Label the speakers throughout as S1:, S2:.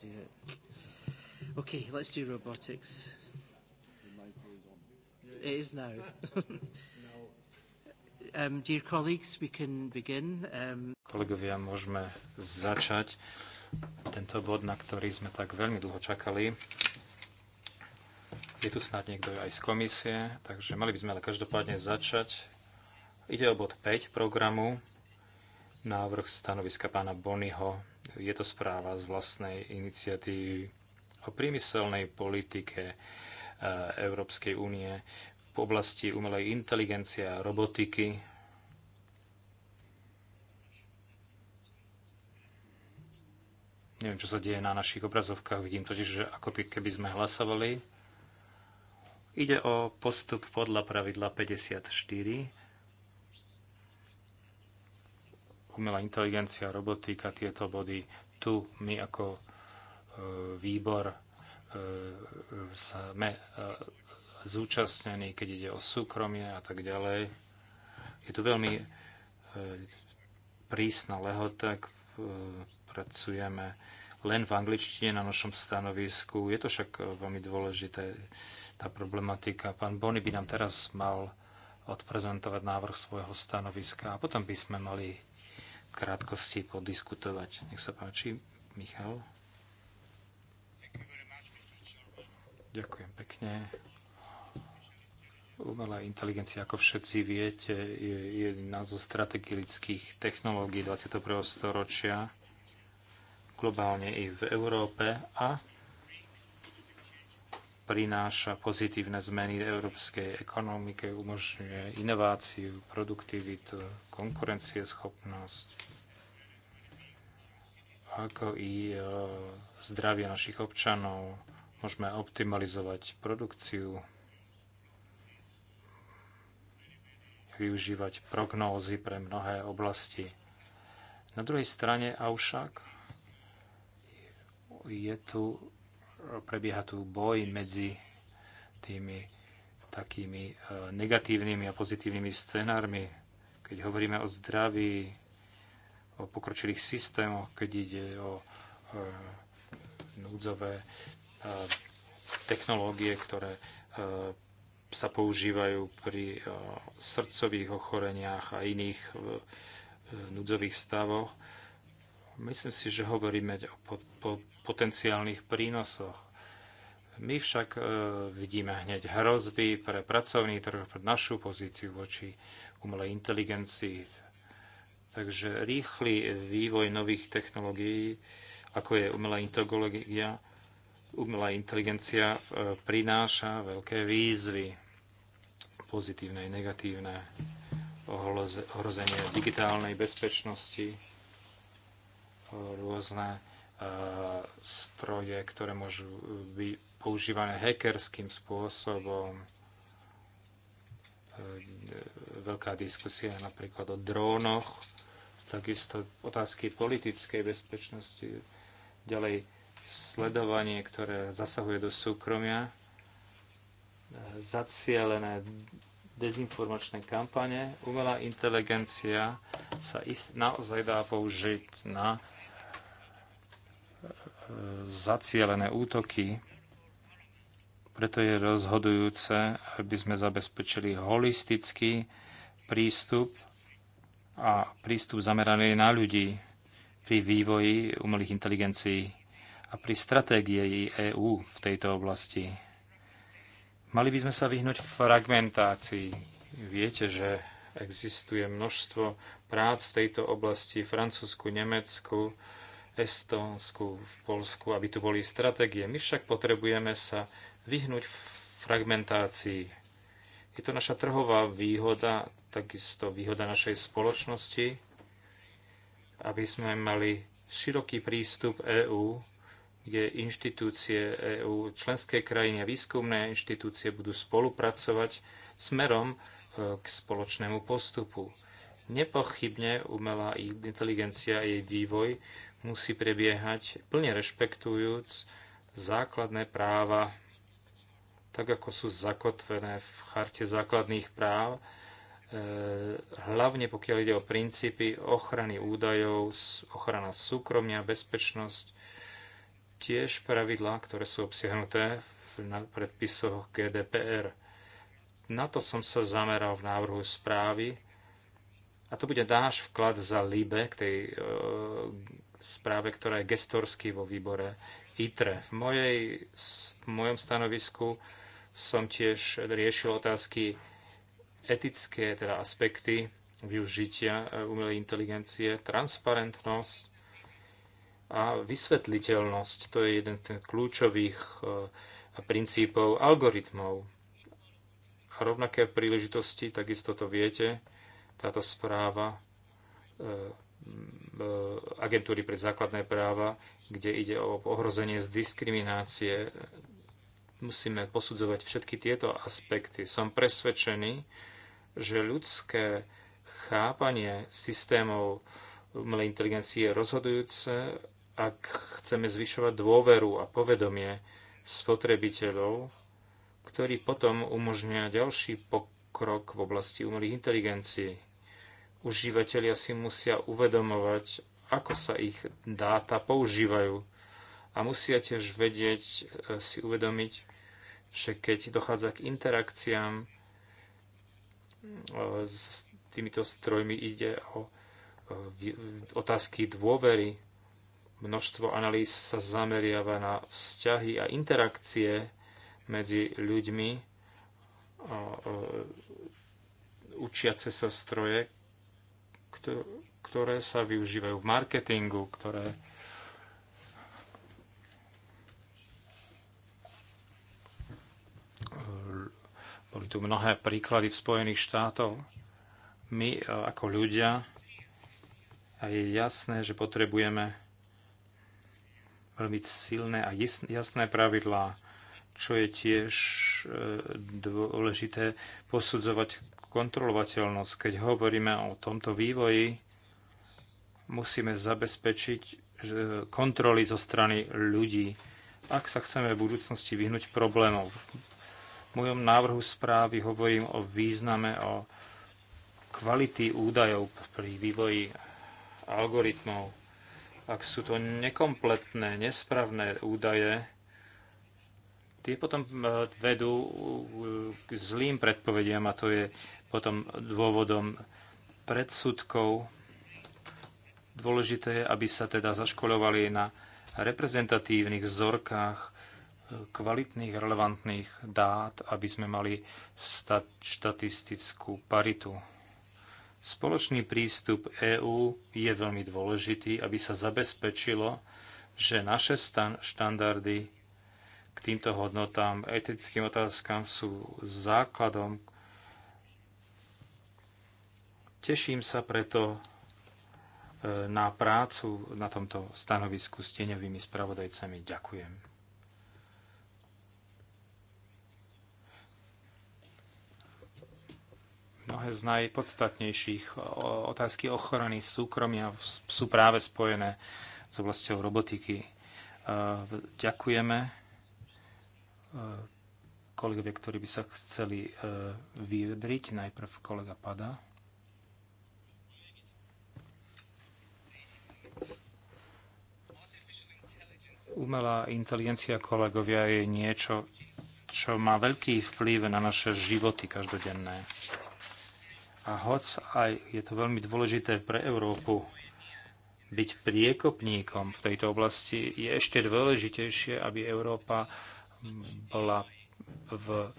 S1: do it. Okay, let's do robotics.
S2: It is now.
S1: um, dear colleagues, we can begin. Um... Kolegovia, môžeme začať
S3: tento bod, na ktorý sme tak veľmi dlho čakali. Je tu snad niekto aj z komisie, takže mali by sme ale každopádne začať. Ide o bod 5 programu, návrh stanoviska pána Bonyho je to správa z vlastnej iniciatívy o priemyselnej politike eh, Európskej únie v oblasti umelej inteligencie a robotiky. Neviem, čo sa deje na našich obrazovkách. Vidím totiž, že ako keby sme hlasovali. Ide o postup podľa pravidla 54 umelá inteligencia, robotika, tieto body. Tu my ako e, výbor e, sme e, zúčastnení, keď ide o súkromie a tak ďalej. Je tu veľmi prísna lehota, tak pracujeme len v angličtine na našom stanovisku. Je to však veľmi dôležité, tá problematika. Pán Bony by nám teraz mal odprezentovať návrh svojho stanoviska a potom by sme mali krátkosti podiskutovať. Nech sa páči, Michal. Ďakujem pekne. Umelá inteligencia, ako všetci viete, je jedna zo strategických technológií 21. storočia globálne i v Európe a prináša pozitívne zmeny európskej ekonomike, umožňuje inováciu, produktivitu, konkurencieschopnosť, ako i e, zdravie našich občanov. Môžeme optimalizovať produkciu, využívať prognózy pre mnohé oblasti. Na druhej strane avšak je tu prebieha tu boj medzi tými takými e, negatívnymi a pozitívnymi scenármi, keď hovoríme o zdraví, o pokročilých systémoch, keď ide o e, núdzové e, technológie, ktoré sa používajú pri srdcových ochoreniach a iných núdzových stavoch. Myslím si, že hovoríme o potenciálnych prínosoch. My však e, vidíme hneď hrozby pre pracovný trh, pre našu pozíciu voči umelej inteligencii. Takže rýchly vývoj nových technológií, ako je umelá inteligencia, umelá inteligencia e, prináša veľké výzvy, pozitívne i negatívne, ohrozenie digitálnej bezpečnosti, rôzne stroje, ktoré môžu byť používané hackerským spôsobom. E, veľká diskusia napríklad o drónoch, takisto otázky politickej bezpečnosti, ďalej sledovanie, ktoré zasahuje do súkromia, e, zacielené dezinformačné kampane. Umelá inteligencia sa naozaj dá použiť na zacielené útoky. Preto je rozhodujúce, aby sme zabezpečili holistický prístup a prístup zameraný na ľudí pri vývoji umelých inteligencií a pri stratégie EÚ v tejto oblasti. Mali by sme sa vyhnúť fragmentácii. Viete, že existuje množstvo prác v tejto oblasti v Francúzsku, Nemecku, Estónsku, v Polsku, aby tu boli stratégie. My však potrebujeme sa vyhnúť fragmentácii. Je to naša trhová výhoda, takisto výhoda našej spoločnosti, aby sme mali široký prístup EÚ, kde inštitúcie EÚ, členské krajiny a výskumné inštitúcie budú spolupracovať smerom e, k spoločnému postupu. Nepochybne umelá inteligencia a jej vývoj musí prebiehať plne rešpektujúc základné práva, tak ako sú zakotvené v charte základných práv, e, hlavne pokiaľ ide o princípy ochrany údajov, ochrana súkromia, bezpečnosť, tiež pravidlá, ktoré sú obsiahnuté v predpisoch GDPR. Na to som sa zameral v návrhu správy a to bude náš vklad za LIBE k tej e, správe, ktorá je gestorský vo výbore ITRE. V, mojej, v mojom stanovisku som tiež riešil otázky etické, teda aspekty využitia e, umelej inteligencie, transparentnosť a vysvetliteľnosť. To je jeden z kľúčových e, princípov algoritmov. A rovnaké príležitosti, takisto to viete, táto správa e, Mm, eh, agentúry pre základné práva, kde ide o ohrozenie z diskriminácie. Musíme posudzovať všetky tieto aspekty. Som presvedčený, že ľudské chápanie systémov umelej inteligencie je rozhodujúce, ak chceme zvyšovať dôveru a povedomie spotrebiteľov, ktorý potom umožňuje ďalší pokrok v oblasti umelých inteligencií užívateľia si musia uvedomovať, ako sa ich dáta používajú. A musia tiež vedieť, e, si uvedomiť, že keď dochádza k interakciám e, s týmito strojmi, ide o e, otázky dôvery. Množstvo analýz sa zameriava na vzťahy a interakcie medzi ľuďmi, a, učiace sa stroje, ktoré sa využívajú v marketingu, ktoré boli tu mnohé príklady v Spojených štátoch. My e, ako ľudia a je jasné, že potrebujeme veľmi silné a jasné pravidlá, čo je tiež e, dôležité posudzovať kontrolovateľnosť. Keď hovoríme o tomto vývoji, musíme zabezpečiť kontroly zo strany ľudí, ak sa chceme v budúcnosti vyhnúť problémov. V mojom návrhu správy hovorím o význame, o kvality údajov pri vývoji algoritmov. Ak sú to nekompletné, nespravné údaje, tie potom eh, vedú eh, k zlým predpovediam a to je potom dôvodom predsudkov. Dôležité je, aby sa teda zaškolovali na reprezentatívnych vzorkách kvalitných, relevantných dát, aby sme mali štatistickú paritu. Spoločný prístup EÚ je veľmi dôležitý, aby sa zabezpečilo, že naše štandardy k týmto hodnotám, etickým otázkam sú základom Teším sa preto e, na prácu na tomto stanovisku s tieňovými spravodajcami. Ďakujem. Mnohé z najpodstatnejších e, otázky ochrany súkromia sú práve spojené s oblasťou robotiky. E, ďakujeme kolegovia, ktorí by sa chceli vyjadriť. Najprv kolega Pada. Umelá inteligencia, kolegovia, je niečo, čo má veľký vplyv na naše životy každodenné. A hoc aj je to veľmi dôležité pre Európu, byť priekopníkom v tejto oblasti je ešte dôležitejšie, aby Európa bola v,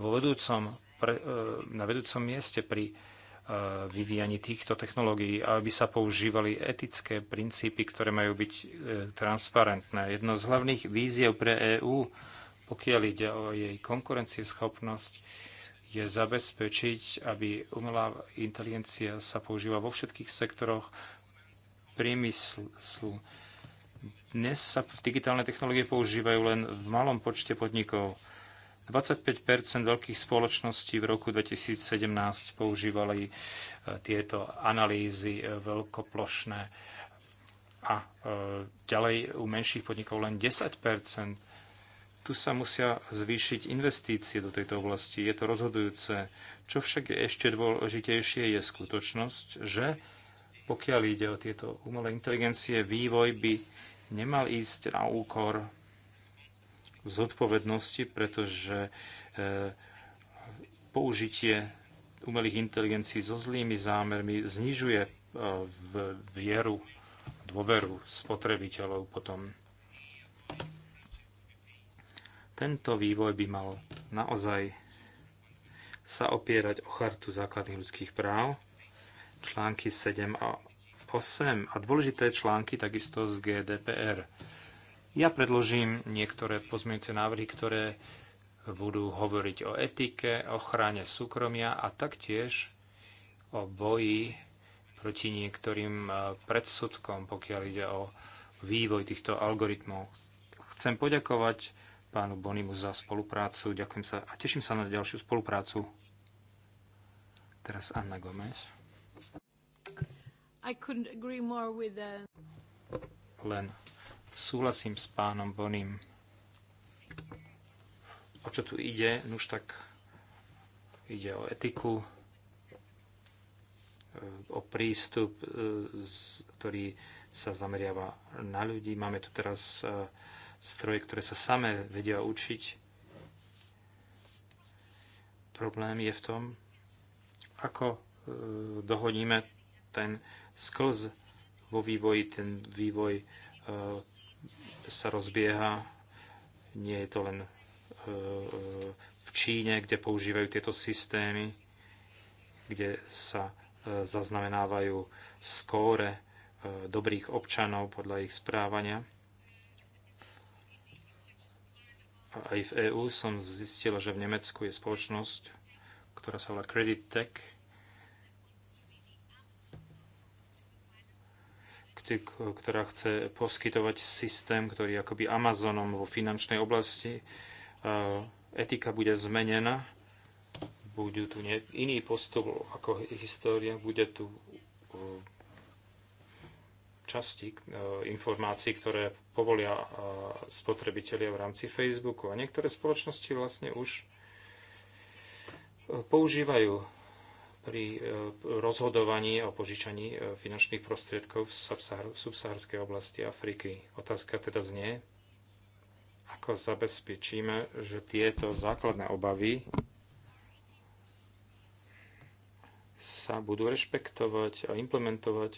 S3: v vedúcom, pre, eh, na vedúcom mieste pri Eh, vyvíjaní týchto technológií aby sa používali etické princípy, ktoré majú byť eh, transparentné. Jedno z hlavných víziev pre EÚ, pokiaľ ide o jej konkurencieschopnosť, je zabezpečiť, aby umelá inteligencia sa používa vo všetkých sektoroch priemyslu. Dnes sa digitálne technológie používajú len v malom počte podnikov 25 veľkých spoločností v roku 2017 používali e, tieto analýzy e, veľkoplošné a e, ďalej u menších podnikov len 10 Tu sa musia zvýšiť investície do tejto oblasti. Je to rozhodujúce. Čo však je ešte dôležitejšie je skutočnosť, že pokiaľ ide o tieto umelé inteligencie, vývoj by nemal ísť na úkor zodpovednosti, pretože e, použitie umelých inteligencií so zlými zámermi znižuje e, v vieru, dôveru spotrebiteľov potom. Tento vývoj by mal naozaj sa opierať o chartu základných ľudských práv, články 7 a 8 a dôležité články takisto z GDPR ja predložím niektoré pozmeňujúce návrhy, ktoré budú hovoriť o etike, ochrane súkromia a taktiež o boji proti niektorým e, predsudkom, pokiaľ ide o vývoj týchto algoritmov. Chcem poďakovať pánu Bonimu za spoluprácu. Ďakujem sa a teším sa na ďalšiu spoluprácu. Teraz Anna Gomez. Uh, Len Súhlasím s pánom Bonim. O čo tu ide? Nuž tak ide o etiku, e, o prístup, e, ktorý sa zameriava na ľudí. Máme tu teraz e, stroje, ktoré sa samé vedia učiť. Problém je v tom, ako dohodíme ten sklz vo vývoji, ten vývoj sa rozbieha. Nie je to len e, e, v Číne, kde používajú tieto systémy, kde sa e, zaznamenávajú skóre dobrých občanov podľa ich správania. Aj v EÚ som zistila, že v Nemecku je spoločnosť, ktorá sa volá Credit Tech, produkty, ktorá chce poskytovať systém, ktorý akoby Amazonom vo finančnej oblasti. Etika bude zmenená, budú tu iný postup ako história, bude tu časti informácií, ktoré povolia spotrebitelia v rámci Facebooku. A niektoré spoločnosti vlastne už používajú pri eh, rozhodovaní o požičaní eh, finančných prostriedkov v subsaharskej oblasti Afriky. Otázka teda znie, ako zabezpečíme, že tieto základné obavy sa budú rešpektovať a implementovať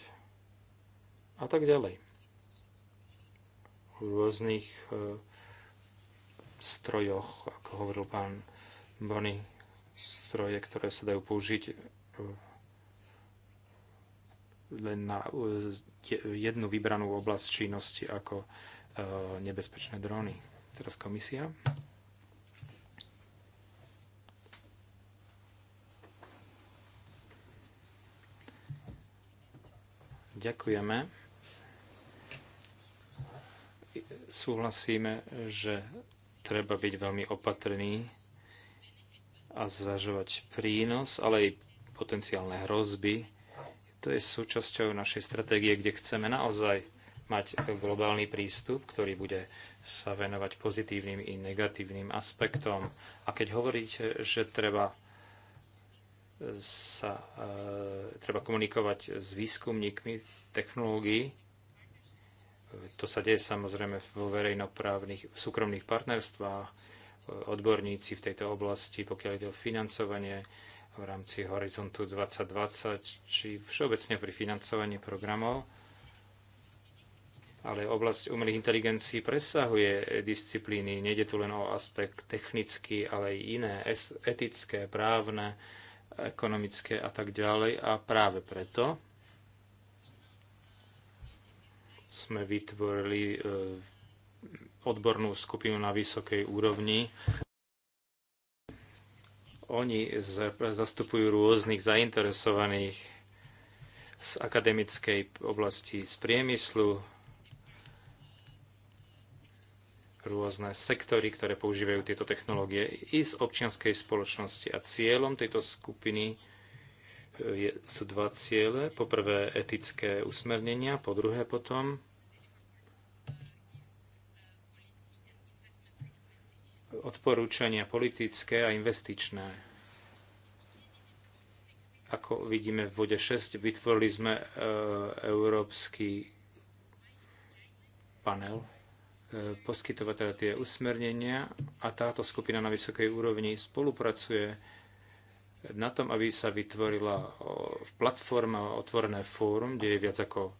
S3: a tak ďalej. V rôznych eh, strojoch, ako hovoril pán Bonny, stroje, ktoré sa dajú použiť len na e, jednu vybranú oblasť činnosti ako e, nebezpečné dróny. Teraz komisia. Ďakujeme. Súhlasíme, že treba byť veľmi opatrný a zvažovať prínos, ale aj potenciálne hrozby. To je súčasťou našej stratégie, kde chceme naozaj mať globálny prístup, ktorý bude sa venovať pozitívnym i negatívnym aspektom. A keď hovoríte, že treba sa e, treba komunikovať s výskumníkmi technológií. To sa deje samozrejme vo verejnoprávnych súkromných partnerstvách. Odborníci v tejto oblasti, pokiaľ ide o financovanie, v rámci Horizontu 2020, či všeobecne pri financovaní programov, ale oblasť umelých inteligencií presahuje disciplíny. Nede tu len o aspekt technický, ale aj iné, etické, právne, ekonomické a tak ďalej. A práve preto sme vytvorili e, odbornú skupinu na vysokej úrovni, oni zastupujú rôznych zainteresovaných z akademickej oblasti, z priemyslu, rôzne sektory, ktoré používajú tieto technológie i z občianskej spoločnosti. A cieľom tejto skupiny e, je, sú dva ciele. Po prvé etické usmernenia, po druhé potom odporúčania politické a investičné. Ako vidíme v bode 6, vytvorili sme e, európsky panel, e, poskytovať teda tie usmernenia a táto skupina na vysokej úrovni spolupracuje na tom, aby sa vytvorila platforma Otvorené fórum, kde je viac ako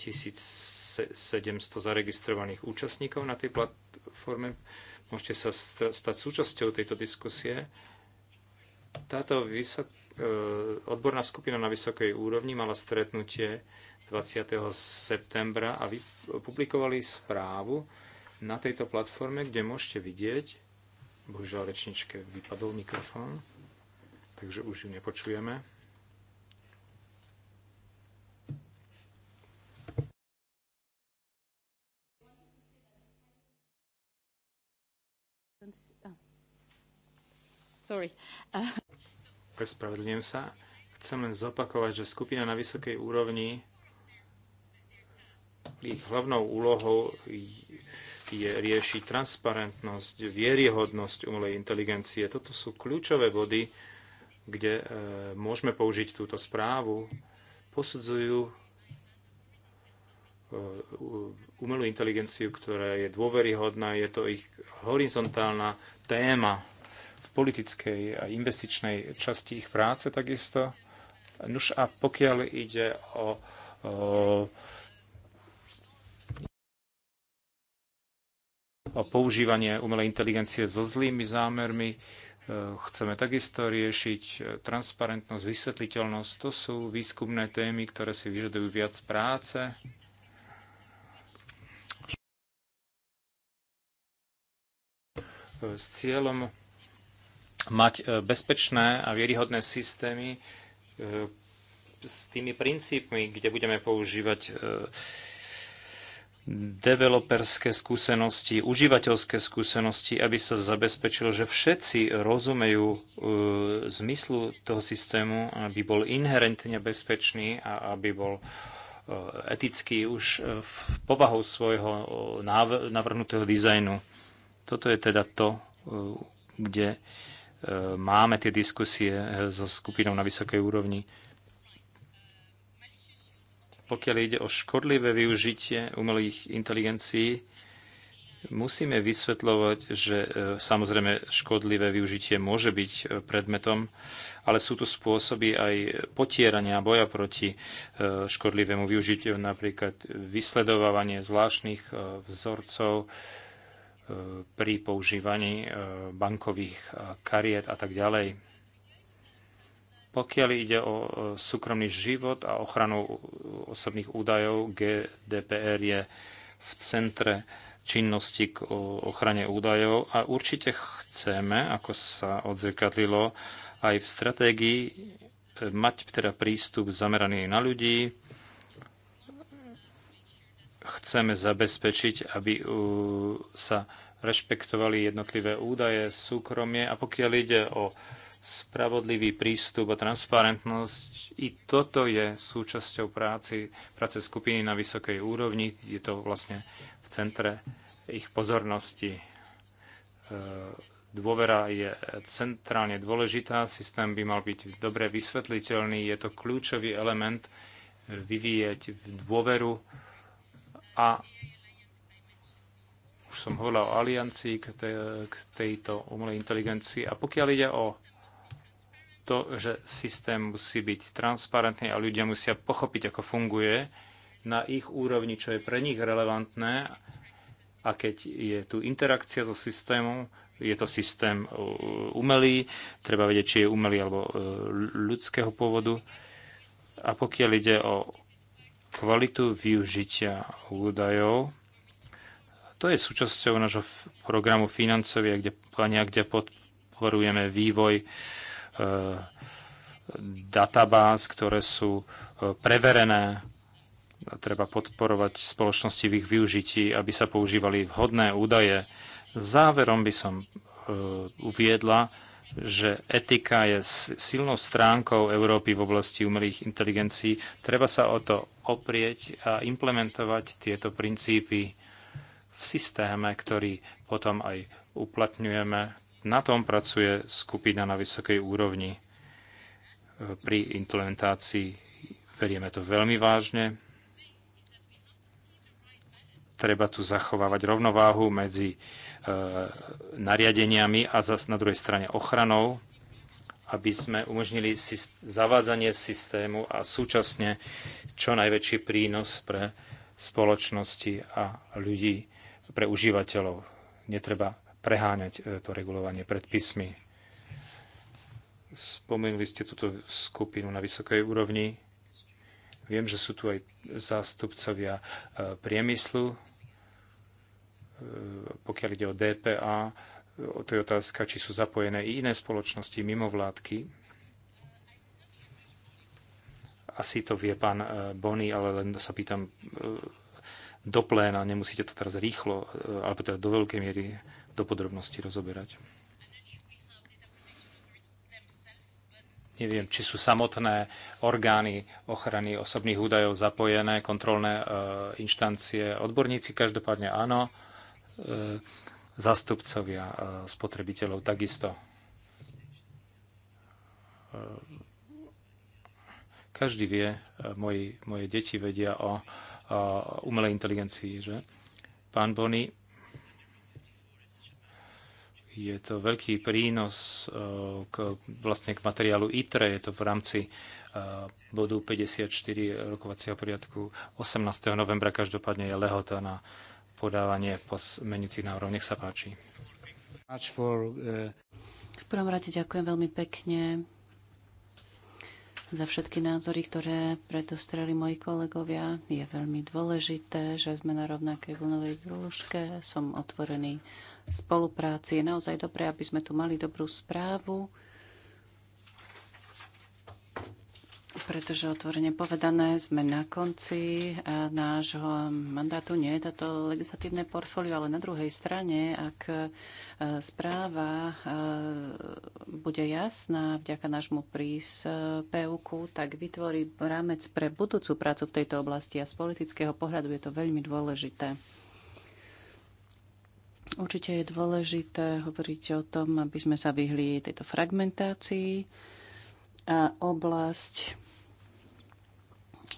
S3: 1700 e, zaregistrovaných účastníkov na tej platforme forme. Môžete sa stať súčasťou tejto diskusie. Táto vysok, e, odborná skupina na vysokej úrovni mala stretnutie 20. septembra a publikovali správu na tejto platforme, kde môžete vidieť, bohužiaľ rečničke vypadol mikrofón, takže už ju nepočujeme. sorry. Prespravedlňujem sa. Chcem len zopakovať, že skupina na vysokej úrovni ich hlavnou úlohou je riešiť transparentnosť, vieriehodnosť umelej inteligencie. Toto sú kľúčové body, kde e, môžeme použiť túto správu. Posudzujú e, umelú inteligenciu, ktorá je dôveryhodná, je to ich horizontálna téma politickej a investičnej časti ich práce takisto. Nuž a pokiaľ ide o, o o používanie umelej inteligencie so zlými zámermi. E, chceme takisto riešiť e, transparentnosť, vysvetliteľnosť. To sú výskumné témy, ktoré si vyžadujú viac práce. S cieľom mať e, bezpečné a vieryhodné systémy e, s tými princípmi, kde budeme používať e, developerské skúsenosti, užívateľské skúsenosti, aby sa zabezpečilo, že všetci rozumejú zmyslu toho systému, aby bol inherentne bezpečný a aby bol eticky etický už v povahou svojho navrhnutého dizajnu. Toto je teda to, kde máme tie diskusie eh, so skupinou na vysokej úrovni. Pokiaľ ide o škodlivé využitie umelých inteligencií, musíme vysvetľovať, že eh, samozrejme škodlivé využitie môže byť eh, predmetom, ale sú tu spôsoby aj potierania boja proti škodlivému využitiu, napríklad vysledovávanie zvláštnych vzorcov, pri používaní e, bankových e, kariet a tak ďalej. Pokiaľ ide o e, súkromný život a ochranu osobných údajov, GDPR je v centre činnosti k ochrane údajov a určite chceme, ako sa odzrkadlilo aj v stratégii, mať teda prístup zameraný na ľudí, chceme zabezpečiť, aby uh, sa rešpektovali jednotlivé údaje, súkromie a pokiaľ ide o spravodlivý prístup a transparentnosť, i toto je súčasťou práci, práce skupiny na vysokej úrovni. Je to vlastne v centre ich pozornosti. Uh, dôvera je centrálne dôležitá, systém by mal byť dobre vysvetliteľný, je to kľúčový element vyvíjať dôveru a už som hovoril o aliancii k, te, k tejto umelej inteligencii. A pokiaľ ide o to, že systém musí byť transparentný a ľudia musia pochopiť, ako funguje na ich úrovni, čo je pre nich relevantné. A keď je tu interakcia so systémom, je to systém umelý, treba vedieť, či je umelý alebo e, ľudského pôvodu. A pokiaľ ide o kvalitu využitia údajov. To je súčasťou nášho programu financovia, kde, kde podporujeme vývoj e, databáz, ktoré sú e, preverené. Treba podporovať spoločnosti v ich využití, aby sa používali vhodné údaje. Záverom by som e, uviedla, že etika je silnou stránkou Európy v oblasti umelých inteligencií. Treba sa o to oprieť a implementovať tieto princípy v systéme, ktorý potom aj uplatňujeme. Na tom pracuje skupina na vysokej úrovni pri implementácii. Verieme to veľmi vážne treba tu zachovávať rovnováhu medzi e, nariadeniami a zas na druhej strane ochranou, aby sme umožnili syst- zavádzanie systému a súčasne čo najväčší prínos pre spoločnosti a ľudí, pre užívateľov. Netreba preháňať e, to regulovanie predpismi. Spomenuli ste túto skupinu na vysokej úrovni Viem, že sú tu aj zástupcovia e, priemyslu, e, pokiaľ ide o DPA, e, to je otázka, či sú zapojené i iné spoločnosti mimo vládky. Asi to vie pán Bony, ale len sa pýtam do pléna, nemusíte to teraz rýchlo, alebo teda do veľkej miery do podrobnosti rozoberať. neviem, či sú samotné orgány ochrany osobných údajov zapojené, kontrolné e, inštancie, odborníci, každopádne áno, e, zastupcovia e, spotrebiteľov takisto. E, každý vie, e, moji, moje deti vedia o, o umelej inteligencii, že? Pán Bony, je to veľký prínos e, k, vlastne k materiálu ITRE, je to v rámci e, bodu 54 rokovacieho poriadku 18. novembra každopádne je lehota na podávanie menujúcich návrhov. Nech sa páči. E,
S4: v prvom rade ďakujem veľmi pekne za všetky názory, ktoré predostreli moji kolegovia. Je veľmi dôležité, že sme na rovnakej vlnovej dĺžke. Som otvorený spolupráci. Je naozaj dobré, aby sme tu mali dobrú správu, pretože otvorene povedané sme na konci eh, nášho mandátu. Nie je toto legislatívne portfólio, ale na druhej strane, ak eh, správa eh, bude jasná vďaka nášmu príspevku, tak vytvorí rámec pre budúcu prácu v tejto oblasti a z politického pohľadu je to veľmi dôležité. Určite je dôležité hovoriť o tom, aby sme sa vyhli tejto fragmentácii a oblasť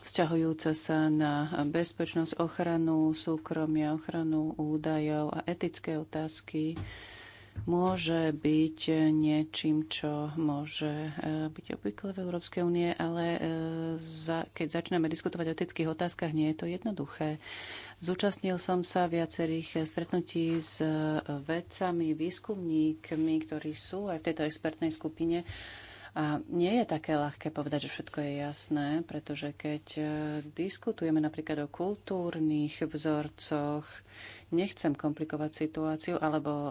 S4: vzťahujúca sa na bezpečnosť, ochranu súkromia, ochranu údajov a etické otázky môže byť niečím, čo môže e, byť obvykle v Európskej únie, ale e, keď začneme diskutovať o etických otázkach, nie je to jednoduché. Zúčastnil som sa viacerých stretnutí s e, vedcami, výskumníkmi, ktorí sú aj v tejto expertnej skupine. A nie je také ľahké povedať, že všetko je jasné, pretože keď e, diskutujeme napríklad o kultúrnych vzorcoch, nechcem komplikovať situáciu, alebo e,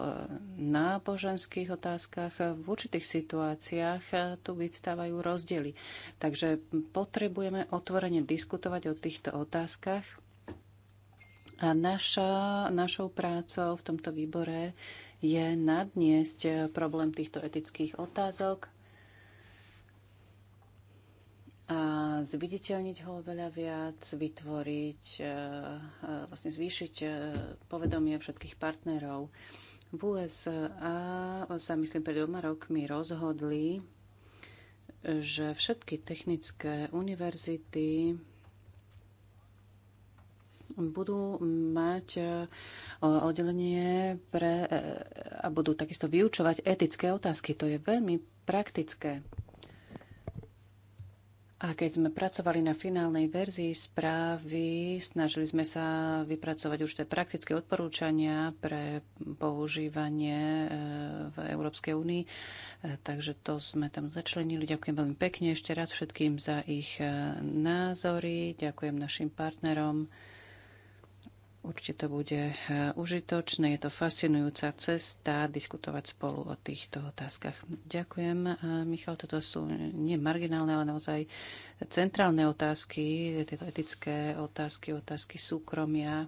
S4: náboženských otázkach, v určitých situáciách tu vyvstávajú rozdiely. Takže potrebujeme otvorene diskutovať o týchto otázkach a naša, našou prácou v tomto výbore je nadniesť eh, problém týchto etických otázok a zviditeľniť ho veľa viac, vytvoriť, eh, eh, vlastne zvýšiť povedomie všetkých partnerov. V USA sa myslím pred dvoma rokmi rozhodli, že všetky technické univerzity budú mať e, oddelenie pre, e, a budú takisto vyučovať etické otázky. To je veľmi praktické. A keď sme pracovali na finálnej verzii správy, snažili sme sa vypracovať už tie praktické odporúčania pre používanie e, v Európskej únii. Takže to sme tam začlenili. Ďakujem veľmi pekne ešte raz všetkým za ich názory. Ďakujem našim partnerom. Určite to bude eh, užitočné, je to fascinujúca cesta diskutovať spolu o týchto otázkach. Ďakujem, eh, Michal, toto sú nie marginálne, ale naozaj centrálne otázky, tieto etické otázky, otázky súkromia.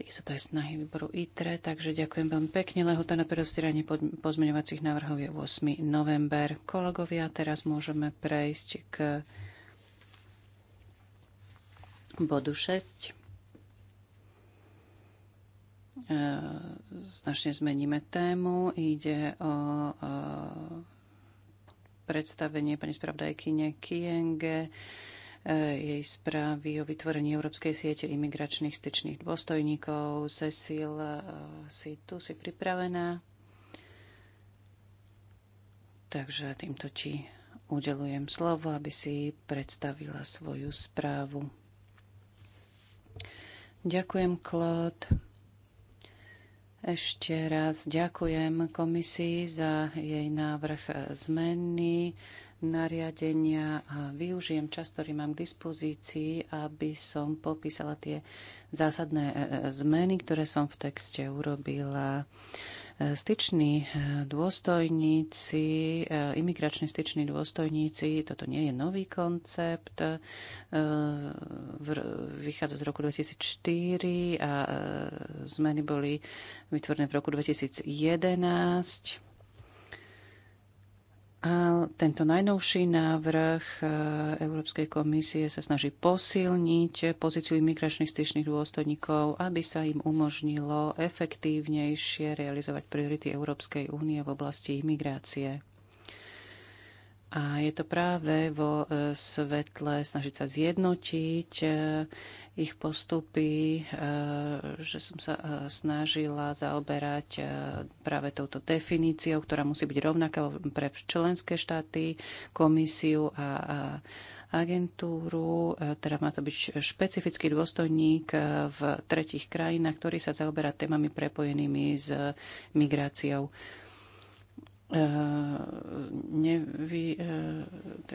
S4: Tých sa to aj snahy výboru ITRE, takže ďakujem veľmi pekne. Lehota na predostieranie pozmeňovacích návrhov je 8. november. Kolegovia, teraz môžeme prejsť k bodu 6 e, značne zmeníme tému. Ide o e, predstavenie pani spravodajkyne Kienge e, jej správy o vytvorení Európskej siete imigračných styčných dôstojníkov. Cecil, si tu, si pripravená. Takže týmto ti udelujem slovo, aby si predstavila svoju správu. Ďakujem, Klod. Ešte raz ďakujem komisii za jej návrh zmeny nariadenia a využijem čas, ktorý mám k dispozícii, aby som popísala tie zásadné e, e, zmeny, ktoré som v texte urobila. Styční eh, dôstojníci, eh, imigrační styční dôstojníci, toto nie je nový koncept, eh, vychádza z roku 2004 a zmeny boli vytvorené v roku 2011 a tento najnovší návrh e, Európskej komisie sa snaží posilniť pozíciu imigračných styčných dôstojníkov, aby sa im umožnilo efektívnejšie realizovať priority Európskej únie v oblasti imigrácie. A je to práve vo e, svetle snažiť sa zjednotiť e, ich postupy, e, že som sa snažila zaoberať práve touto definíciou, ktorá musí byť rovnaká pre členské štáty, komisiu a agentúru, teda má to byť špecifický dôstojník v tretich krajinách, ktorý sa zaoberá témami prepojenými s migráciou. E, nevy, e,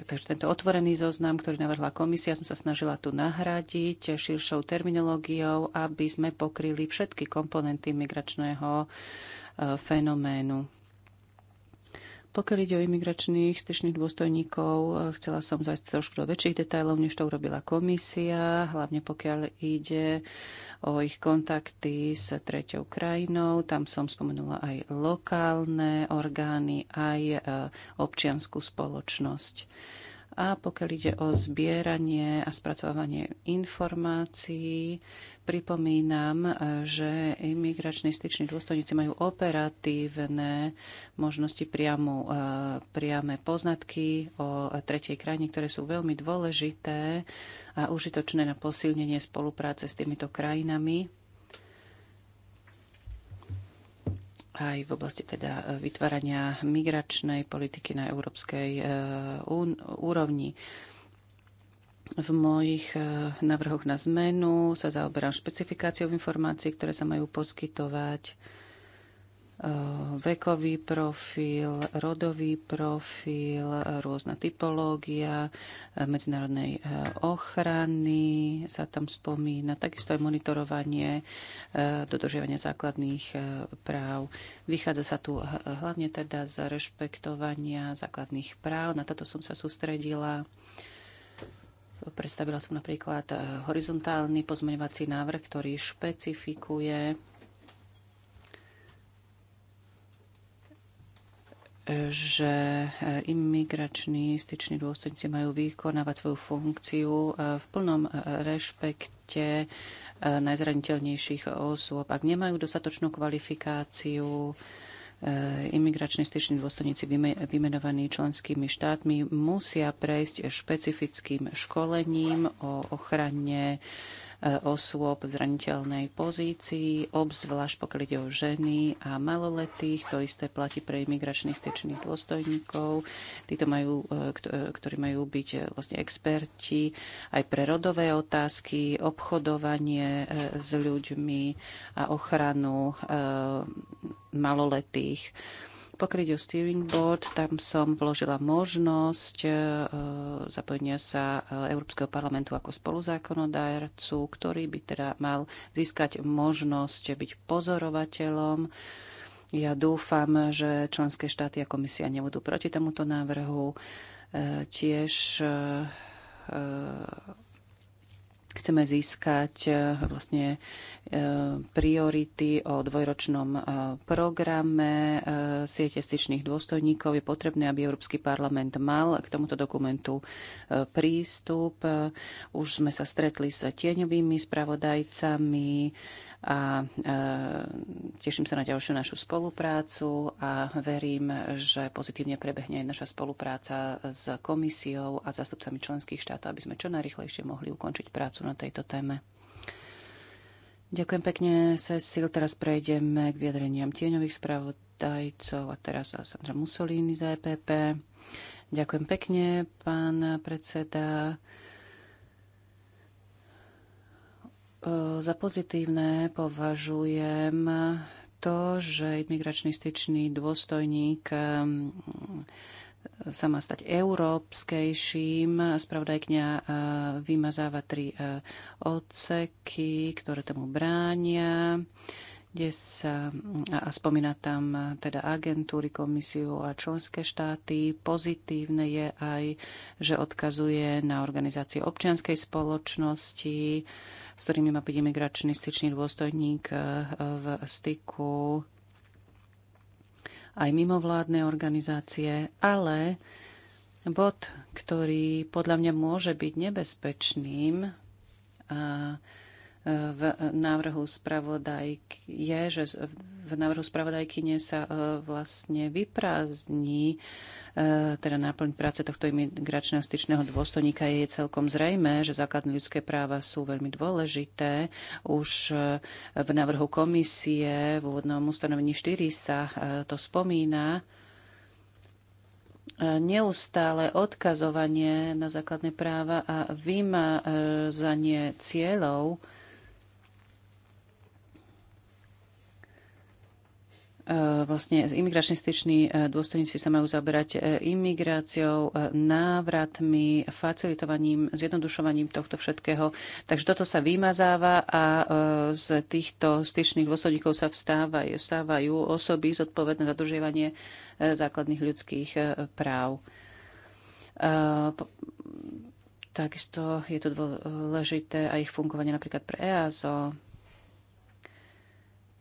S4: takže tento otvorený zoznam, ktorý navrhla komisia, som sa snažila tu nahradiť širšou terminológiou, aby sme pokryli všetky komponenty migračného e, fenoménu. Pokiaľ ide o imigračných styčných dôstojníkov, eh, chcela som zajsť trošku do väčších detajlov, než to urobila komisia, hlavne pokiaľ ide o ich kontakty s treťou krajinou. Tam som spomenula aj lokálne orgány, aj eh, občianskú spoločnosť. A pokiaľ ide o zbieranie a spracovanie informácií, pripomínam, že imigrační styční dôstojníci majú operatívne možnosti priamu, e, priame poznatky o tretej krajine, ktoré sú veľmi dôležité a užitočné na posilnenie spolupráce s týmito krajinami aj v oblasti teda e, vytvárania migračnej politiky na európskej e, úrovni. V mojich e, návrhoch na zmenu sa zaoberám špecifikáciou informácií, ktoré sa majú poskytovať Eh, vekový profil, rodový profil, rôzna typológia eh, medzinárodnej eh, ochrany sa tam spomína, takisto aj monitorovanie dodržiavania základných práv. Vychádza sa tu hlavne teda z rešpektovania základných práv. Na toto som sa sústredila. Predstavila som napríklad horizontálny pozmeňovací návrh, ktorý špecifikuje že eh, imigrační styční dôstojníci majú vykonávať svoju funkciu eh, v plnom eh, rešpekte najzraniteľnejších osôb. Ak nemajú dostatočnú kvalifikáciu, imigrační styční dôstojníci vymenovaní členskými štátmi musia prejsť špecifickým školením o ochrane Eh, osôb v zraniteľnej pozícii, obzvlášť pokiaľ ide o ženy a maloletých. To isté platí pre imigračných styčných dôstojníkov, títo majú, eh, eh, ktorí majú byť vlastne experti aj pre rodové otázky, obchodovanie s ľuďmi a ochranu maloletých pokrytiu steering board. Tam som vložila možnosť e, zapojenia sa e, Európskeho parlamentu ako spoluzákonodárcu, ktorý by teda mal získať možnosť byť pozorovateľom. Ja dúfam, že členské štáty a komisia nebudú proti tomuto návrhu. E, tiež Chceme získať e, vlastne e, priority o dvojročnom e, programe siete styčných dôstojníkov. Je potrebné, aby Európsky parlament mal k tomuto dokumentu prístup. Už sme sa stretli s tieňovými spravodajcami a e, teším sa na ďalšiu našu spoluprácu a verím, že pozitívne prebehne aj naša spolupráca s komisiou a zástupcami členských štátov, aby sme čo najrychlejšie mohli ukončiť prácu na tejto téme. Ďakujem pekne, Cecil. Teraz prejdeme k vyjadreniam tieňových spravodajcov a teraz Sandra Mussolini z EPP. Ďakujem pekne, pán predseda. Ehm, za pozitívne považujem to, že imigračný styčný dôstojník ehm, sa má stať európskejším. Spravodajkňa ehm, vymazáva tri odseky, ktoré tomu bránia kde sa a spomína tam teda agentúry, komisiu a členské štáty. Pozitívne je aj, že odkazuje na organizácie občianskej spoločnosti, s ktorými má byť imigračný styčný dôstojník eh, v styku aj mimovládne organizácie, ale bod, ktorý podľa mňa môže byť nebezpečným eh, v návrhu spravodajk je, že v návrhu spravodajkyne sa e, vlastne vyprázdni e, teda náplň práce tohto imigračného styčného dôstojníka je celkom zrejme, že základné ľudské práva sú veľmi dôležité. Už e, v návrhu komisie v úvodnom ustanovení 4 sa to spomína neustále odkazovanie na základné práva a vymazanie cieľov E, vlastne imigračný styčný e, dôstojníci sa majú zaberať e, imigráciou, návratmi, facilitovaním, zjednodušovaním tohto všetkého. Takže toto sa vymazáva a z týchto styčných dôstojníkov sa vstávajú, vstávajú osoby zodpovedné za dožívanie základných ľudských práv. Takisto je to dôležité aj ich fungovanie napríklad pre EASO.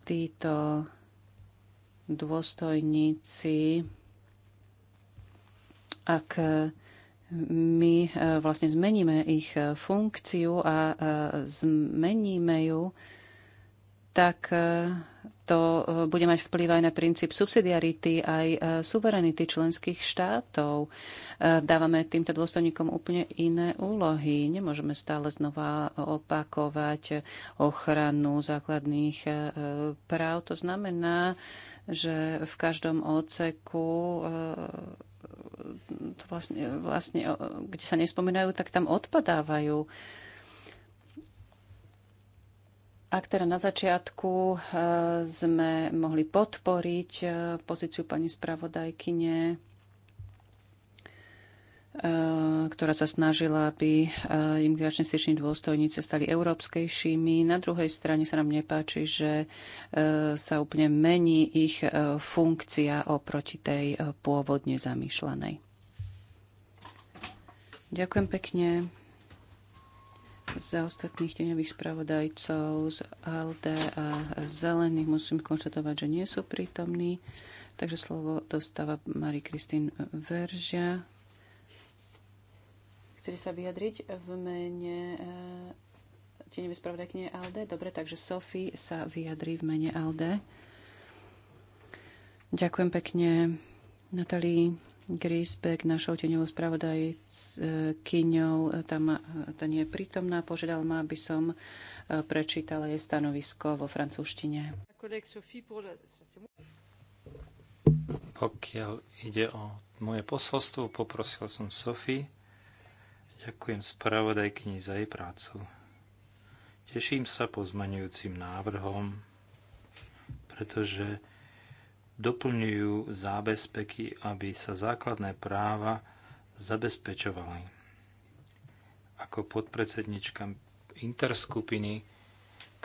S4: Títo dôstojníci, ak my eh, vlastne zmeníme ich eh, funkciu a eh, zmeníme ju, tak to bude mať vplyv aj na princíp subsidiarity, aj suverenity členských štátov. Dávame týmto dôstojníkom úplne iné úlohy. Nemôžeme stále znova opakovať ochranu základných práv. To znamená, že v každom odseku e, to vlastne, vlastne, e, kde sa nespomínajú, tak tam odpadávajú. Ak teda na začiatku e, sme mohli podporiť pozíciu pani spravodajkyne, Eh, ktorá sa snažila, aby eh, imigračne styční dôstojníce stali európskejšími. Na druhej strane sa nám nepáči, že eh, sa úplne mení ich funkcia oproti tej pôvodne zamýšľanej. Ďakujem pekne za ostatných deňových spravodajcov z ALD a Zelených. Musím konštatovať, že nie sú prítomní. Takže slovo dostáva Marie christine Veržia. Chcete sa vyjadriť v mene eh, tenevej spravodajkne ALD? Dobre, takže Sophie sa vyjadri v mene ALD. Ďakujem pekne Natalii Grisbeck, našou teňovou spravodajkyňou. Eh, tam eh, to nie je prítomná. Požiadal ma, aby som prečítala jej stanovisko vo francúzštine.
S3: Pokiaľ ide o moje posolstvo, poprosil som Sophie, Ďakujem spravodajkyni za jej prácu. Teším sa pozmaňujúcim návrhom, pretože doplňujú zábezpeky, aby sa základné práva zabezpečovali. Ako podpredsednička interskupiny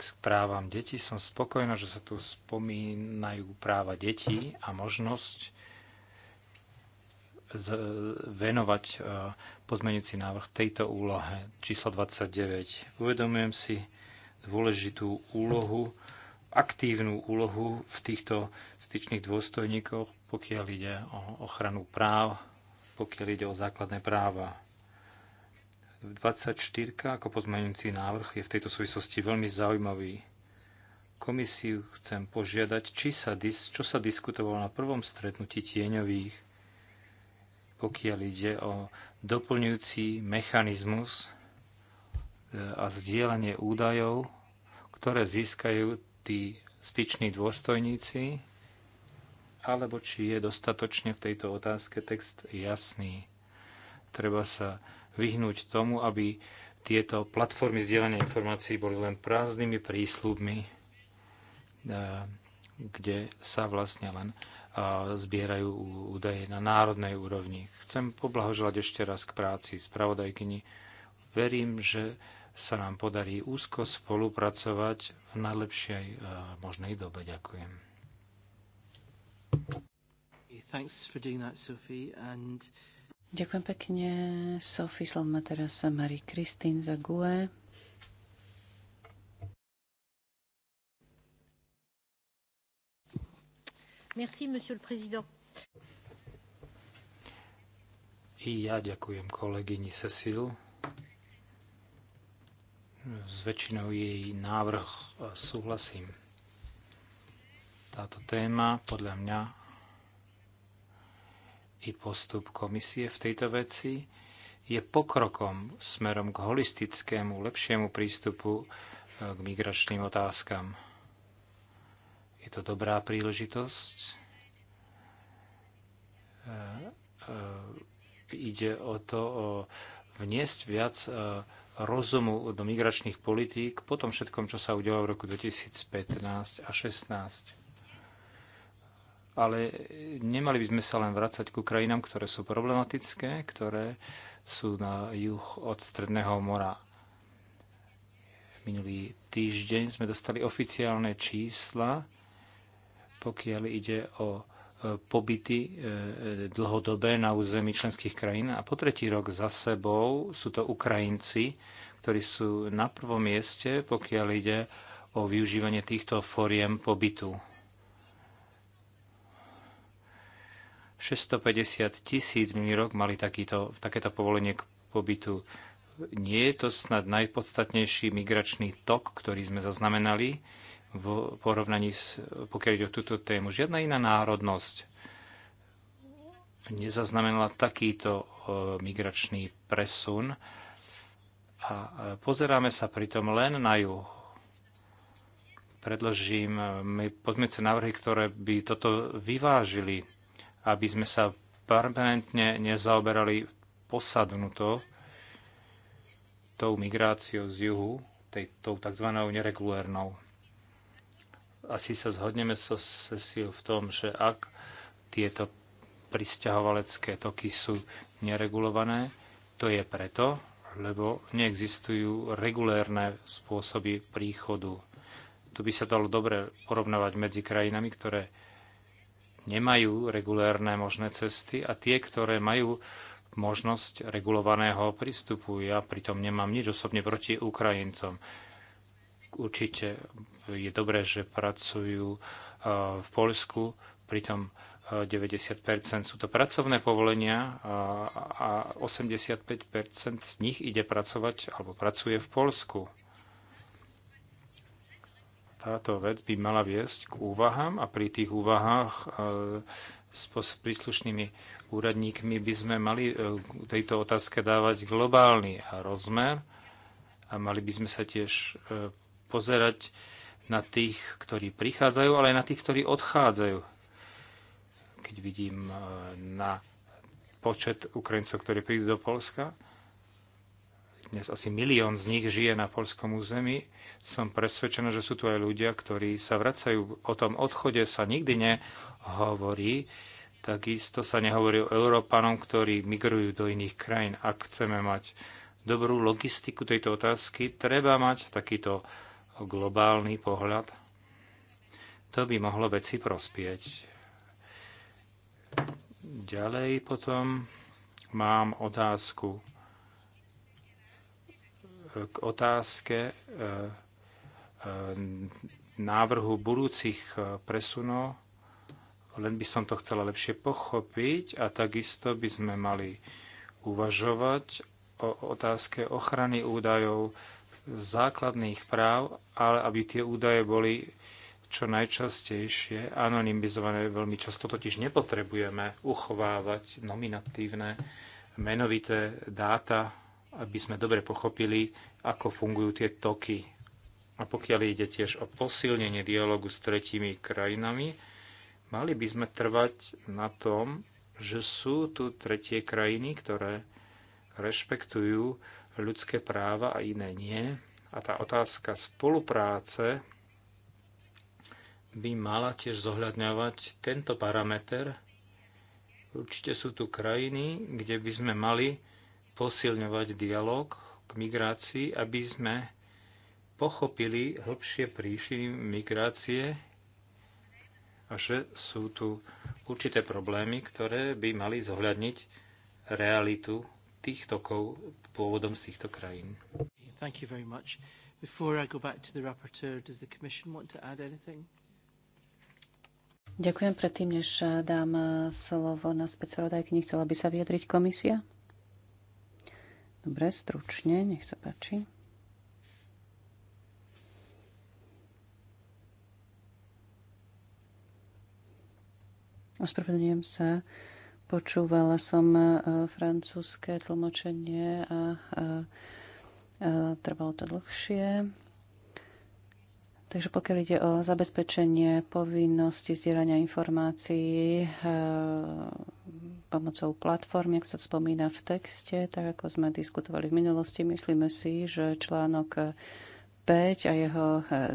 S3: k právam detí som spokojná, že sa tu spomínajú práva detí a možnosť venovať e, pozmeňujúci návrh tejto úlohe číslo 29. Uvedomujem si dôležitú úlohu, aktívnu úlohu v týchto styčných dôstojníkoch, pokiaľ ide o ochranu práv, pokiaľ ide o základné práva. 24 ako pozmeňujúci návrh je v tejto súvislosti veľmi zaujímavý. Komisiu chcem požiadať, či sa, čo sa diskutovalo na prvom stretnutí tieňových pokiaľ ide o doplňujúci mechanizmus e, a zdieľanie údajov, ktoré získajú tí styční dôstojníci, alebo či je dostatočne v tejto otázke text jasný. Treba sa vyhnúť tomu, aby tieto platformy zdieľania informácií boli len prázdnymi prísľubmi, e, kde sa vlastne len zbierajú údaje na národnej úrovni. Chcem poblahoželať ešte raz k práci spravodajkyni. Verím, že sa nám podarí úzko spolupracovať v najlepšej e, možnej dobe. Ďakujem.
S4: Ďakujem pekne. Sophie, slovo teraz Marie Christine za GUE.
S5: monsieur le président.
S3: I ja ďakujem kolegyni Cecil. S väčšinou jej návrh e, súhlasím. Táto téma podľa mňa i postup komisie v tejto veci je pokrokom smerom k holistickému, lepšiemu prístupu e, k migračným otázkam. Je to dobrá príležitosť. E, e, ide o to o vniesť viac e, rozumu do migračných politík po tom všetkom, čo sa udialo v roku 2015 a 2016 ale nemali by sme sa len vrácať ku krajinám, ktoré sú problematické, ktoré sú na juh od Stredného mora. Minulý týždeň sme dostali oficiálne čísla pokiaľ ide o e, pobyty e, e, dlhodobé na území členských krajín. A po tretí rok za sebou sú to Ukrajinci, ktorí sú na prvom mieste, pokiaľ ide o využívanie týchto foriem pobytu. 650 tisíc minulý rok mali takýto, takéto povolenie k pobytu. Nie je to snad najpodstatnejší migračný tok, ktorý sme zaznamenali v porovnaní, s, pokiaľ ide o túto tému. Žiadna iná národnosť nezaznamenala takýto e, migračný presun a e, pozeráme sa pritom len na juh. Predložím e, podmience návrhy, ktoré by toto vyvážili, aby sme sa permanentne nezaoberali posadnuto tou migráciou z juhu, tej, tou tzv. neregulérnou asi sa zhodneme so Cecil v tom, že ak tieto pristahovalecké toky sú neregulované, to je preto, lebo neexistujú regulérne spôsoby príchodu. Tu by sa dalo dobre porovnávať medzi krajinami, ktoré nemajú regulérne možné cesty a tie, ktoré majú možnosť regulovaného prístupu. Ja pritom nemám nič osobne proti Ukrajincom. Určite je dobré, že pracujú e, v Polsku, pritom 90% e, sú to pracovné povolenia e, a 85% z nich ide pracovať alebo pracuje v Polsku. Táto vec by mala viesť k úvahám a pri tých úvahách s príslušnými úradníkmi by sme mali tejto otázke dávať globálny rozmer a mali by sme sa tiež pozerať na tých, ktorí prichádzajú, ale aj na tých, ktorí odchádzajú. Keď vidím e, na počet Ukrajincov, ktorí prídu do Polska, dnes asi milión z nich žije na polskom území, som presvedčený, že sú tu aj ľudia, ktorí sa vracajú. O tom odchode sa nikdy nehovorí. Takisto sa nehovorí o Európanom, ktorí migrujú do iných krajín. Ak chceme mať dobrú logistiku tejto otázky, treba mať takýto globálny pohľad, to by mohlo veci prospieť. Ďalej potom mám otázku k otázke e, e, návrhu budúcich e, presunov. Len by som to chcela lepšie pochopiť a takisto by sme mali uvažovať o otázke ochrany údajov, základných práv, ale aby tie údaje boli čo najčastejšie anonymizované. Veľmi často totiž nepotrebujeme uchovávať nominatívne menovité dáta, aby sme dobre pochopili, ako fungujú tie toky. A pokiaľ ide tiež o posilnenie dialogu s tretími krajinami, mali by sme trvať na tom, že sú tu tretie krajiny, ktoré rešpektujú ľudské práva a iné nie. A tá otázka spolupráce by mala tiež zohľadňovať tento parameter. Určite sú tu krajiny, kde by sme mali posilňovať dialog k migrácii, aby sme pochopili hĺbšie príšiny migrácie a že sú tu určité problémy, ktoré by mali zohľadniť realitu tých tokov pôvodom z týchto krajín.
S1: Thank you very much. Before I go back to the rapporteur, does the Commission want to add anything?
S4: Ďakujem. Predtým, než eh, dám eh, slovo na spravodajkyni, chcela by sa vyjadriť komisia? Dobre, stručne, nech sa páči. Ospravedlňujem sa Počúvala som e, francúzske tlmočenie a, a, e, a e, trvalo to dlhšie. Takže pokiaľ ide o zabezpečenie povinnosti zdieľania informácií e, pomocou platform, ako sa spomína v texte, tak ako sme diskutovali v minulosti, myslíme si, že článok 5 a jeho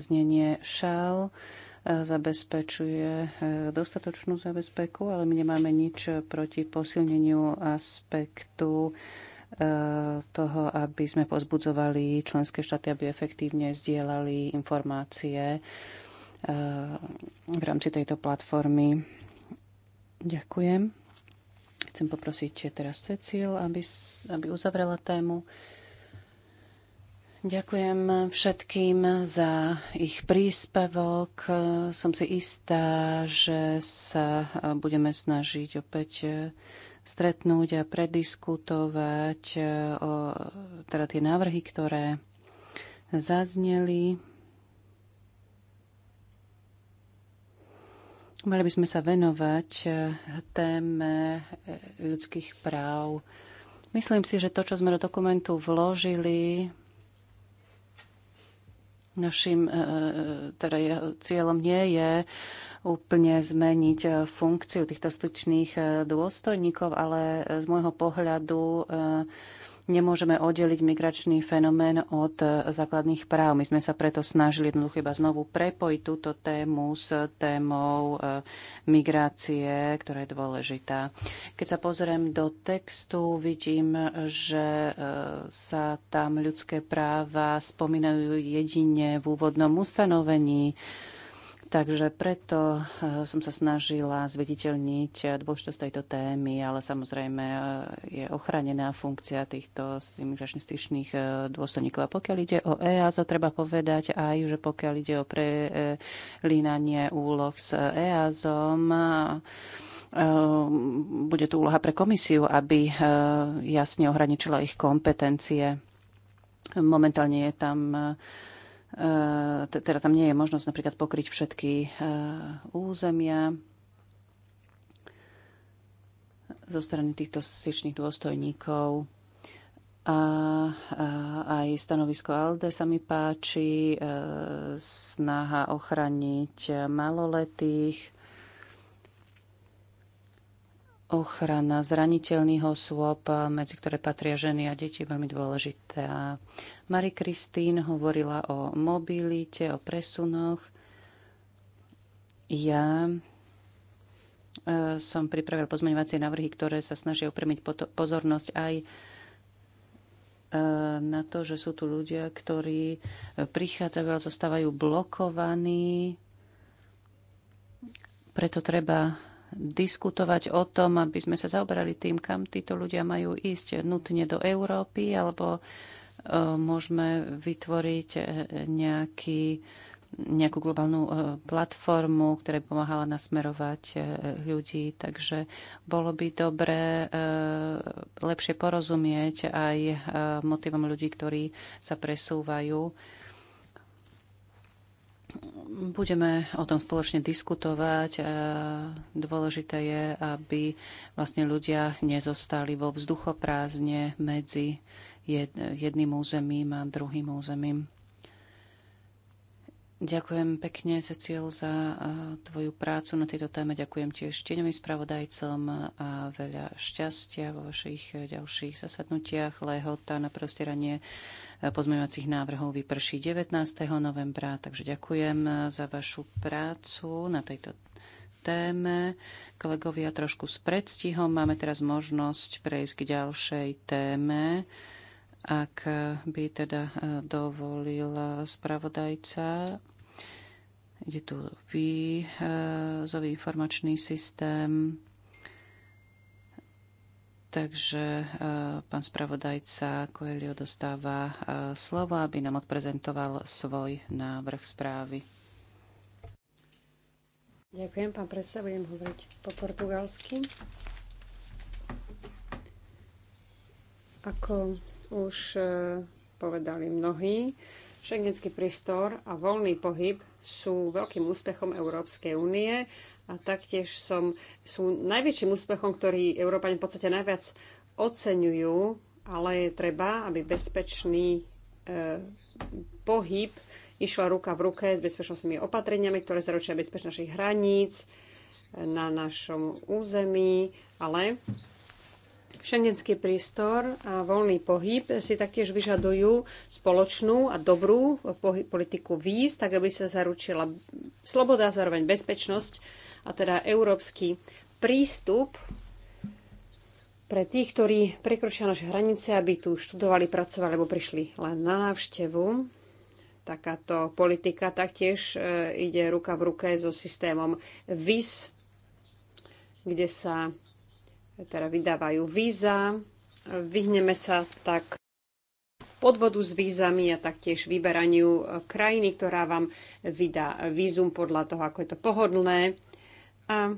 S4: znenie shall zabezpečuje e, dostatočnú zabezpeku, ale my nemáme nič proti posilneniu aspektu e, toho, aby sme pozbudzovali členské štáty, aby efektívne zdieľali informácie e, v rámci tejto platformy. Ďakujem. Chcem poprosiť teraz Cecil, aby, aby uzavrela tému. Ďakujem všetkým za ich príspevok. Som si istá, že sa budeme snažiť opäť stretnúť a prediskutovať e, o, teda tie návrhy, ktoré zazneli. Mali by sme sa venovať e, téme e, ľudských práv. Myslím si, že to, čo sme do dokumentu vložili, Našim e, e, teda jeho cieľom nie je úplne zmeniť e, funkciu týchto stučných dôstojníkov, ale z môjho pohľadu nemôžeme oddeliť migračný fenomén od e, základných práv. My sme sa preto snažili jednoducho iba znovu prepojiť túto tému s témou e, migrácie, ktorá je dôležitá. Keď sa pozriem do textu, vidím, že e, sa tam ľudské práva spomínajú jedine v úvodnom ustanovení Takže preto eh, som sa snažila zviditeľniť eh, dôležitosť tejto témy, ale samozrejme eh, je ochranená funkcia týchto imigračných styčných dôstojníkov. A pokiaľ ide o EASO, treba povedať aj, že pokiaľ ide o prelínanie úloh s EASom, bude tu úloha pre komisiu, aby jasne ohraničila ich kompetencie. Momentálne je tam Eh, teda tam nie je možnosť napríklad pokryť všetky eh, územia zo strany týchto styčných dôstojníkov. A, a eh, aj stanovisko ALDE sa mi páči, snaha ochraniť maloletých, ochrana zraniteľných osôb, medzi ktoré patria ženy a deti, je veľmi dôležitá. Marie Kristín hovorila o mobilite, o presunoch. Ja e, som pripravil pozmeňovacie návrhy, ktoré sa snažia upremiť pozornosť aj e, na to, že sú tu ľudia, ktorí e, prichádzajú, a zostávajú blokovaní. Preto treba diskutovať o tom, aby sme sa zaoberali tým, kam títo ľudia majú ísť, nutne do Európy alebo môžeme vytvoriť e, nejaký, nejakú globálnu e, platformu, ktorá by pomáhala nasmerovať e, ľudí. Takže bolo by dobré lepšie porozumieť aj motivom ľudí, ktorí sa presúvajú. Budeme o tom spoločne diskutovať. Dôležité je, aby vlastne ľudia nezostali vo vzduchoprázdne medzi jedným územím a druhým územím. Ďakujem pekne, Cecil, za tvoju prácu na tejto téme. Ďakujem tiež tieňovým spravodajcom a veľa šťastia vo vašich e, ďalších zasadnutiach. Lehota na prostieranie e, pozmeňovacích návrhov vyprší 19. novembra, takže ďakujem e, za vašu prácu na tejto téme. Kolegovia, trošku s predstihom máme teraz možnosť prejsť k ďalšej téme ak by teda e, dovolil spravodajca. je tu výzový e, informačný systém. Takže e, pán spravodajca Coelho dostáva slovo, aby nám odprezentoval svoj návrh správy.
S6: Ďakujem, pán predseda, budem hovoriť po portugalsky. Ako už e, povedali mnohí, Šengenský prístor a voľný pohyb sú veľkým úspechom Európskej únie a taktiež som, sú najväčším úspechom, ktorý Európani v podstate najviac oceňujú, ale je treba, aby bezpečný e, pohyb išla ruka v ruke s bezpečnostnými opatreniami, ktoré zaručia bezpečnosť našich hraníc e, na našom území, ale Šengenský prístor a voľný pohyb si taktiež vyžadujú spoločnú a dobrú politiku víz, tak aby sa zaručila sloboda, zároveň bezpečnosť a teda európsky prístup pre tých, ktorí prekročia naše hranice, aby tu študovali, pracovali alebo prišli len na návštevu. Takáto politika taktiež e, ide ruka v ruke so systémom VIS, kde sa teda vydávajú víza. Vyhneme sa tak podvodu s vízami a taktiež vyberaniu e, krajiny, ktorá vám vydá vízum podľa toho, ako je to pohodlné. A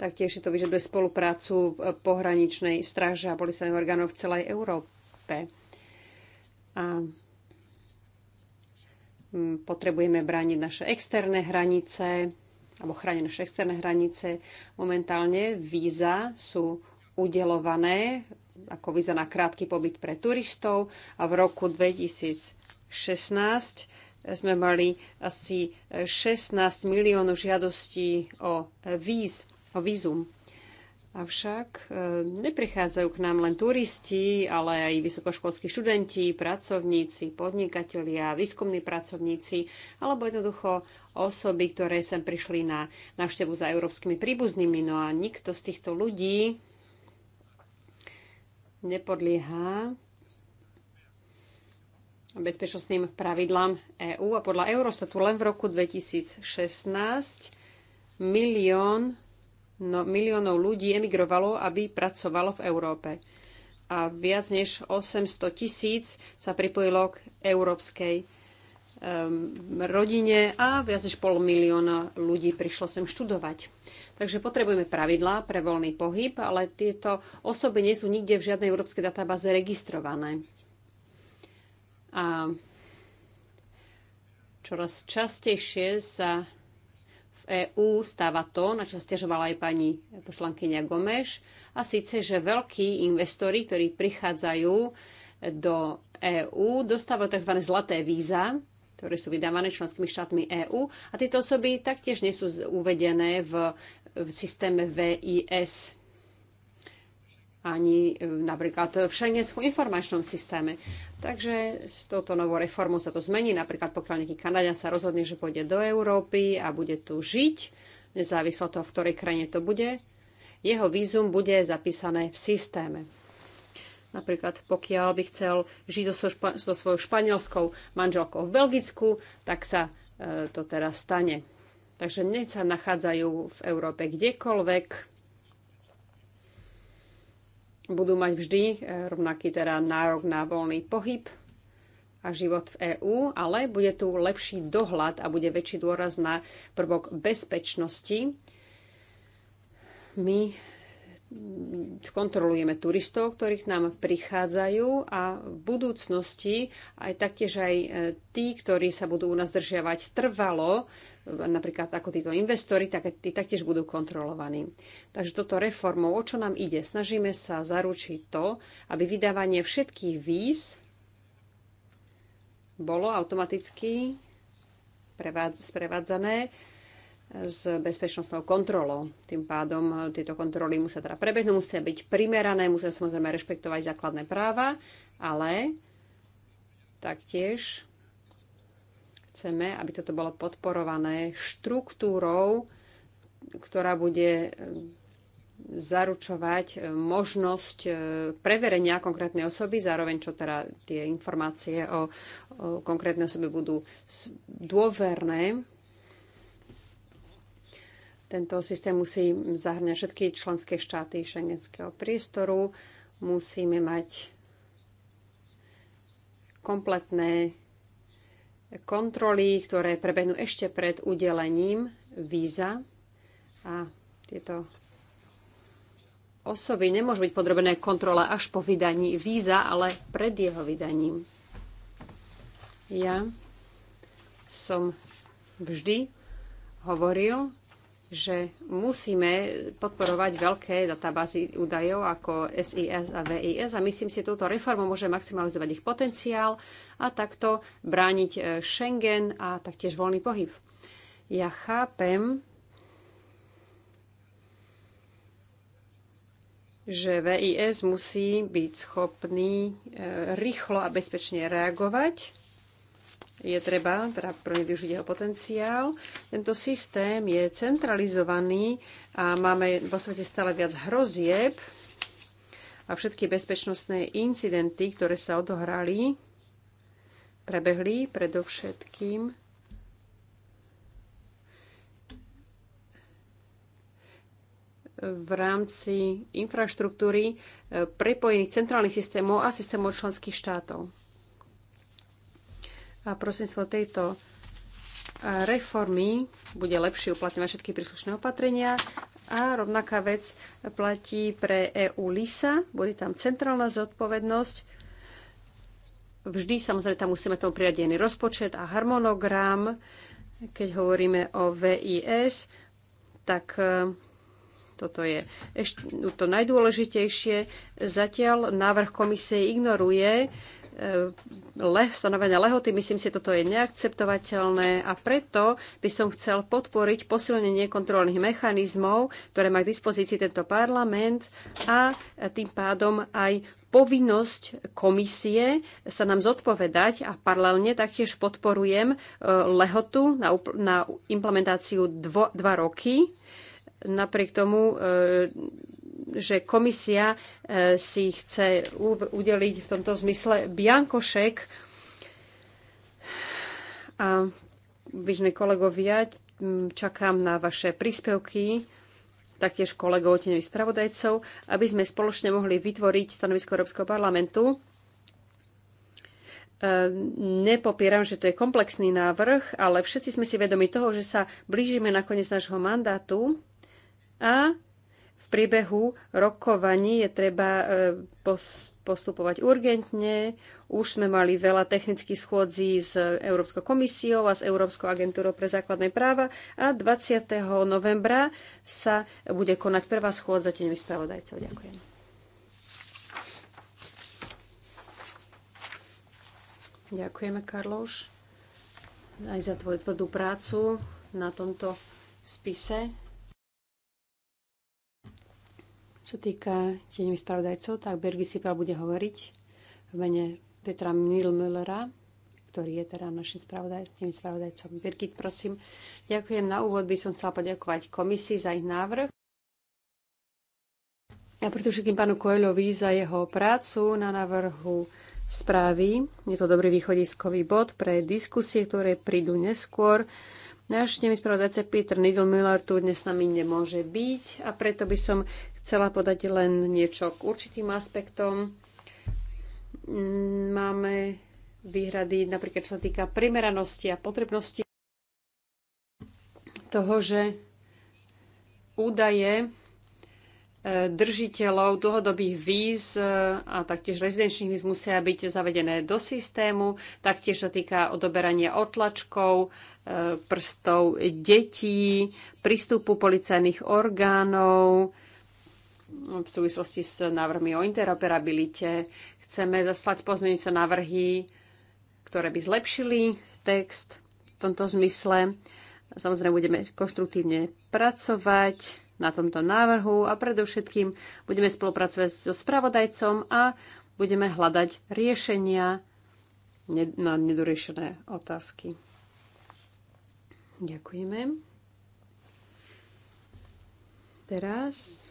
S6: taktiež si to vyžaduje spoluprácu e, pohraničnej stráže a policajných orgánov v celej Európe. A mm, potrebujeme brániť naše externé hranice, alebo chránené naše externé hranice. Momentálne víza sú udelované ako víza na krátky pobyt pre turistov a v roku 2016 sme mali asi 16 miliónov žiadostí o víz, o vízum. Avšak e, neprichádzajú k nám len turisti, ale aj vysokoškolskí študenti, pracovníci, podnikatelia, výskumní pracovníci alebo jednoducho osoby, ktoré sem prišli na návštevu za európskymi príbuznými. No a nikto z týchto ľudí nepodlieha bezpečnostným pravidlám EÚ a podľa Eurostatu len v roku 2016 milión no, miliónov ľudí emigrovalo, aby pracovalo v Európe. A viac než 800 tisíc sa pripojilo k európskej um, rodine a viac než pol milióna ľudí prišlo sem študovať. Takže potrebujeme pravidlá pre voľný pohyb, ale tieto osoby nie sú nikde v žiadnej európskej databáze registrované. A čoraz častejšie sa EÚ stáva to, na čo stiažovala aj pani poslankyňa Gomeš, a síce, že veľkí investori, ktorí prichádzajú do EÚ, dostávajú tzv. zlaté víza, ktoré sú vydávané členskými štátmi EÚ a tieto osoby taktiež nie sú uvedené v, v systéme VIS ani e, napríklad v e, šengenskom informačnom systéme. Takže s touto novou reformou sa to zmení. Napríklad pokiaľ nejaký Kanadian sa rozhodne, že pôjde do Európy a bude tu žiť, nezávislo toho, v ktorej krajine to bude, jeho vízum bude zapísané v systéme. Napríklad pokiaľ by chcel žiť so, špa- so svojou španielskou manželkou v Belgicku, tak sa e, to teraz stane. Takže dnes sa nachádzajú v Európe kdekoľvek, budú mať vždy eh, rovnaký teda nárok na voľný pohyb a život v EÚ, ale bude tu lepší dohľad a bude väčší dôraz na prvok bezpečnosti. My kontrolujeme turistov, ktorých nám prichádzajú a v budúcnosti aj taktiež aj e, tí, ktorí sa budú u nás držiavať trvalo, napríklad ako títo investori, tak tí taktiež budú kontrolovaní. Takže toto reformou, o čo nám ide? Snažíme sa zaručiť to, aby vydávanie všetkých víz bolo automaticky sprevádzané s bezpečnostnou kontrolou. Tým pádom e, tieto kontroly musia teda prebehnúť, musia byť primerané, musia samozrejme rešpektovať základné práva, ale taktiež chceme, aby toto bolo podporované štruktúrou, ktorá bude e, zaručovať e, možnosť preverenia konkrétnej osoby, zároveň čo teda tie informácie o, o konkrétnej osobe budú dôverné, tento systém musí zahrňať všetky členské štáty šengenského priestoru. Musíme mať kompletné kontroly, ktoré prebehnú ešte pred udelením víza. A tieto osoby nemôžu byť podrobené kontrole až po vydaní víza, ale pred jeho vydaním. Ja som vždy hovoril, že musíme podporovať veľké databázy údajov ako SIS a VIS a myslím si, že túto reformu môže maximalizovať ich potenciál a takto brániť e, Schengen a taktiež voľný pohyb. Ja chápem, že VIS musí byť schopný e, rýchlo a bezpečne reagovať je treba teda plne využiť jeho potenciál. Tento systém je centralizovaný a máme vo svete stále viac hrozieb a všetky bezpečnostné incidenty, ktoré sa odohrali, prebehli predovšetkým v rámci infraštruktúry eh, prepojených centrálnych systémov a systémov členských štátov a svoj tejto reformy bude lepšie uplatňovať všetky príslušné opatrenia a rovnaká vec platí pre EU LISA, bude tam centrálna zodpovednosť. Vždy samozrejme tam musíme tomu prijať jedný rozpočet a harmonogram. Keď hovoríme o VIS, tak e, toto je ešte to najdôležitejšie. Zatiaľ návrh komisie ignoruje E, le, stanovenia lehoty. Myslím si, toto je neakceptovateľné a preto by som chcel podporiť posilnenie kontrolných mechanizmov, ktoré má k dispozícii tento parlament a tým pádom aj povinnosť komisie sa nám zodpovedať a paralelne taktiež podporujem e, lehotu na, na implementáciu dvo, dva roky. Napriek tomu e, že komisia e, si chce udeliť v tomto zmysle biankošek. A vyžné kolegovia, čakám na vaše príspevky taktiež kolegov, tenových spravodajcov, aby sme spoločne mohli vytvoriť stanovisko Európskeho parlamentu e, nepopieram, že to je komplexný návrh, ale všetci sme si vedomi toho, že sa blížime na koniec nášho mandátu a priebehu rokovaní je treba e, postupovať urgentne. Už sme mali veľa technických schôdzí s Európskou komisiou a s Európskou agentúrou pre základné práva a 20. novembra sa bude konať prvá schôdza tenových spravodajcov. Ďakujem. Ďakujeme, Karloš, aj za tvoju tvrdú prácu na tomto spise. Čo týka tieňových spravodajcov, tak Birgit Sipel bude hovoriť v mene Petra Milmüllera, ktorý je teda našim spravodajcom, spravodajcom. Birgit, prosím. Ďakujem. Na úvod by som chcela poďakovať komisii za ich návrh. A preto všetkým pánu Koelovi za jeho prácu na návrhu správy. Je to dobrý východiskový bod pre diskusie, ktoré prídu neskôr. Náš spravodajce Peter Nidl Miller tu dnes s nami nemôže byť a preto by som chcela podať len niečo k určitým aspektom. Máme výhrady napríklad čo sa týka primeranosti a potrebnosti toho, že údaje e, držiteľov dlhodobých víz e, a taktiež rezidenčných víz musia byť zavedené do systému. Taktiež sa týka odoberania otlačkov, e, prstov detí, prístupu policajných orgánov, v súvislosti s návrhmi o interoperabilite. Chceme zaslať pozmeňujúce návrhy, ktoré by zlepšili text v tomto zmysle. Samozrejme, budeme konštruktívne pracovať na tomto návrhu a predovšetkým budeme spolupracovať so spravodajcom a budeme hľadať riešenia na nedoriešené otázky. Ďakujeme. Teraz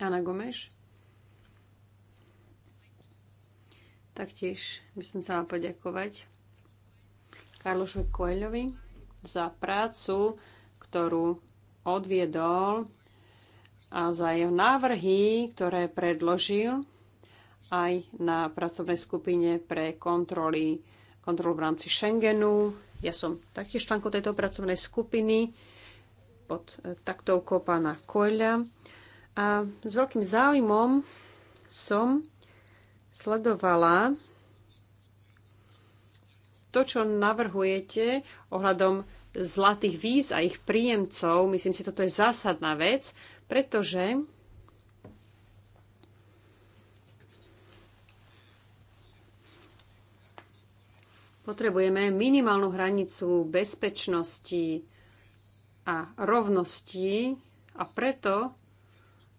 S6: Ana Gomeš. Taktiež by som chcela poďakovať Karlošovi Koeľovi za prácu, ktorú odviedol a za jeho návrhy, ktoré predložil aj na pracovnej skupine pre kontroly, kontrolu v rámci Schengenu. Ja som taktiež členkou tejto pracovnej skupiny pod taktovkou pána Koeľa. A s veľkým záujmom som sledovala to, čo navrhujete ohľadom zlatých víz a ich príjemcov. Myslím si, toto je zásadná vec, pretože potrebujeme minimálnu hranicu bezpečnosti a rovnosti a preto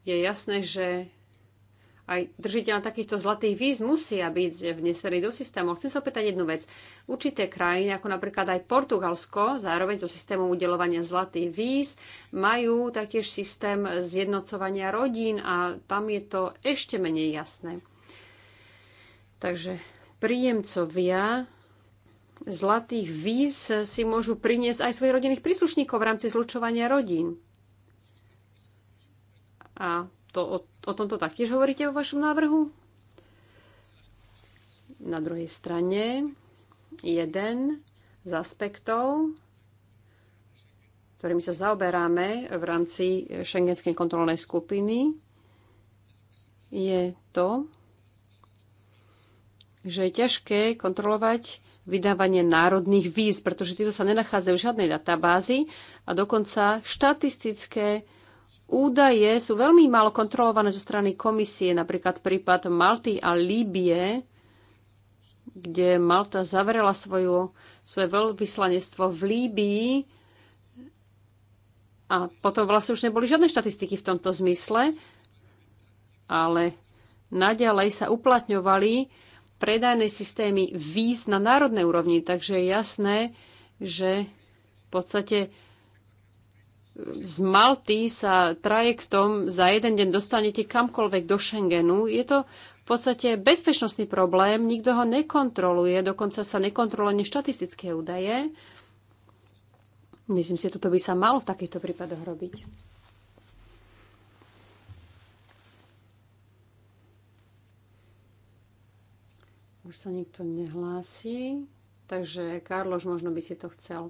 S6: je jasné, že aj držiteľ takýchto zlatých víz musia byť vnesený do systému. Chcem sa opýtať jednu vec. Určité krajiny, ako napríklad aj Portugalsko, zároveň so systémom udelovania zlatých víz, majú taktiež systém zjednocovania rodín a tam je to ešte menej jasné. Takže príjemcovia zlatých víz si môžu priniesť aj svojich rodinných príslušníkov v rámci zlučovania rodín. A to, o, o tomto taktiež hovoríte vo vašom návrhu? Na druhej strane jeden z aspektov, ktorými sa zaoberáme v rámci šengenskej kontrolnej skupiny, je to, že je ťažké kontrolovať vydávanie národných víz, pretože títo sa nenachádzajú v žiadnej databázi a dokonca štatistické údaje sú veľmi málo kontrolované zo strany komisie, napríklad prípad Malty a Líbie, kde Malta zavrela svoju, svoje veľvyslanectvo v Líbii a potom vlastne už neboli žiadne štatistiky v tomto zmysle, ale naďalej sa uplatňovali predajné systémy víz na národnej úrovni, takže je jasné, že v podstate z Malty sa trajektom za jeden deň dostanete kamkoľvek do Schengenu. Je to v podstate bezpečnostný problém, nikto ho nekontroluje, dokonca sa nekontroluje štatistické údaje. Myslím si, toto by sa malo v takýchto prípadoch robiť. Už sa nikto nehlási, takže Karloš možno by si to chcel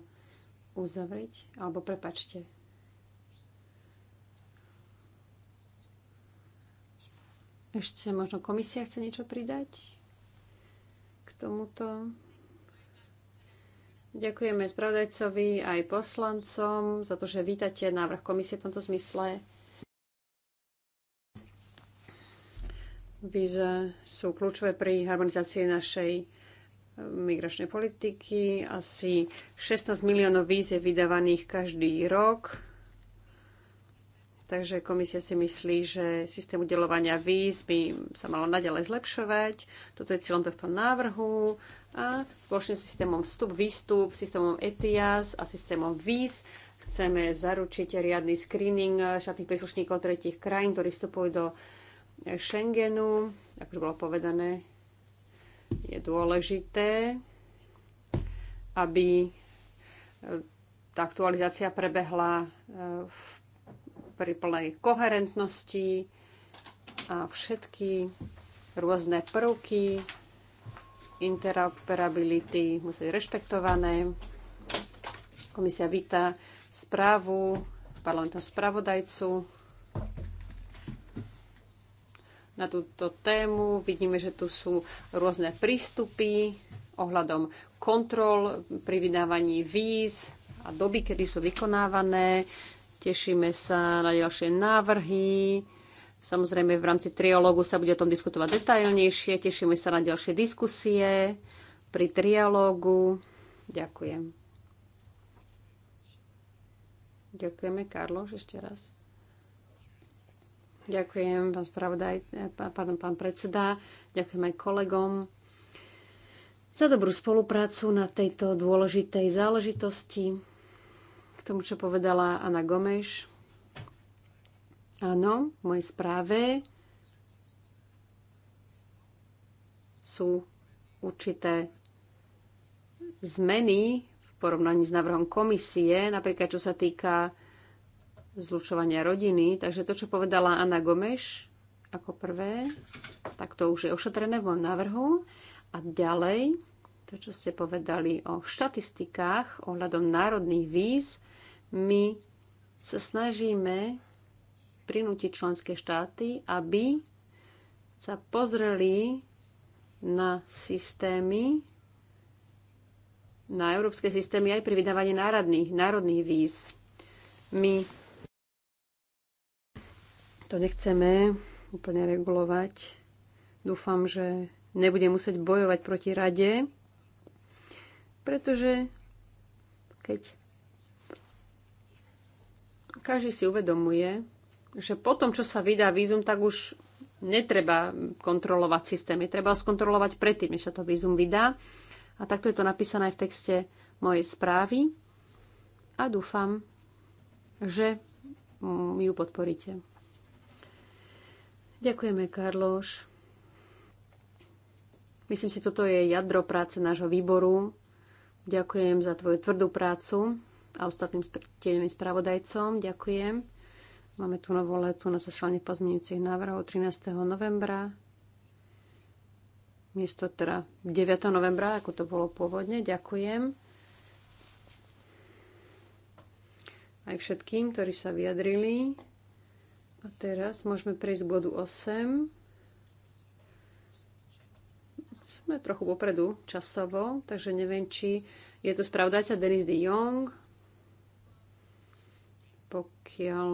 S6: uzavrieť, alebo prepačte, Ešte možno komisia chce niečo pridať k tomuto. Ďakujeme spravodajcovi aj poslancom za to, že vítate návrh komisie v tomto zmysle. Víza sú kľúčové pri harmonizácii našej eh, migračnej politiky. Asi 16 miliónov víz je vydávaných každý rok Takže komisia si myslí, že systém udelovania víz by sa malo naďalej zlepšovať. Toto je cieľom tohto návrhu. A spoločným s systémom vstup-výstup, systémom ETIAS a systémom víz chceme zaručiť riadny screening šatných príslušníkov tretich krajín, ktorí vstupujú do Schengenu. Ako už bolo povedané, je dôležité, aby tá aktualizácia prebehla v pri plnej koherentnosti a všetky rôzne prvky interoperability musí byť rešpektované. Komisia víta správu parlamentného spravodajcu na túto tému. Vidíme, že tu sú rôzne prístupy ohľadom kontrol pri vydávaní víz a doby, kedy sú vykonávané. Tešíme sa na ďalšie návrhy. Samozrejme, v rámci trialógu sa bude o tom diskutovať detailnejšie. Tešíme sa na ďalšie diskusie pri trialógu. Ďakujem. Ďakujeme, Karlo, ešte raz. Ďakujem, pán, spravodaj, pardon, pán predseda. Ďakujem aj kolegom za dobrú spoluprácu na tejto dôležitej záležitosti k tomu, čo povedala Ana Gomeš. Áno, v mojej správe sú určité zmeny v porovnaní s návrhom komisie, napríklad čo sa týka zlučovania rodiny. Takže to, čo povedala Anna Gomeš ako prvé, tak to už je ošetrené v mojom návrhu. A ďalej, to, čo ste povedali o štatistikách ohľadom národných víz, my sa snažíme prinútiť členské štáty, aby sa pozreli na systémy, na európske systémy aj pri vydávaní národných, národných víz. My to nechceme úplne regulovať. Dúfam, že nebude musieť bojovať proti rade, pretože keď každý si uvedomuje, že po tom, čo sa vydá vízum, tak už netreba kontrolovať systém. Treba treba skontrolovať predtým, než sa to vízum vydá. A takto je to napísané aj v texte mojej správy. A dúfam, že ju podporíte. Ďakujeme, Karloš. Myslím si, toto je jadro práce nášho výboru. Ďakujem za tvoju tvrdú prácu a ostatným tieňovým spravodajcom. Ďakujem. Máme tu novú letu na zaslanie pozmeňujúcich návrhov 13. novembra miesto teda 9. novembra, ako to bolo pôvodne. Ďakujem aj všetkým, ktorí sa vyjadrili. A teraz môžeme prejsť k bodu 8. Sme trochu popredu časovo, takže neviem, či je tu spravodajca Denis de Jong pokiaľ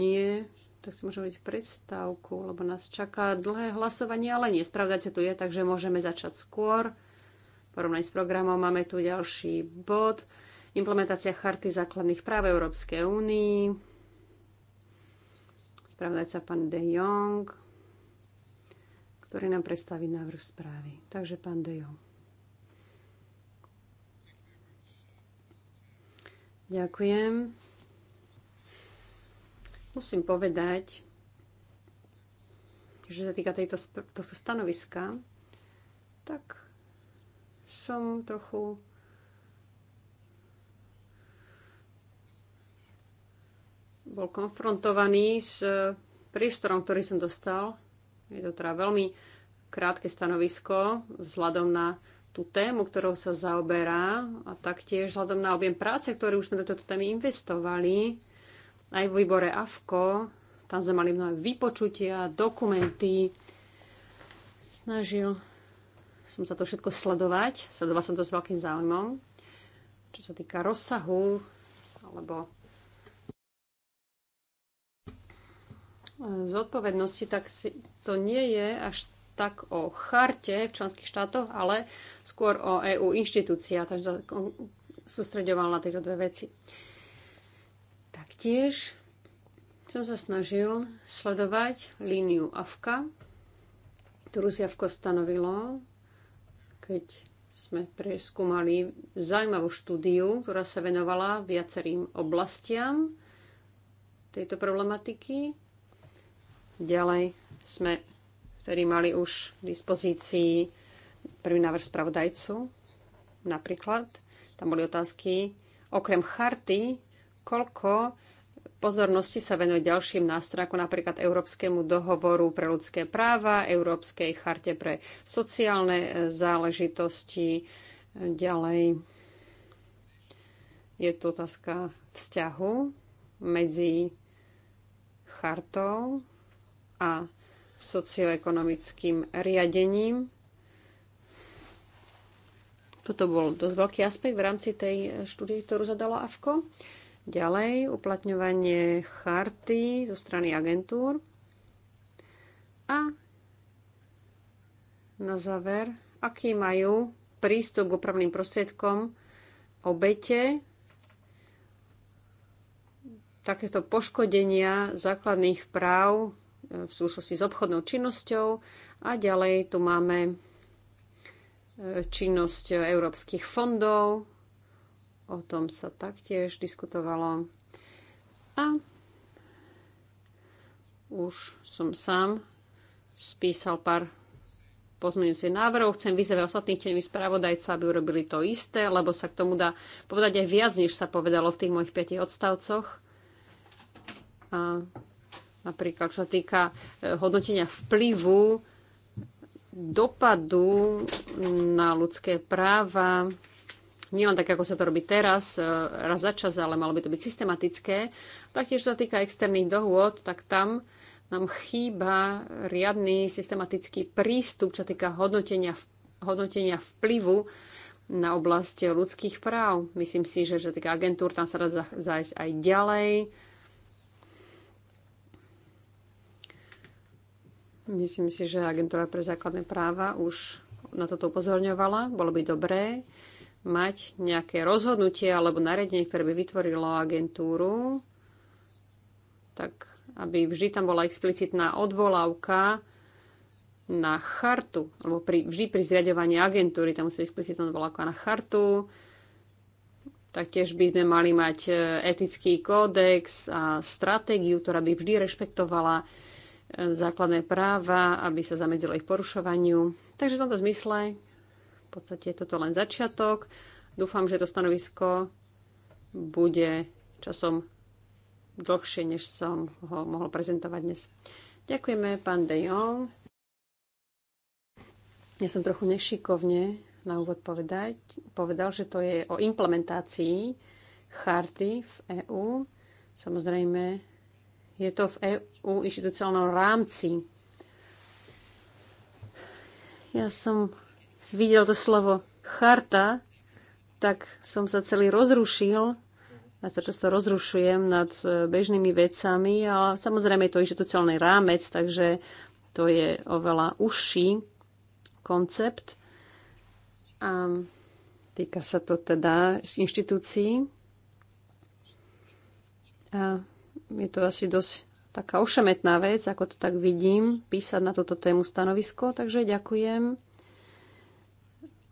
S6: nie, tak si môžeme byť predstavku, lebo nás čaká dlhé hlasovanie, ale nie, sa tu je, takže môžeme začať skôr. Porovnaní s programom máme tu ďalší bod. Implementácia charty základných práv Európskej únii. Spravodajca pán De Jong, ktorý nám predstaví návrh správy. Takže pán De Jong. Ďakujem. Musím povedať, že sa týka tejto, tohto stanoviska, tak som trochu bol konfrontovaný s e, priestorom, ktorý som dostal. Je to teda veľmi krátke stanovisko vzhľadom na tú tému, ktorou sa zaoberá a taktiež vzhľadom na objem práce, ktorú už sme do tejto témy investovali, aj v výbore AFKO, tam sme mali mnohé vypočutia, dokumenty. Snažil som sa to všetko sledovať, sledoval som to s veľkým záujmom. Čo sa týka rozsahu, alebo eh, zodpovednosti, tak si, to nie je až tak o charte v členských štátoch, ale skôr o EU inštitúcia, takže sústredoval na tieto dve veci. Taktiež som sa snažil sledovať líniu AFKA, ktorú si AFKO stanovilo, keď sme preskúmali zaujímavú štúdiu, ktorá sa venovala viacerým oblastiam tejto problematiky. Ďalej sme ktorí mali už v dispozícii prvý návrh spravodajcu napríklad. Tam boli otázky, okrem charty, koľko pozornosti sa venuje ďalším nástrojom, ako napríklad Európskemu dohovoru pre ľudské práva, Európskej charte pre sociálne e, záležitosti, e, ďalej je tu otázka vzťahu medzi chartou a socioekonomickým riadením. Toto bol dosť veľký aspekt v rámci tej štúdie, ktorú zadala AFKO. Ďalej, uplatňovanie charty zo strany agentúr. A na záver, aký majú prístup k opravným prostriedkom obete takéto poškodenia základných práv v súvislosti s obchodnou činnosťou. A ďalej tu máme e, činnosť európskych fondov. O tom sa taktiež diskutovalo. A už som sám spísal pár pozmeňujúcich návrhov. Chcem vyzvať ostatných tenových spravodajcov, aby urobili to isté, lebo sa k tomu dá povedať aj viac, než sa povedalo v tých mojich 5 odstavcoch. A napríklad čo sa týka e, hodnotenia vplyvu, dopadu na ľudské práva, nielen tak, ako sa to robí teraz, e, raz za čas, ale malo by to byť systematické. Taktiež, čo sa týka externých dohôd, tak tam nám chýba riadny systematický prístup, čo sa týka hodnotenia, hodnotenia vplyvu na oblasť ľudských práv. Myslím si, že čo týka agentúr, tam sa dá zájsť aj ďalej. Myslím si, že Agentúra pre základné práva už na toto upozorňovala. Bolo by dobré mať nejaké rozhodnutie alebo nariadenie, ktoré by vytvorilo agentúru, tak aby vždy tam bola explicitná odvolávka na chartu, alebo pri, vždy pri zriadovaní agentúry tam musí explicitná odvolávka na chartu, taktiež by sme mali mať e, etický kódex a stratégiu, ktorá by vždy rešpektovala základné práva, aby sa zamedzilo ich porušovaniu. Takže v tomto zmysle v podstate je toto len začiatok. Dúfam, že to stanovisko bude časom dlhšie, než som ho mohol prezentovať dnes. Ďakujeme, pán De Jong. Ja som trochu nešikovne na úvod povedať, povedal, že to je o implementácii charty v EÚ. Samozrejme, je to v EU inštitucionálnom rámci. Ja som videl to slovo charta, tak som sa celý rozrušil. Ja sa často rozrušujem nad e, bežnými vecami, ale samozrejme je to inštitucionálny rámec, takže to je oveľa užší koncept. A týka sa to teda inštitúcií. A je to asi dosť taká ošemetná vec, ako to tak vidím, písať na túto tému stanovisko, takže ďakujem.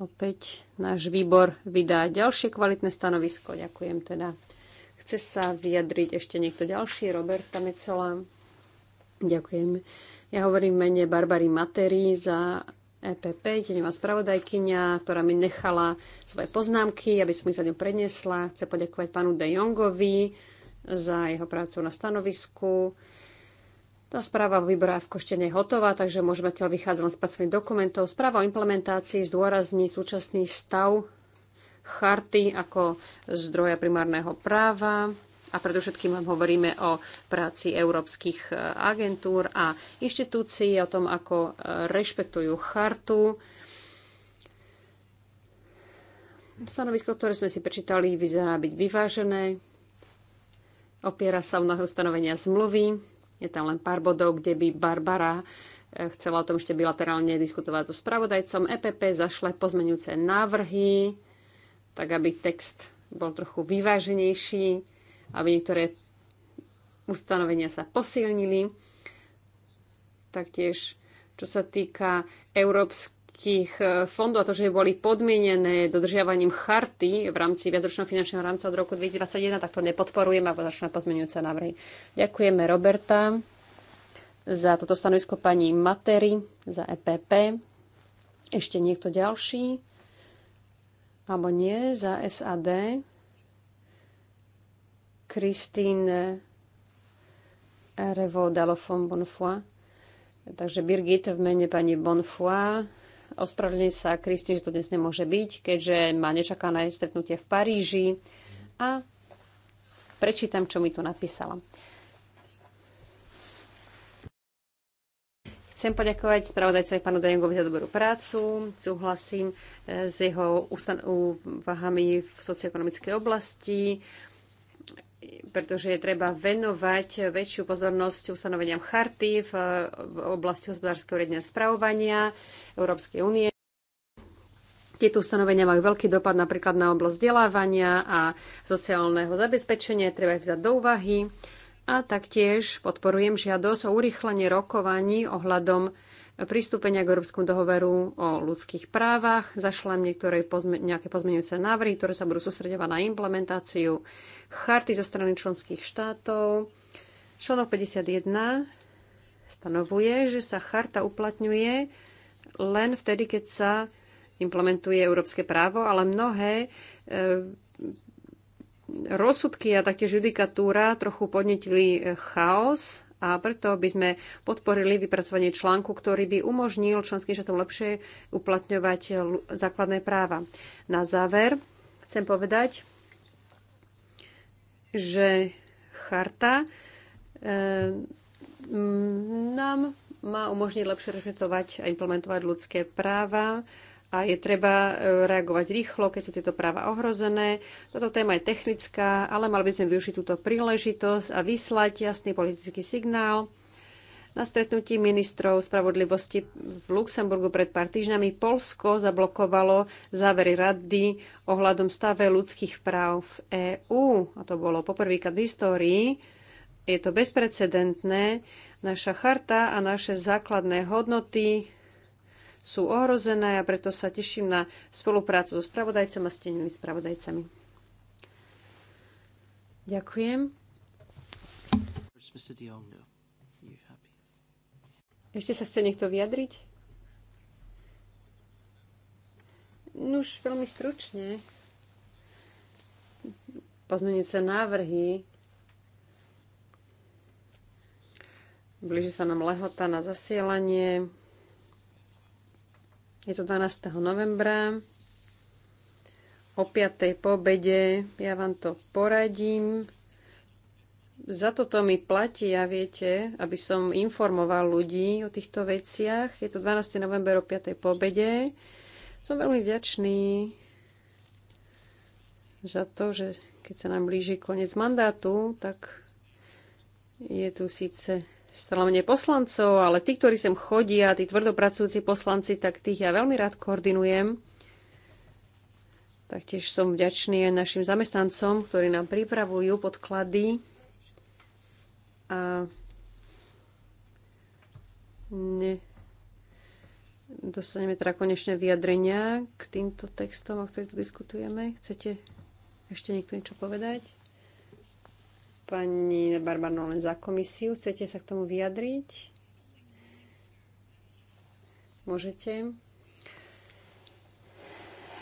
S6: Opäť náš výbor vydá ďalšie kvalitné stanovisko. Ďakujem teda. Chce sa vyjadriť ešte niekto ďalší? je celá. Ďakujem. Ja hovorím mene Barbary Materi za EPP, tenová spravodajkynia, ktorá mi nechala svoje poznámky, aby som ich za ňu prednesla. Chcem poďakovať pánu De Jongovi, za jeho prácu na stanovisku. Tá správa o výbore v Koštene je hotová, takže môžeme teda vychádzať len z pracovných dokumentov. Správa o implementácii zdôrazní súčasný stav charty ako zdroja primárneho práva a predovšetkým hovoríme o práci európskych e, agentúr a inštitúcií, o tom, ako e, rešpektujú chartu. Stanovisko, ktoré sme si prečítali, vyzerá byť vyvážené Opiera sa o mnohé ustanovenia zmluvy. Je tam len pár bodov, kde by Barbara eh, chcela o tom ešte bilaterálne diskutovať so spravodajcom. EPP zašle pozmenujúce návrhy, tak aby text bol trochu vyváženejší, aby niektoré ustanovenia sa posilnili. Taktiež, čo sa týka európskej európskych e, fondov a to, že boli podmienené dodržiavaním charty v rámci viacročného finančného rámca od roku 2021, tak to nepodporujem a začneme pozmeňujúce návrhy. Ďakujeme Roberta za toto stanovisko pani Matery, za EPP. Ešte niekto ďalší? Alebo nie, za SAD. Christine Revo Dalofon Bonfoy. Takže Birgit v mene pani Bonfoy Ospravedlňuje sa Kristi, že to dnes nemôže byť, keďže má nečakané stretnutie v Paríži. A prečítam, čo mi tu napísala. Chcem poďakovať spravodajcovi pánu Dajengovi za dobrú prácu. Súhlasím eh, s jeho úvahami v socioekonomickej oblasti pretože je treba venovať väčšiu pozornosť ustanoveniam charty v, v oblasti hospodárskeho riadenia spravovania Európskej únie. Tieto ustanovenia majú veľký dopad napríklad na oblasť vzdelávania a sociálneho zabezpečenia, treba ich vziať do úvahy. A taktiež podporujem žiadosť o urýchlenie rokovaní ohľadom pristúpenia k Európskom dohovoru o ľudských právach. Zašlem niektoré pozme- nejaké pozmeňujúce návrhy, ktoré sa budú sústredovať na implementáciu charty zo strany členských štátov. Článok 51 stanovuje, že sa charta uplatňuje len vtedy, keď sa implementuje európske právo, ale mnohé e, rozsudky a taktiež judikatúra trochu podnetili chaos a preto by sme podporili vypracovanie článku, ktorý by umožnil členským štátom lepšie uplatňovať základné práva. Na záver chcem povedať, že charta eh, nám má umožniť lepšie rešpektovať a implementovať ľudské práva a je treba e, reagovať rýchlo, keď sú tieto práva ohrozené. Táto téma je technická, ale mal by sme využiť túto príležitosť a vyslať jasný politický signál. Na stretnutí ministrov spravodlivosti v Luxemburgu pred pár týždňami Polsko zablokovalo závery rady ohľadom stave ľudských práv v EÚ. A to bolo poprvýkrát v histórii. Je to bezprecedentné. Naša charta a naše základné hodnoty sú ohrozené a preto sa teším na spoluprácu so spravodajcom a s tenými spravodajcami. Ďakujem. Ešte sa chce niekto vyjadriť? Nuž, no veľmi stručne. sa návrhy Blíži sa nám lehota na zasielanie. Je to 12. novembra. O 5. po obede ja vám to poradím. Za toto mi platí, ja viete, aby som informoval ľudí o týchto veciach. Je to 12. november o 5. po obede. Som veľmi vďačný za to, že keď sa nám blíži koniec mandátu, tak je tu síce Stále poslancov, ale tí, ktorí sem chodia, tí tvrdopracujúci poslanci, tak tých ja veľmi rád koordinujem. Taktiež som vďačný aj našim zamestnancom, ktorí nám pripravujú podklady. A ne. dostaneme teda konečné vyjadrenia k týmto textom, o ktorých tu diskutujeme. Chcete ešte niekto niečo povedať? Pani Barbarno len za komisiu. Chcete sa k tomu vyjadriť? Môžete.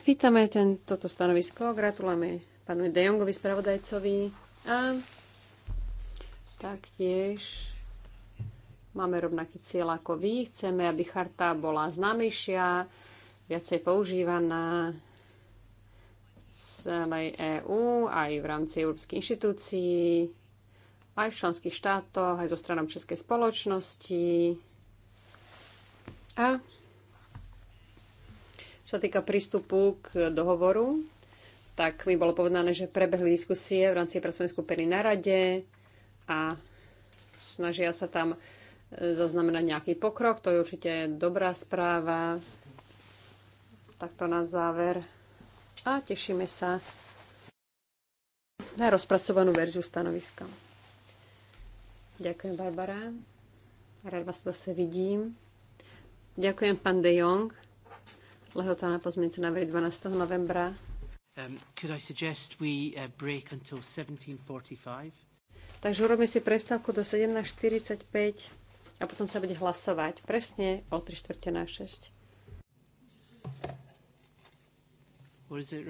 S6: Vítame ten, toto stanovisko. Gratulujeme pánu De Jongovi, spravodajcovi. A taktiež máme rovnaký cieľ ako vy. Chceme, aby charta bola známejšia, viacej používaná celej EÚ, aj v rámci európskych inštitúcií aj v členských štátoch, aj zo stranom Českej spoločnosti. A čo sa týka prístupu k dohovoru, tak mi bolo povedané, že prebehli diskusie v rámci pracovnej skupiny na rade a snažia sa tam e, zaznamenať nejaký pokrok. To je určite dobrá správa. Takto na záver. A tešíme sa na rozpracovanú verziu stanoviska. Ďakujem, Barbara. Rád vás zase vidím. Ďakujem, pán De Jong. Lehotá na pozmiencu na 12. novembra.
S1: Um, could I suggest we uh, break until 17.45?
S6: Takže urobíme si prestávku do 17.45 a potom sa bude hlasovať presne o 3 čtvrte na 6.
S1: What is it,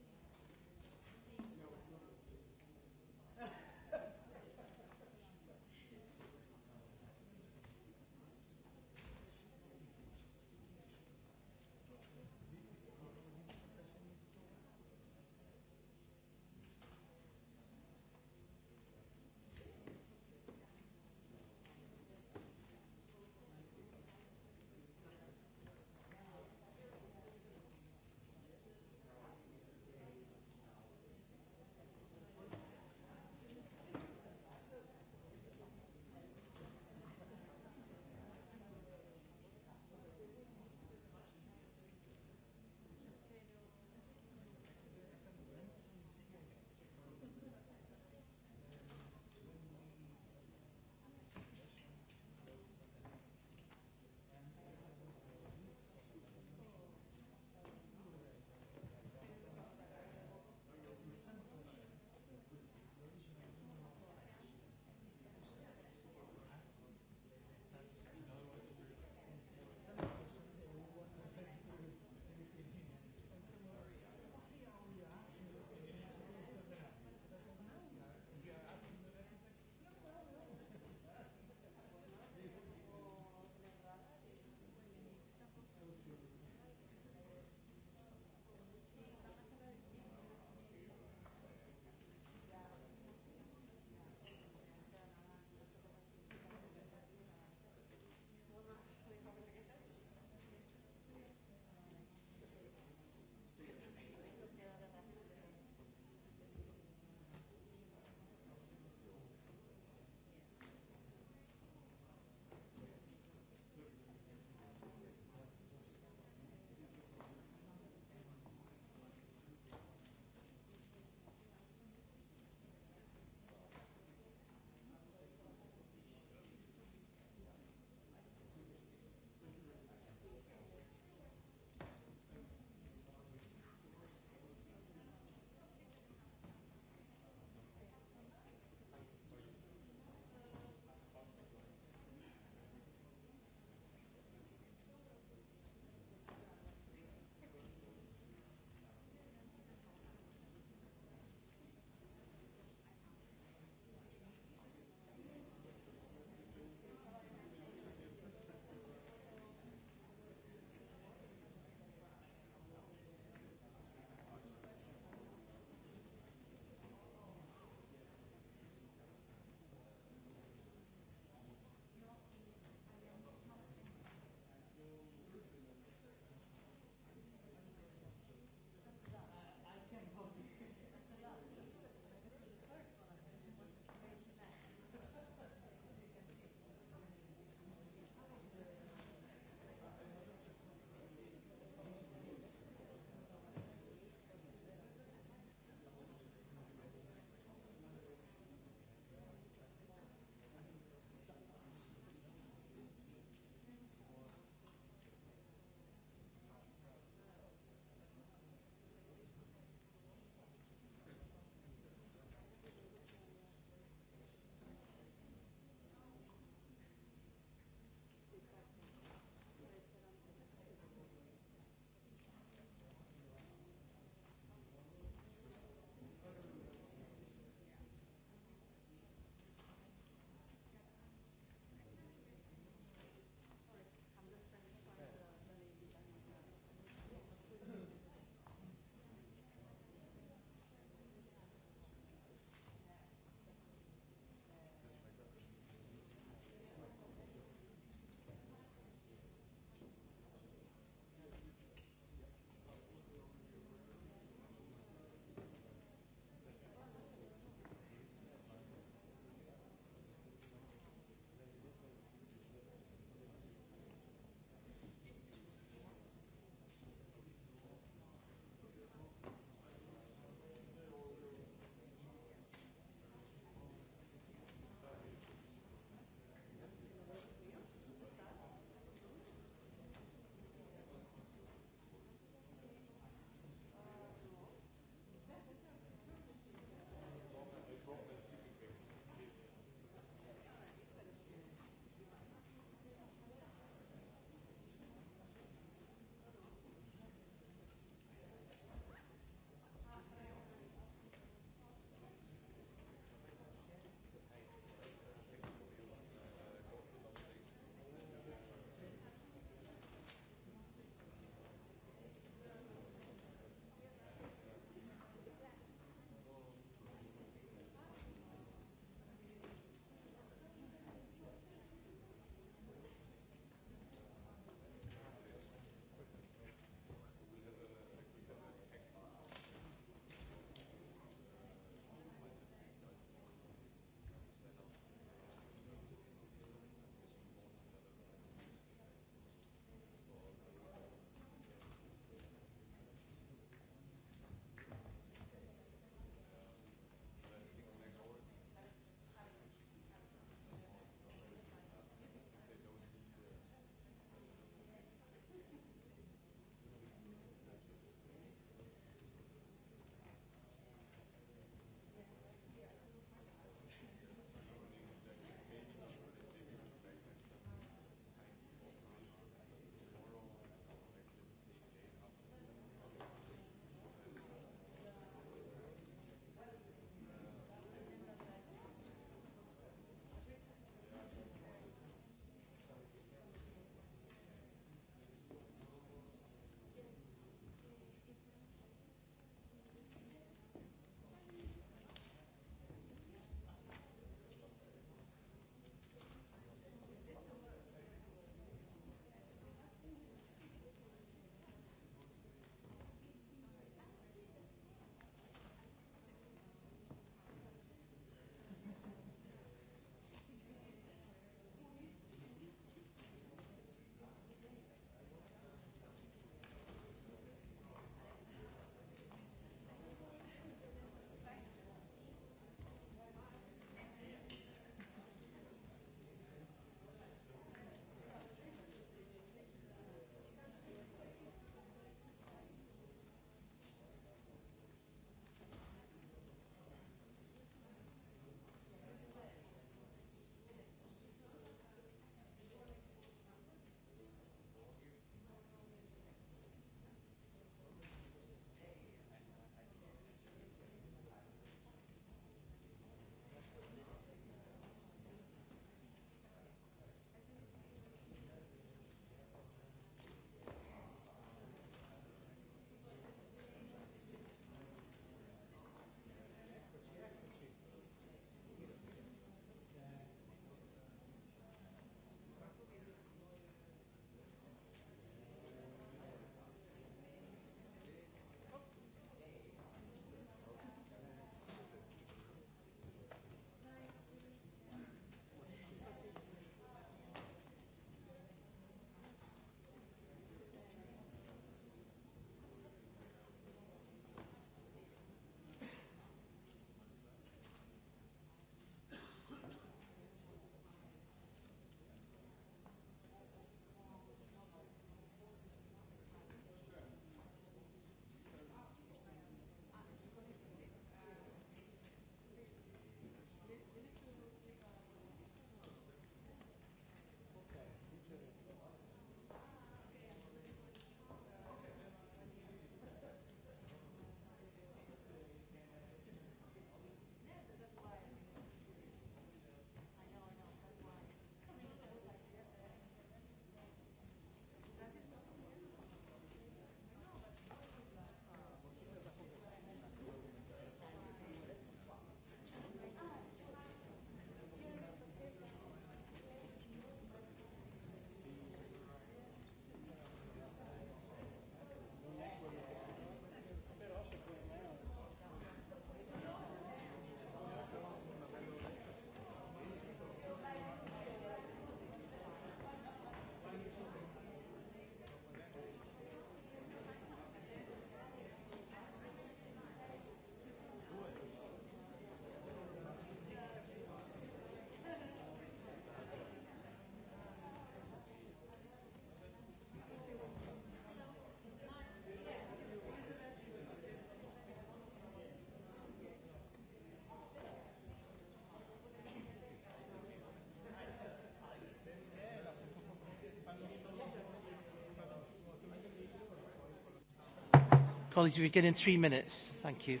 S1: Colleagues, we begin in three minutes. Thank you.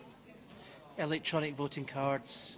S1: Electronic voting cards.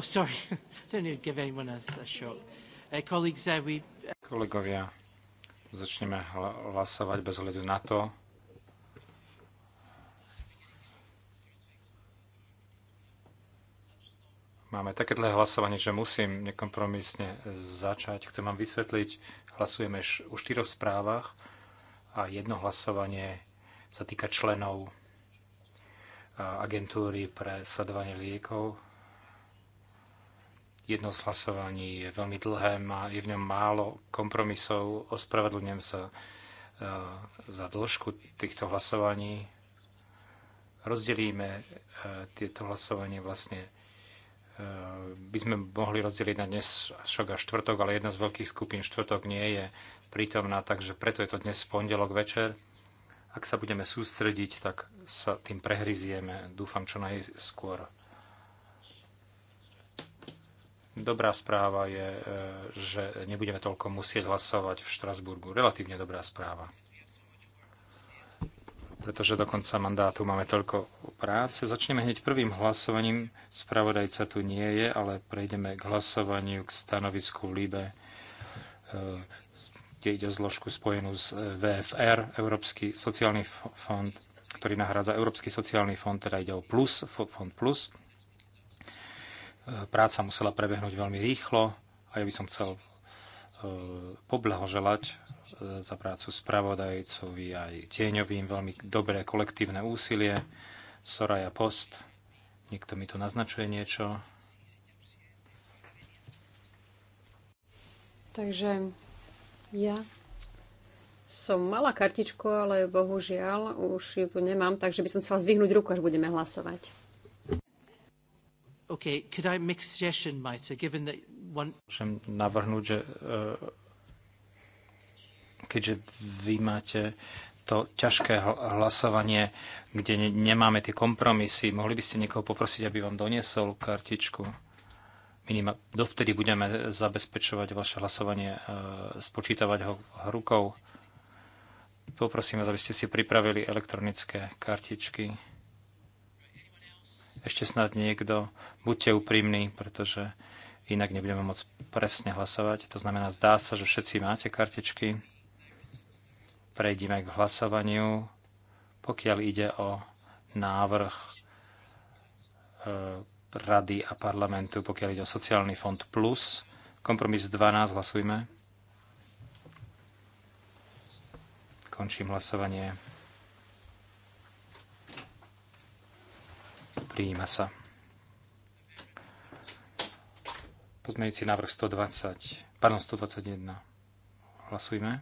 S1: Oh, sorry. Don't need to give anyone else a shock. Uh, colleagues, uh, we...
S3: Uh, Kolegovia, začneme hlasovať bez hľadu na to. Máme také dlhé hlasovanie, že musím nekompromisne začať. Chcem vám vysvetliť, hlasujeme o štyroch správach a jedno hlasovanie sa týka členov agentúry pre sledovanie liekov Jedno z hlasovaní je veľmi dlhé, má, je v ňom málo kompromisov. Ospravedlňujem sa e, za dĺžku týchto hlasovaní. Rozdelíme e, tieto hlasovanie vlastne e, by sme mohli rozdeliť na dnes však až štvrtok, ale jedna z veľkých skupín štvrtok nie je prítomná, takže preto je to dnes pondelok večer. Ak sa budeme sústrediť, tak sa tým prehryzieme, dúfam, čo najskôr. Dobrá správa je, e, že nebudeme toľko musieť hlasovať v Štrasburgu. Relatívne dobrá správa. Pretože do konca mandátu máme toľko práce. Začneme hneď prvým hlasovaním. Spravodajca tu nie je, ale prejdeme k hlasovaniu k stanovisku LIBE, kde ide o zložku spojenú s e, VFR, Európsky sociálny fond, ktorý nahrádza Európsky sociálny fond, teda ide o plus, fond plus E, práca musela prebehnúť veľmi rýchlo a ja by som chcel e, poblahoželať e, za prácu spravodajcovi aj tieňovým veľmi dobré kolektívne úsilie. Soraya Post, niekto mi tu naznačuje niečo.
S6: Takže ja som mala kartičku, ale bohužiaľ už ju tu nemám, takže by som chcela zdvihnúť ruku, až budeme hlasovať.
S1: Okay, could I make a suggestion, Maita, given that one... Môžem navrhnúť, že e,
S3: keďže vy máte to ťažké hlasovanie, kde nemáme tie kompromisy, mohli by ste niekoho poprosiť, aby vám doniesol kartičku? Minima, dovtedy budeme zabezpečovať vaše hlasovanie, e, spočítavať ho rukou. Poprosím vás, aby ste si pripravili elektronické kartičky. Ešte snad niekto, buďte úprimní, pretože inak nebudeme môcť presne hlasovať. To znamená, zdá sa, že všetci máte kartičky. Prejdime k hlasovaniu. Pokiaľ ide o návrh e, Rady a parlamentu, pokiaľ ide o sociálny fond plus, kompromis 12, hlasujme. Končím hlasovanie. príjima sa. Pozmejúci návrh 120, pardon, 121. Hlasujme.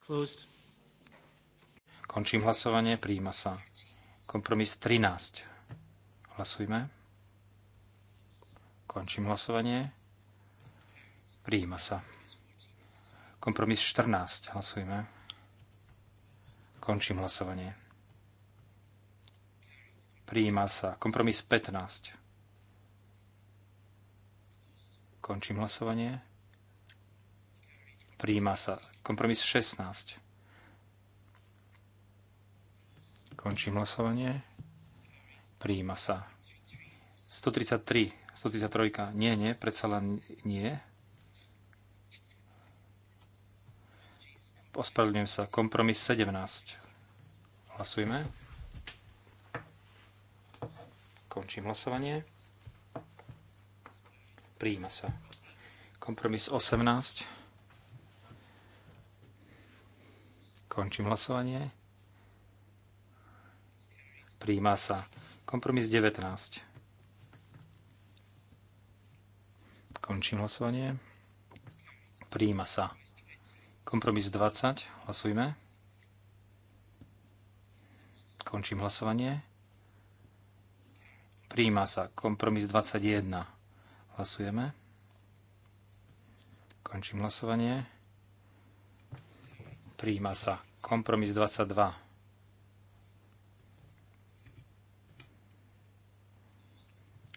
S3: Closed. Končím hlasovanie, príjima sa. Kompromis 13. Hlasujme. Končím hlasovanie. Príjima sa. Kompromis 14. Hlasujme. Končím hlasovanie. Prijíma sa. Kompromis 15. Končím hlasovanie. Prijíma sa. Kompromis 16. Končím hlasovanie. Prijíma sa. 133. 133. Nie, nie, predsa len nie. Ospravedlňujem sa. Kompromis 17. Hlasujeme. Končím hlasovanie. Príjima sa. Kompromis 18. Končím hlasovanie. Príjima sa. Kompromis 19. Končím hlasovanie. Príjima sa. Kompromis 20. Hlasujme. Končím hlasovanie. Príjma sa kompromis 21. Hlasujeme. Končím hlasovanie. Príjma sa kompromis 22.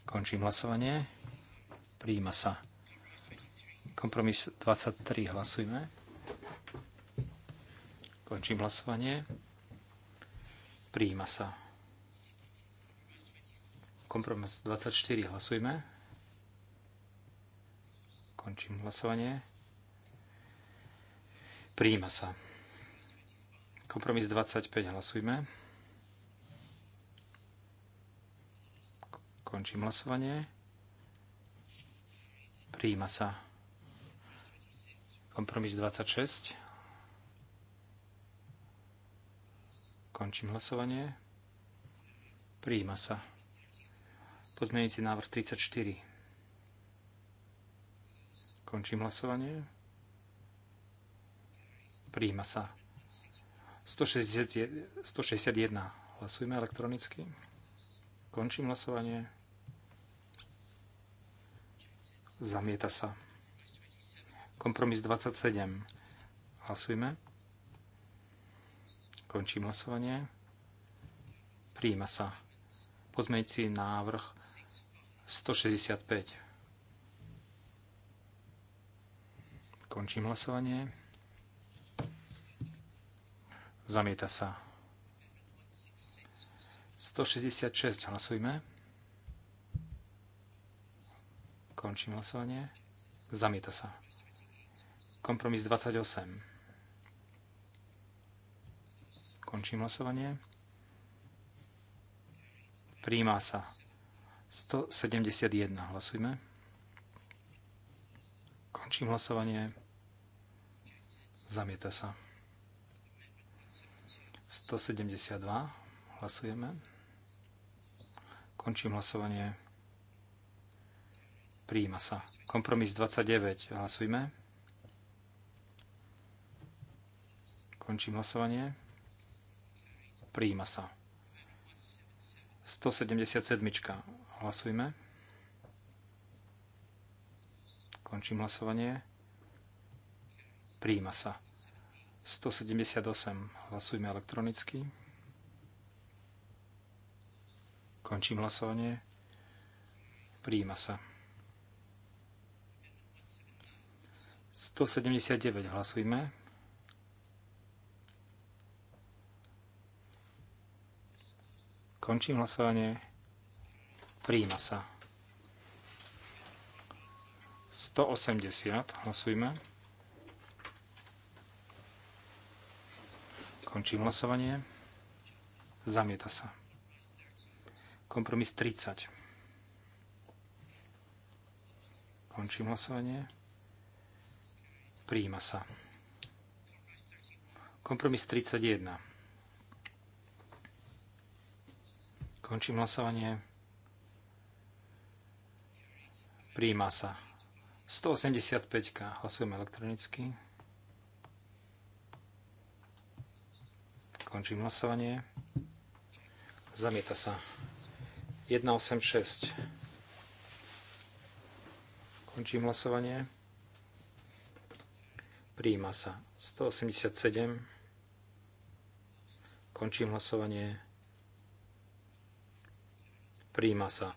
S3: Končím hlasovanie. Príjma sa kompromis 23. Hlasujme. Končím hlasovanie. Príjma sa. Kompromis 24. Hlasujme. Končím hlasovanie. Prijíma sa. Kompromis 25. Hlasujme. Končím hlasovanie. Prijíma sa. Kompromis 26. Končím hlasovanie. Prijíma sa. Pozmeňujúci návrh 34. Končím hlasovanie. Príjima sa. 161. Hlasujme elektronicky. Končím hlasovanie. Zamieta sa. Kompromis 27. Hlasujme. Končím hlasovanie. Príjima sa si návrh 165. Končím hlasovanie. Zamieta sa. 166 hlasujme. Končím hlasovanie. Zamieta sa. Kompromis 28. Končím hlasovanie. Príjma sa. 171. Hlasujme. Končím hlasovanie. Zamieta sa. 172. Hlasujeme. Končím hlasovanie. Príjima sa. Kompromis 29. Hlasujme. Končím hlasovanie. Príjima sa. 177. Hlasujme. Končím hlasovanie. Príjima sa. 178. Hlasujme elektronicky. Končím hlasovanie. Príjima sa. 179. Hlasujme. Končím hlasovanie. Príjma sa. 180. Hlasujme. Končím hlasovanie. Zamieta sa. Kompromis 30. Končím hlasovanie. Príjma sa. Kompromis 31. Končím hlasovanie. Príjma sa. 185. Hlasujeme elektronicky. Končím hlasovanie. Zamieta sa. 186. Končím hlasovanie. Príjma sa. 187. Končím hlasovanie. Príjma sa.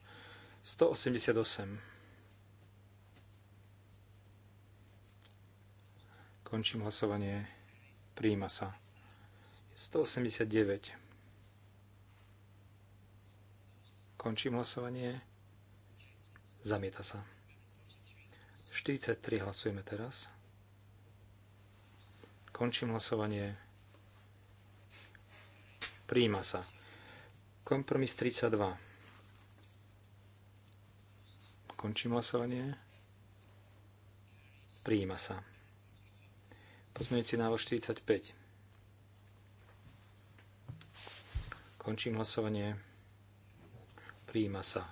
S3: 188. Končím hlasovanie. Príjma sa. 189. Končím hlasovanie. Zamieta sa. 43 hlasujeme teraz. Končím hlasovanie. Príjma sa. Kompromis 32. Končím hlasovanie. Prijíma sa. Pozmeňujúci návrh 45. Končím hlasovanie. Prijíma sa.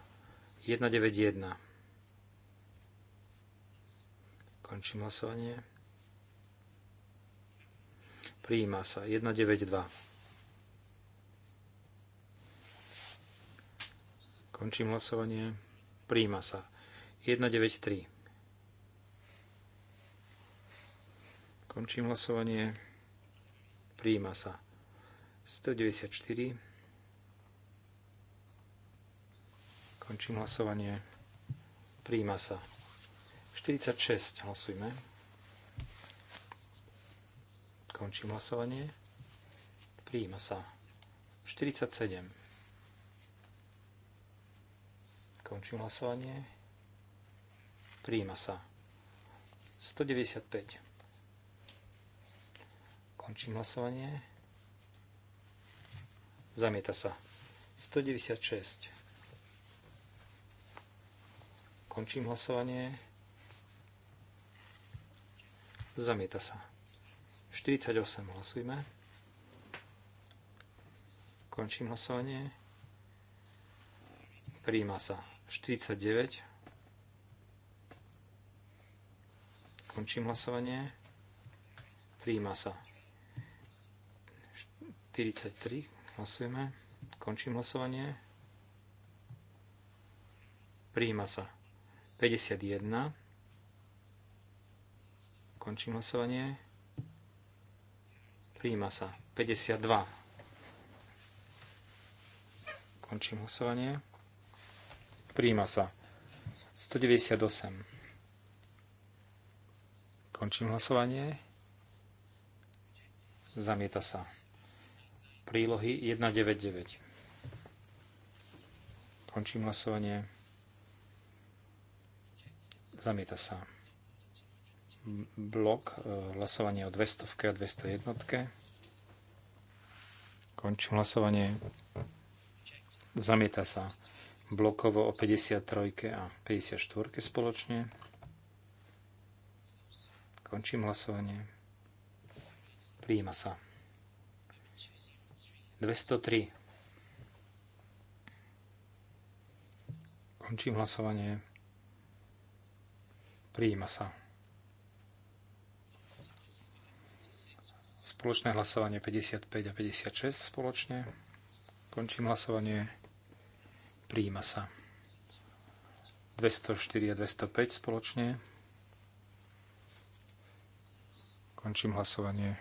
S3: 191. Končím hlasovanie. Prijíma sa. 192. Končím hlasovanie. Prijíma sa. 193. Končím hlasovanie. Príjima sa. 194. Končím hlasovanie. Príjima sa. 46. Hlasujme. Končím hlasovanie. Príjima sa. 47. Končím hlasovanie. Príjima sa. 195. Končím hlasovanie. Zamieta sa. 196. Končím hlasovanie. Zamieta sa. 48 hlasujme. Končím hlasovanie. Príjma sa. 49. Končím hlasovanie. Príjima sa. 43. Hlasujeme. Končím hlasovanie. Príjima sa. 51. Končím hlasovanie. Príjima sa. 52. Končím hlasovanie. Príjima sa. 198. Končím hlasovanie. Zamieta sa. Prílohy 199. Končím hlasovanie. Zamieta sa. Blok e, hlasovanie o 200 a 201. Končím hlasovanie. Zamieta sa blokovo o 53 a 54 spoločne. Končím hlasovanie. Príjima sa. 203. Končím hlasovanie. Príjima sa. Spoločné hlasovanie 55 a 56 spoločne. Končím hlasovanie. Príjima sa. 204 a 205 spoločne. Končím hlasovanie.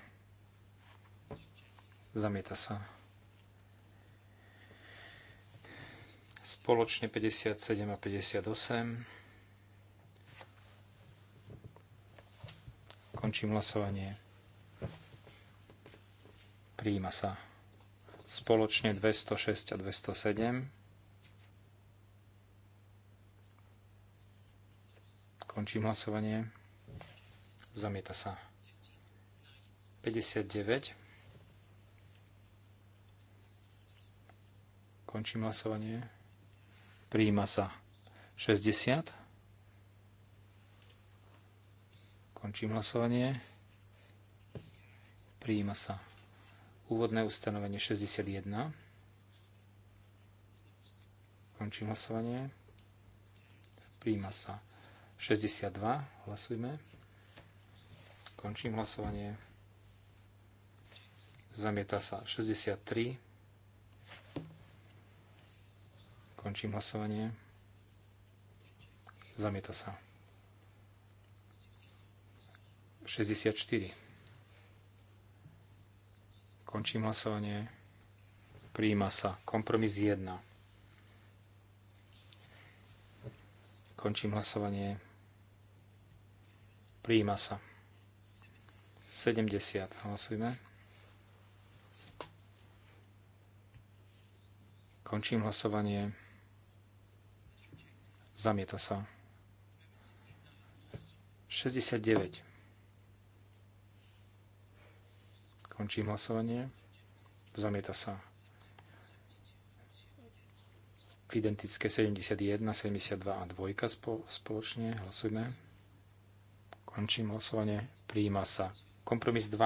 S3: Zamieta sa. Spoločne 57 a 58. Končím hlasovanie. Prijíma sa. Spoločne 206 a 207. Končím hlasovanie. Zamieta sa. 59. Končím hlasovanie. Príjima sa 60. Končím hlasovanie. Príjima sa úvodné ustanovenie 61. Končím hlasovanie. Príjima sa 62. Hlasujme. Končím hlasovanie. Zamieta sa 63. Končím hlasovanie. Zamieta sa. 64. Končím hlasovanie. Prijíma sa. Kompromis 1. Končím hlasovanie. Prijíma sa. 70. Hlasujme. Končím hlasovanie. Zamieta sa. 69. Končím hlasovanie. Zamieta sa. Identické 71, 72 a 2 spoločne. Hlasujme. Končím hlasovanie. Príjima sa. Kompromis 2.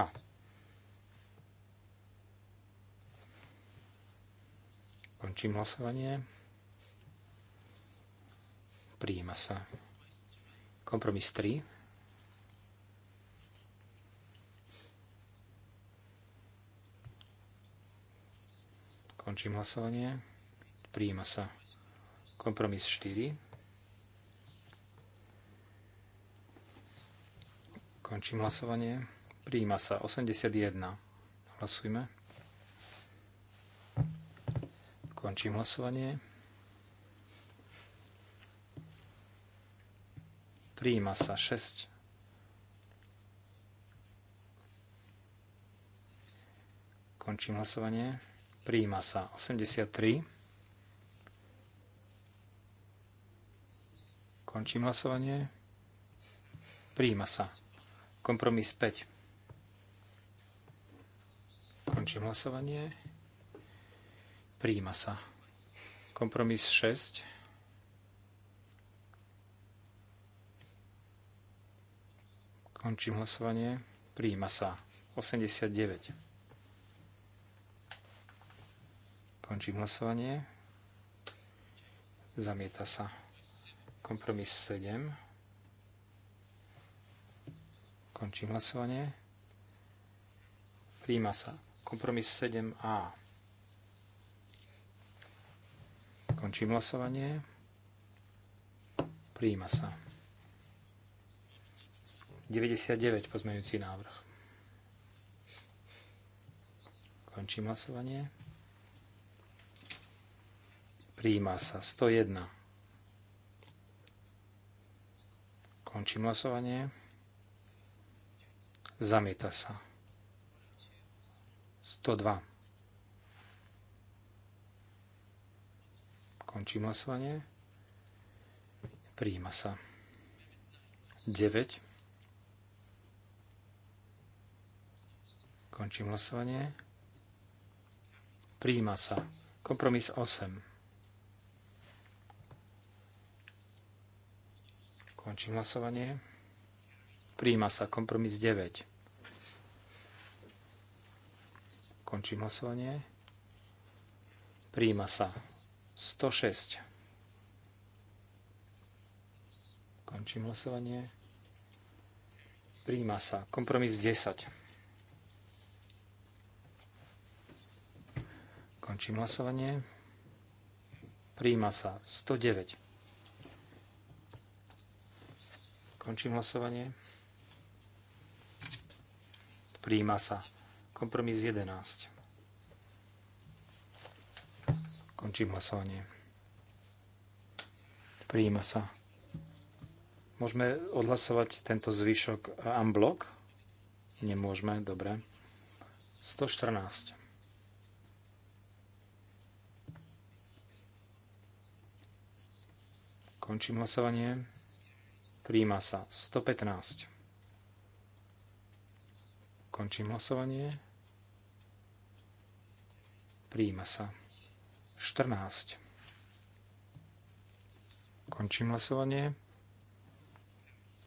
S3: Končím hlasovanie. Prijíma sa. Kompromis 3. Končím hlasovanie. Prijíma sa. Kompromis 4. Končím hlasovanie. Prijíma sa 81. Hlasujme. Končím hlasovanie. Príjima sa 6. Končím hlasovanie. Príjima sa 83. Končím hlasovanie. Príjima sa. Kompromis 5. Končím hlasovanie. Príjima sa. Kompromis 6. Končím hlasovanie. Príjima sa. 89. Končím hlasovanie. Zamieta sa. Kompromis 7. Končím hlasovanie. Príjima sa. Kompromis 7a. Končím hlasovanie. Príjima sa. 99 pozmeňujúci návrh. Končím hlasovanie. Príjima sa. 101. Končím hlasovanie. Zamieta sa. 102. Končím hlasovanie. Príjima sa. 9. Končím hlasovanie. Príjima sa. Kompromis 8. Končím hlasovanie. Príjima sa. Kompromis 9. Končím hlasovanie. Príjima sa. 106. Končím hlasovanie. Príjma sa. Kompromis 10. Končím hlasovanie. Príjma sa. 109. Končím hlasovanie. Príjma sa. Kompromis 11. Končím hlasovanie. Prijíma sa. Môžeme odhlasovať tento zvyšok unblock? Nemôžeme, dobre. 114. Končím hlasovanie. Príjma sa 115. Končím hlasovanie. Príjma sa. 14. Končím hlasovanie.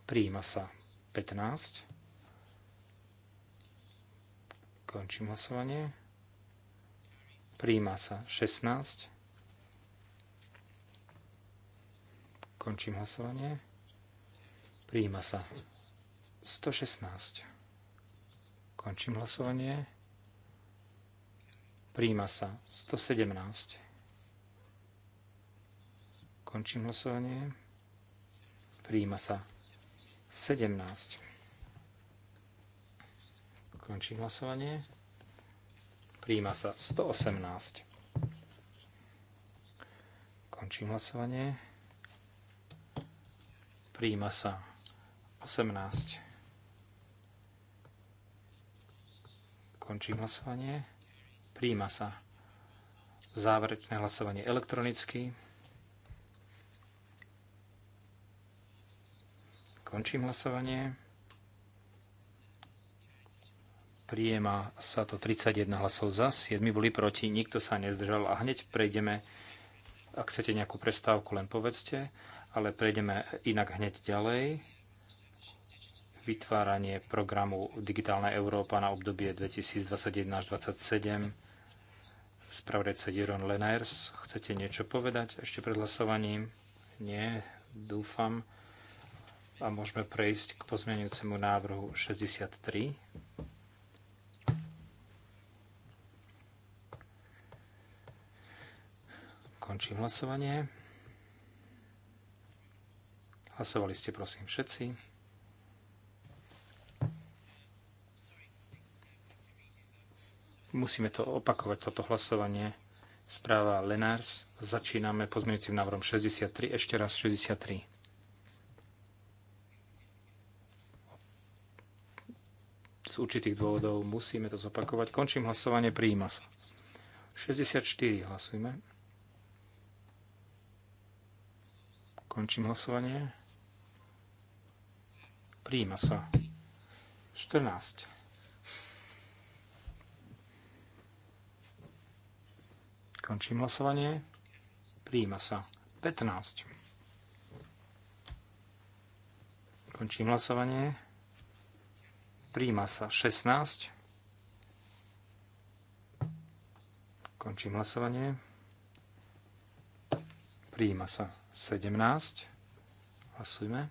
S3: Príjima sa 15. Končím hlasovanie. Príjima sa 16. Končím hlasovanie. Príjima sa 116. Končím hlasovanie. Príjima sa 117. Končím hlasovanie. Príjima sa 17. Končím hlasovanie. Príjima sa 118. Končím hlasovanie. Príjima sa 18. Končím hlasovanie. Príjima sa záverečné hlasovanie elektronicky. Končím hlasovanie. Prijema sa to 31 hlasov za, 7 boli proti, nikto sa nezdržal a hneď prejdeme, ak chcete nejakú prestávku, len povedzte, ale prejdeme inak hneď ďalej. Vytváranie programu Digitálna Európa na obdobie 2021 až 2027. Spravodajca Jeroen Leners, chcete niečo povedať ešte pred hlasovaním? Nie, dúfam. A môžeme prejsť k pozmeňujúcemu návrhu 63. Končím hlasovanie. Hlasovali ste, prosím, všetci. Musíme to opakovať, toto hlasovanie. Správa Lenars. Začíname pozmeňujúcim návrhom 63. Ešte raz 63. určitých dôvodov musíme to zopakovať. Končím hlasovanie, prijíma sa. 64 hlasujme. Končím hlasovanie. Prijíma sa. 14. Končím hlasovanie. Prijíma sa. 15. Končím hlasovanie. Príjma sa 16. Končím hlasovanie. Príjma sa 17. Hlasujme.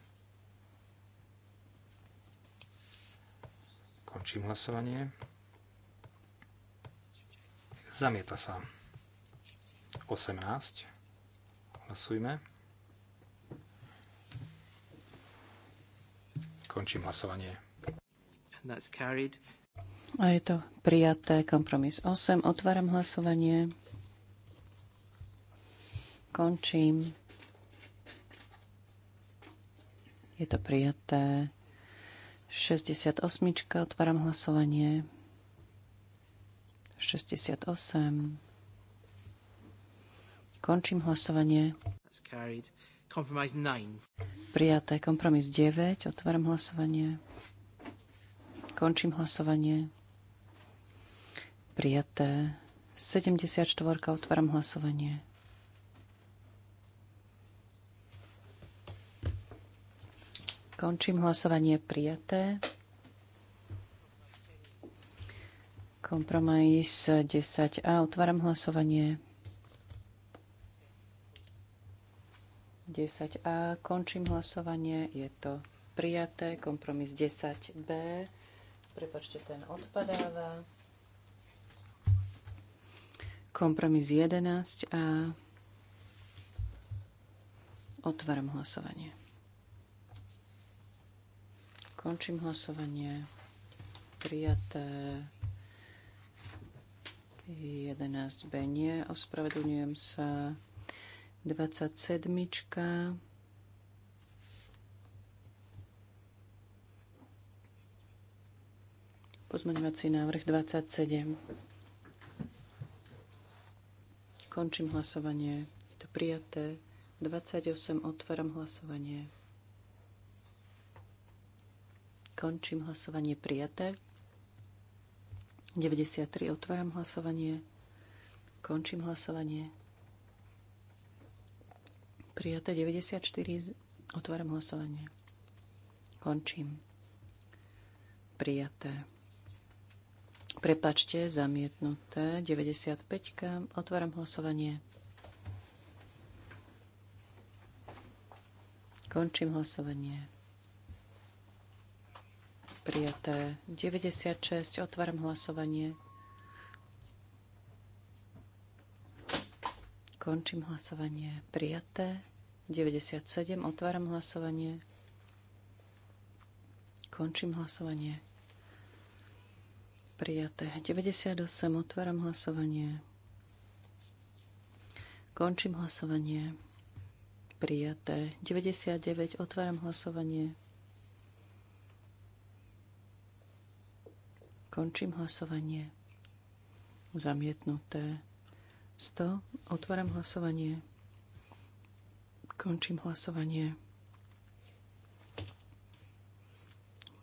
S3: Končím hlasovanie. Zamieta sa 18. Hlasujme. Končím hlasovanie.
S4: A je to prijaté. Kompromis 8. Otváram hlasovanie. Končím. Je to prijaté. 68. Otváram hlasovanie. 68. Končím hlasovanie. Prijaté. Kompromis 9. Otváram hlasovanie. Končím hlasovanie. Prijaté. 74. Otváram hlasovanie. Končím hlasovanie prijaté. Kompromis 10a. Otváram hlasovanie. 10a. Končím hlasovanie. Je to prijaté. Kompromis 10b. Prepačte, ten odpadáva. Kompromis 11 a otváram hlasovanie. Končím hlasovanie. Prijaté 11B nie. Ospravedlňujem sa. 27. Pozmeňovací návrh 27. Končím hlasovanie. Je to prijaté. 28. Otváram hlasovanie. Končím hlasovanie prijaté. 93. Otváram hlasovanie. Končím hlasovanie. Prijaté 94. Otváram hlasovanie. Končím. Prijaté. Prepačte, zamietnuté. 95. Otváram hlasovanie. Končím hlasovanie. Prijaté. 96. Otváram hlasovanie. Končím hlasovanie. Prijaté. 97. Otváram hlasovanie. Končím hlasovanie. Prijaté. 98. Otváram hlasovanie. Končím hlasovanie. Prijaté. 99. Otváram hlasovanie. Končím hlasovanie. Zamietnuté. 100. Otváram hlasovanie. Končím hlasovanie.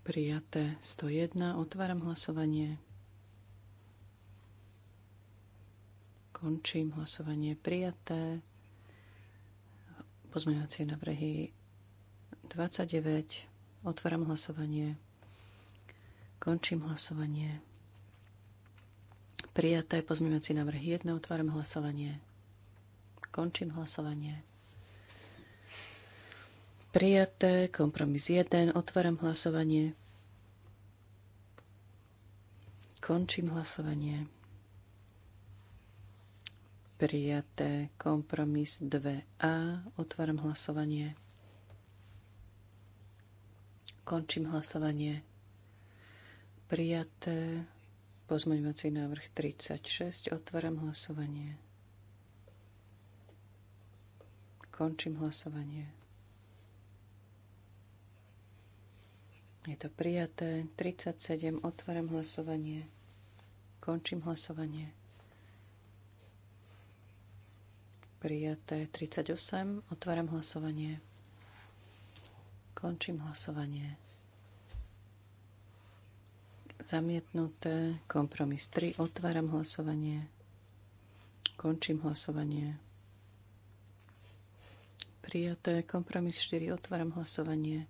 S4: Prijaté 101. Otváram hlasovanie. Končím hlasovanie prijaté. Pozmeňovacie návrhy 29. Otváram hlasovanie. Končím hlasovanie. Prijaté pozmeňovací návrh 1. Otváram hlasovanie. Končím hlasovanie. Prijaté kompromis 1. Otváram hlasovanie. Končím hlasovanie prijaté. Kompromis 2a. Otváram hlasovanie. Končím hlasovanie. Prijaté. Pozmeňovací návrh 36. Otváram hlasovanie. Končím hlasovanie. Je to prijaté. 37. Otváram hlasovanie. Končím hlasovanie. Prijaté 38. Otváram hlasovanie. Končím hlasovanie. Zamietnuté. Kompromis 3. Otváram hlasovanie. Končím hlasovanie. Prijaté. Kompromis 4. Otváram hlasovanie.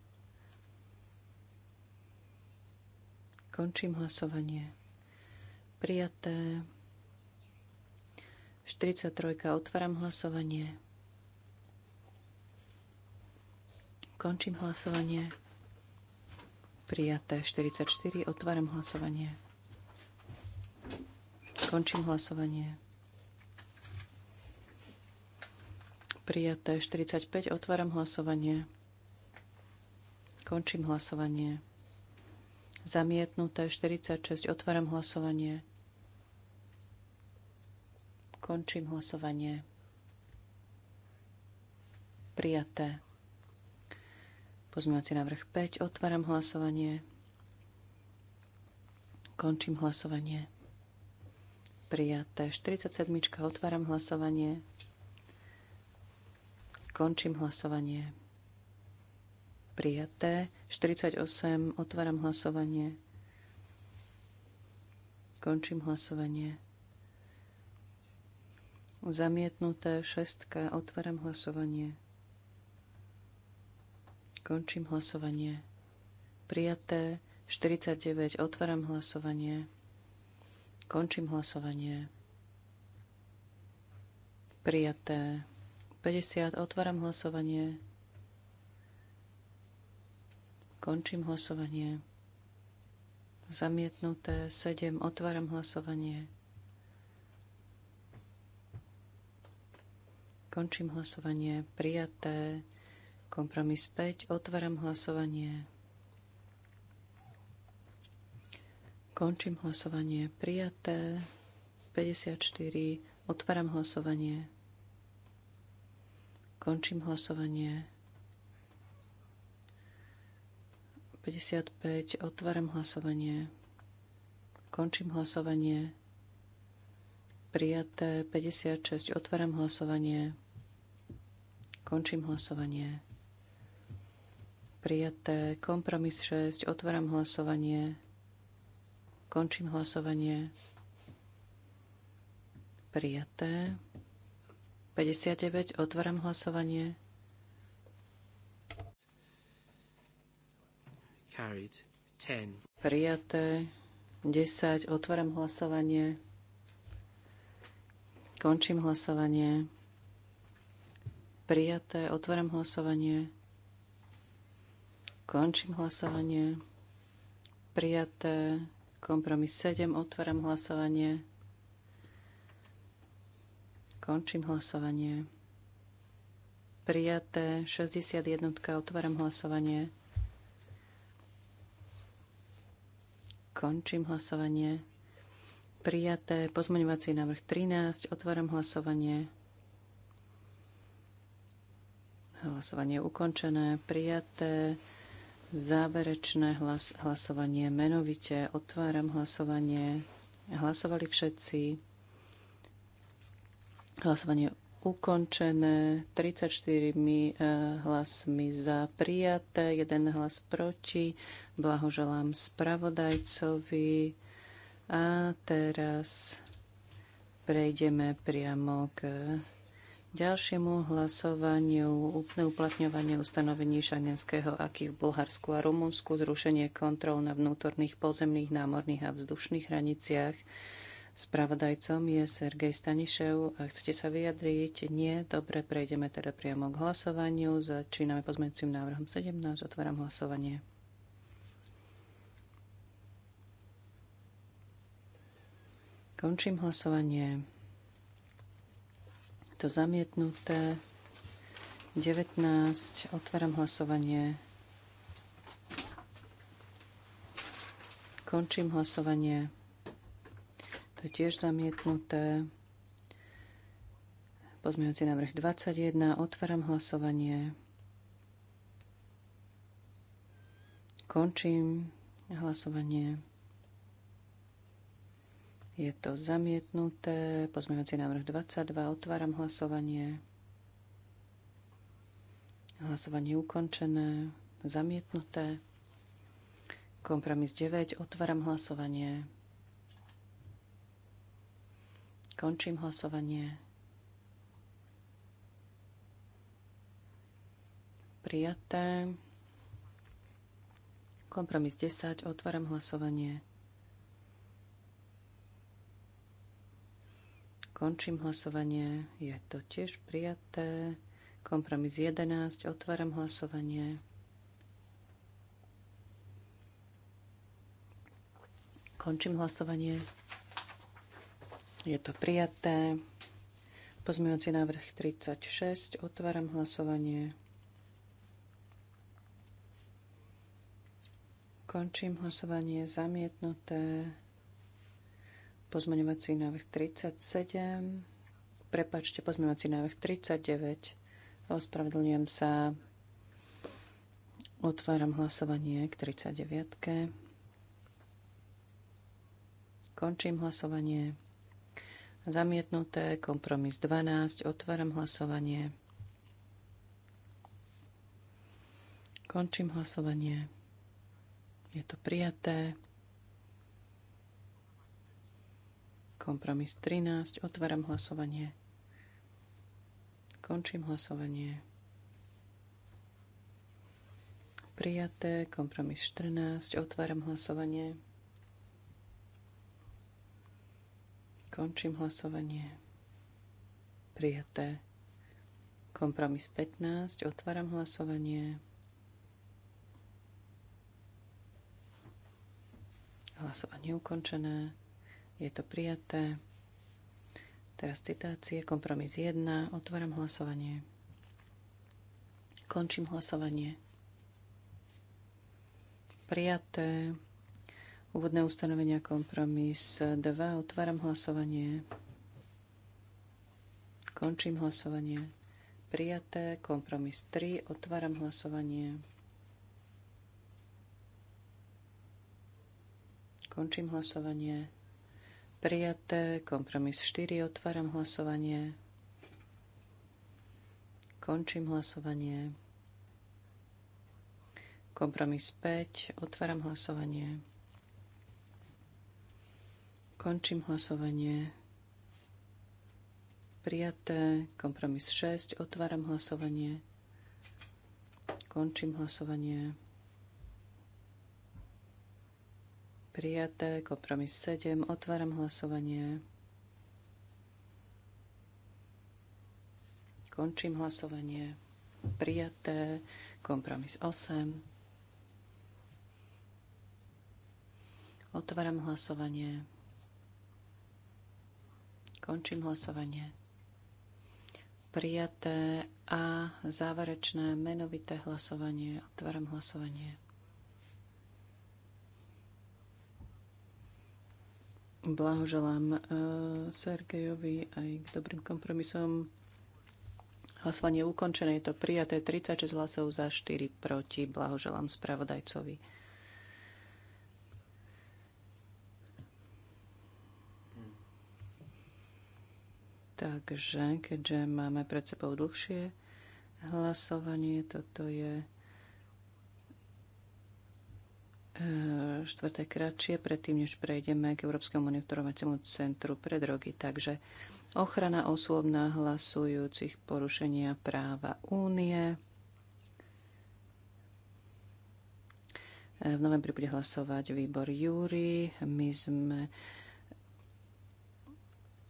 S4: Končím hlasovanie. Prijaté. 43. Otváram hlasovanie. Končím hlasovanie. Prijaté 44. Otváram hlasovanie. Končím hlasovanie. Prijaté 45. Otváram hlasovanie. Končím hlasovanie. Zamietnuté 46. Otváram hlasovanie. Končím hlasovanie. Prijaté. Pozmeňovací návrh 5. Otváram hlasovanie. Končím hlasovanie. Prijaté. 47. Otváram hlasovanie. Končím hlasovanie. Prijaté. 48. Otváram hlasovanie. Končím hlasovanie. Zamietnuté šestka. Otváram hlasovanie. Končím hlasovanie. Prijaté 49. Otváram hlasovanie. Končím hlasovanie. Prijaté 50. Otváram hlasovanie. Končím hlasovanie. Zamietnuté 7. Otváram hlasovanie. Končím hlasovanie. Prijaté. Kompromis 5. Otváram hlasovanie. Končím hlasovanie. Prijaté. 54. Otváram hlasovanie. Končím hlasovanie. 55. Otváram hlasovanie. Končím hlasovanie. Prijaté. 56. Otváram hlasovanie. Končím hlasovanie. Prijaté. Kompromis 6. Otváram hlasovanie. Končím hlasovanie. Prijaté. 59. Otváram hlasovanie.
S1: Carried. 10.
S4: Prijaté. 10. Otváram hlasovanie. Končím hlasovanie. Prijaté. otvorím hlasovanie. Končím hlasovanie. Prijaté. Kompromis 7. otvorím hlasovanie. Končím hlasovanie. Prijaté. 61. otvorím hlasovanie. Končím hlasovanie. Prijaté. Pozmeňovací návrh 13. Otváram hlasovanie. Hlasovanie ukončené, prijaté. Záverečné hlas, hlasovanie menovite. Otváram hlasovanie. Hlasovali všetci. Hlasovanie ukončené 34 e, hlasmi za prijaté, jeden hlas proti. Blahoželám spravodajcovi. A teraz prejdeme priamo k ďalšiemu hlasovaniu úplne uplatňovanie ustanovení šanenského aký v Bulharsku a Rumunsku, zrušenie kontrol na vnútorných pozemných, námorných a vzdušných hraniciach. Spravodajcom je Sergej Stanišev. A chcete sa vyjadriť? Nie. Dobre, prejdeme teda priamo k hlasovaniu. Začíname pozmeňujúcim návrhom 17. Otváram hlasovanie. Končím hlasovanie to zamietnuté. 19. Otváram hlasovanie. Končím hlasovanie. To je tiež zamietnuté. Pozmeňujúci návrh 21. Otváram hlasovanie. Končím hlasovanie. Je to zamietnuté. Pozmeňujúci návrh 22. Otváram hlasovanie. Hlasovanie ukončené. Zamietnuté. Kompromis 9. Otváram hlasovanie. Končím hlasovanie. Prijaté. Kompromis 10. Otváram hlasovanie. Končím hlasovanie. Je to tiež prijaté. Kompromis 11. Otváram hlasovanie. Končím hlasovanie. Je to prijaté. Pozmeňujúci návrh 36. Otváram hlasovanie. Končím hlasovanie. Zamietnuté. Pozmeňovací návrh 37. Prepačte, pozmeňovací návrh 39. Ospravedlňujem sa. Otváram hlasovanie k 39. Končím hlasovanie. Zamietnuté. Kompromis 12. Otváram hlasovanie. Končím hlasovanie. Je to prijaté. Kompromis 13. Otváram hlasovanie. Končím hlasovanie. Prijaté. Kompromis 14. Otváram hlasovanie. Končím hlasovanie. Prijaté. Kompromis 15. Otváram hlasovanie. Hlasovanie ukončené. Je to prijaté. Teraz citácie. Kompromis 1. Otváram hlasovanie. Končím hlasovanie. Prijaté. Úvodné ustanovenia kompromis 2. Otváram hlasovanie. Končím hlasovanie. Prijaté. Kompromis 3. Otváram hlasovanie. Končím hlasovanie. Prijaté. Kompromis 4. Otváram hlasovanie. Končím hlasovanie. Kompromis 5. Otváram hlasovanie. Končím hlasovanie. Prijaté. Kompromis 6. Otváram hlasovanie. Končím hlasovanie. Prijaté. Kompromis 7. Otváram hlasovanie. Končím hlasovanie. Prijaté. Kompromis 8. Otváram hlasovanie. Končím hlasovanie. Prijaté a záverečné menovité hlasovanie. Otváram hlasovanie. Blahoželám eh, Sergejovi aj k dobrým kompromisom. Hlasovanie je ukončené, je to prijaté 36 hlasov za 4 proti. Blahoželám spravodajcovi. Takže, keďže máme pred sebou dlhšie hlasovanie, toto je E, štvrté kratšie, predtým než prejdeme k Európskemu monitorovaciemu centru pre drogy. Takže ochrana osôb nahlasujúcich porušenia práva únie. E, v novembri bude hlasovať výbor Júri. My sme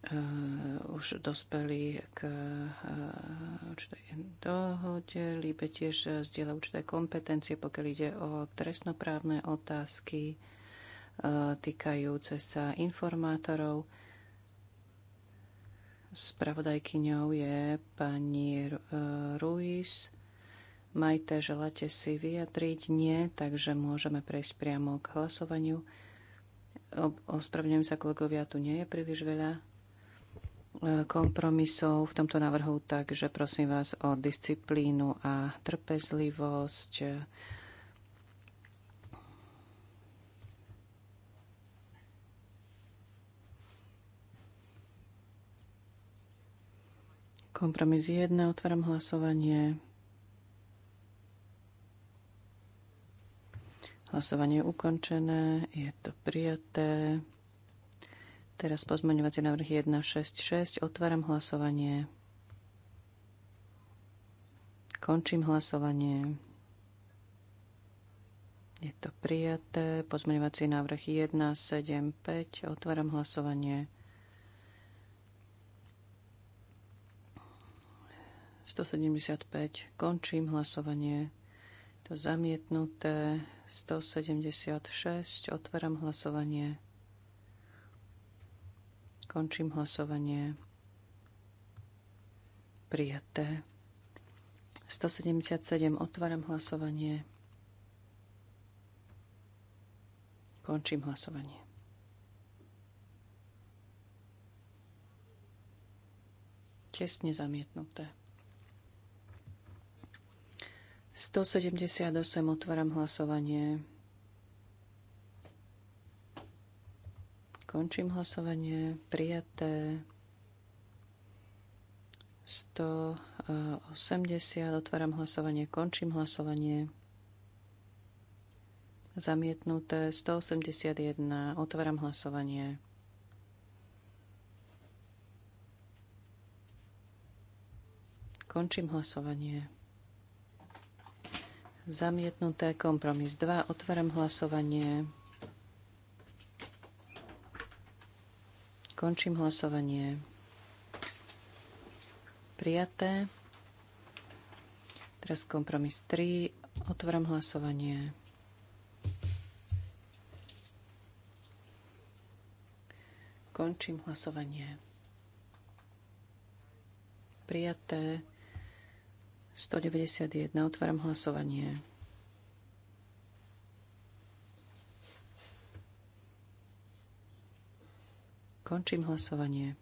S4: Eh, už dospeli k eh, určitej dohode. Líbe tiež eh, zdieľa určité kompetencie, pokiaľ ide o trestnoprávne otázky týkajúce sa informátorov. Spravodajkyňou je pani Ruiz. Majte, želáte si vyjadriť? Nie, takže môžeme prejsť priamo k hlasovaniu. Ospravňujem sa, kolegovia, tu nie je príliš veľa kompromisov v tomto návrhu, takže prosím vás o disciplínu a trpezlivosť. Kompromis 1, otváram hlasovanie. Hlasovanie je ukončené, je to prijaté. Teraz pozmeňovací návrh 166. Otváram hlasovanie. Končím hlasovanie. Je to prijaté. Pozmeňovací návrh 175. Otváram hlasovanie. 175. Končím hlasovanie. To zamietnuté. 176. Otváram hlasovanie. Končím hlasovanie. Prijaté. 177. Otváram hlasovanie. Končím hlasovanie. Tesne zamietnuté. 178. Otváram hlasovanie. Končím hlasovanie. Prijaté 180. Eh, Otváram hlasovanie. Končím hlasovanie. Zamietnuté 181. Otváram hlasovanie. Končím hlasovanie. Zamietnuté kompromis 2. Otváram hlasovanie. Končím hlasovanie. Prijaté. Teraz kompromis 3. Otváram hlasovanie. Končím hlasovanie. Prijaté. 191. Otváram hlasovanie. Končím hlasovanie.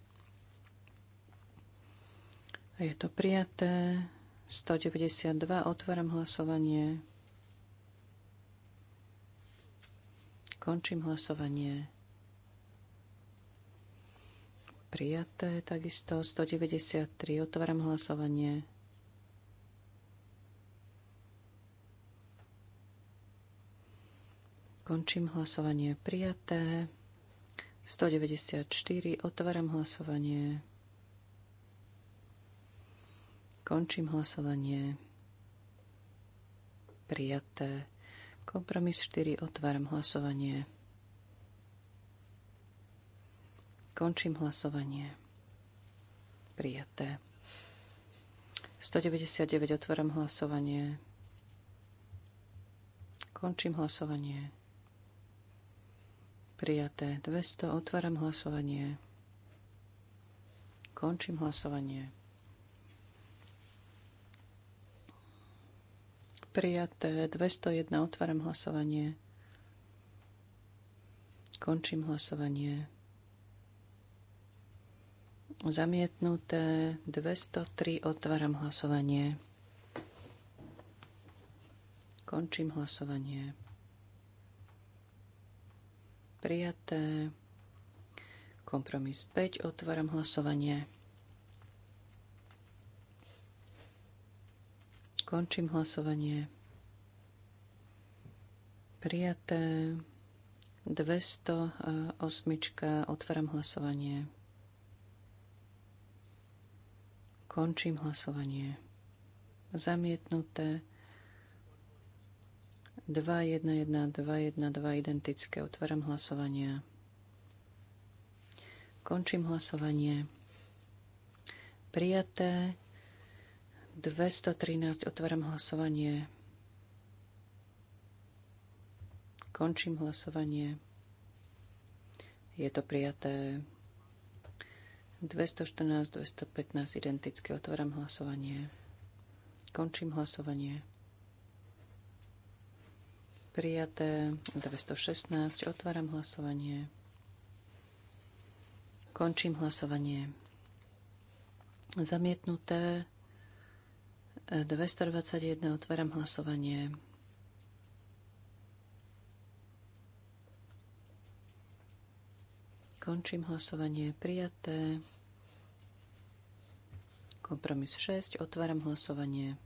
S4: A je to prijaté. 192. Otváram hlasovanie. Končím hlasovanie. Prijaté takisto. 193. Otváram hlasovanie. Končím hlasovanie. Prijaté. 194. Otváram hlasovanie. Končím hlasovanie. Prijaté. Kompromis 4. Otváram hlasovanie. Končím hlasovanie. Prijaté. 199. Otváram hlasovanie. Končím hlasovanie. Prijaté 200. Otváram hlasovanie. Končím hlasovanie. Prijaté 201. Otváram hlasovanie. Končím hlasovanie. Zamietnuté 203. Otváram hlasovanie. Končím hlasovanie prijaté. Kompromis 5, otváram hlasovanie. Končím hlasovanie. Prijaté. 208, e, otváram hlasovanie. Končím hlasovanie. Zamietnuté. 2, 2, 1, 1, 2 identické. Otváram hlasovanie. Končím hlasovanie. Prijaté. 213. Otváram hlasovanie. Končím hlasovanie. Je to prijaté. 214, 215 identické. Otváram hlasovanie. Končím hlasovanie. Prijaté 216. Otváram hlasovanie. Končím hlasovanie. Zamietnuté 221. Otváram hlasovanie. Končím hlasovanie. Prijaté. Kompromis 6. Otváram hlasovanie.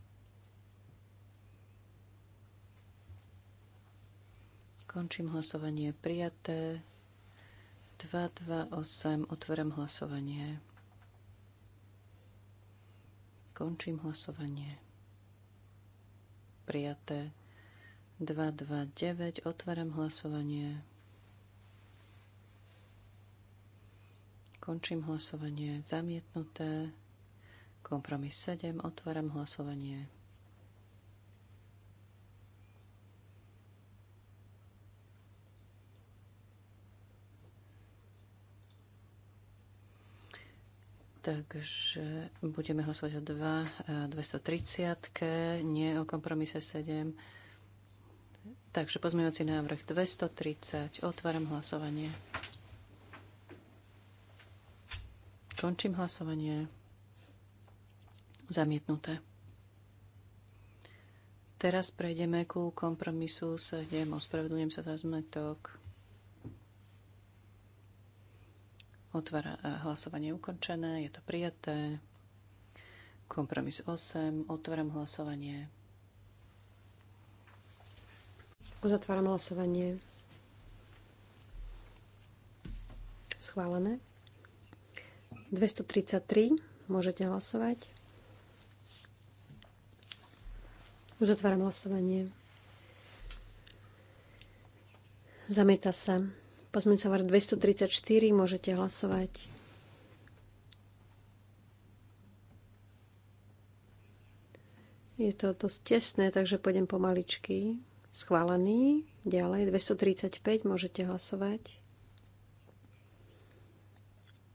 S4: Končím hlasovanie. Prijaté. 8. Otvorem hlasovanie. Končím hlasovanie. Prijaté. 9. Otvorem hlasovanie. Končím hlasovanie. Zamietnuté. Kompromis 7. Otvorem hlasovanie. Takže budeme hlasovať o 2, 230, eh, nie o kompromise 7. Takže pozmeňovací návrh 230. Otváram hlasovanie. Končím hlasovanie. Zamietnuté. Teraz prejdeme ku kompromisu 7. Ospravedlňujem sa za zmetok. Otvára e, hlasovanie ukončené, je to prijaté. Kompromis 8, otváram hlasovanie.
S6: Uzatváram hlasovanie. Schválené. 233, môžete hlasovať. Uzatváram hlasovanie. Zamieta sa. Pozmeňovač 234, môžete hlasovať. Je to dosť tesné, takže pôjdem pomaličky. Schválený. Ďalej 235, môžete hlasovať.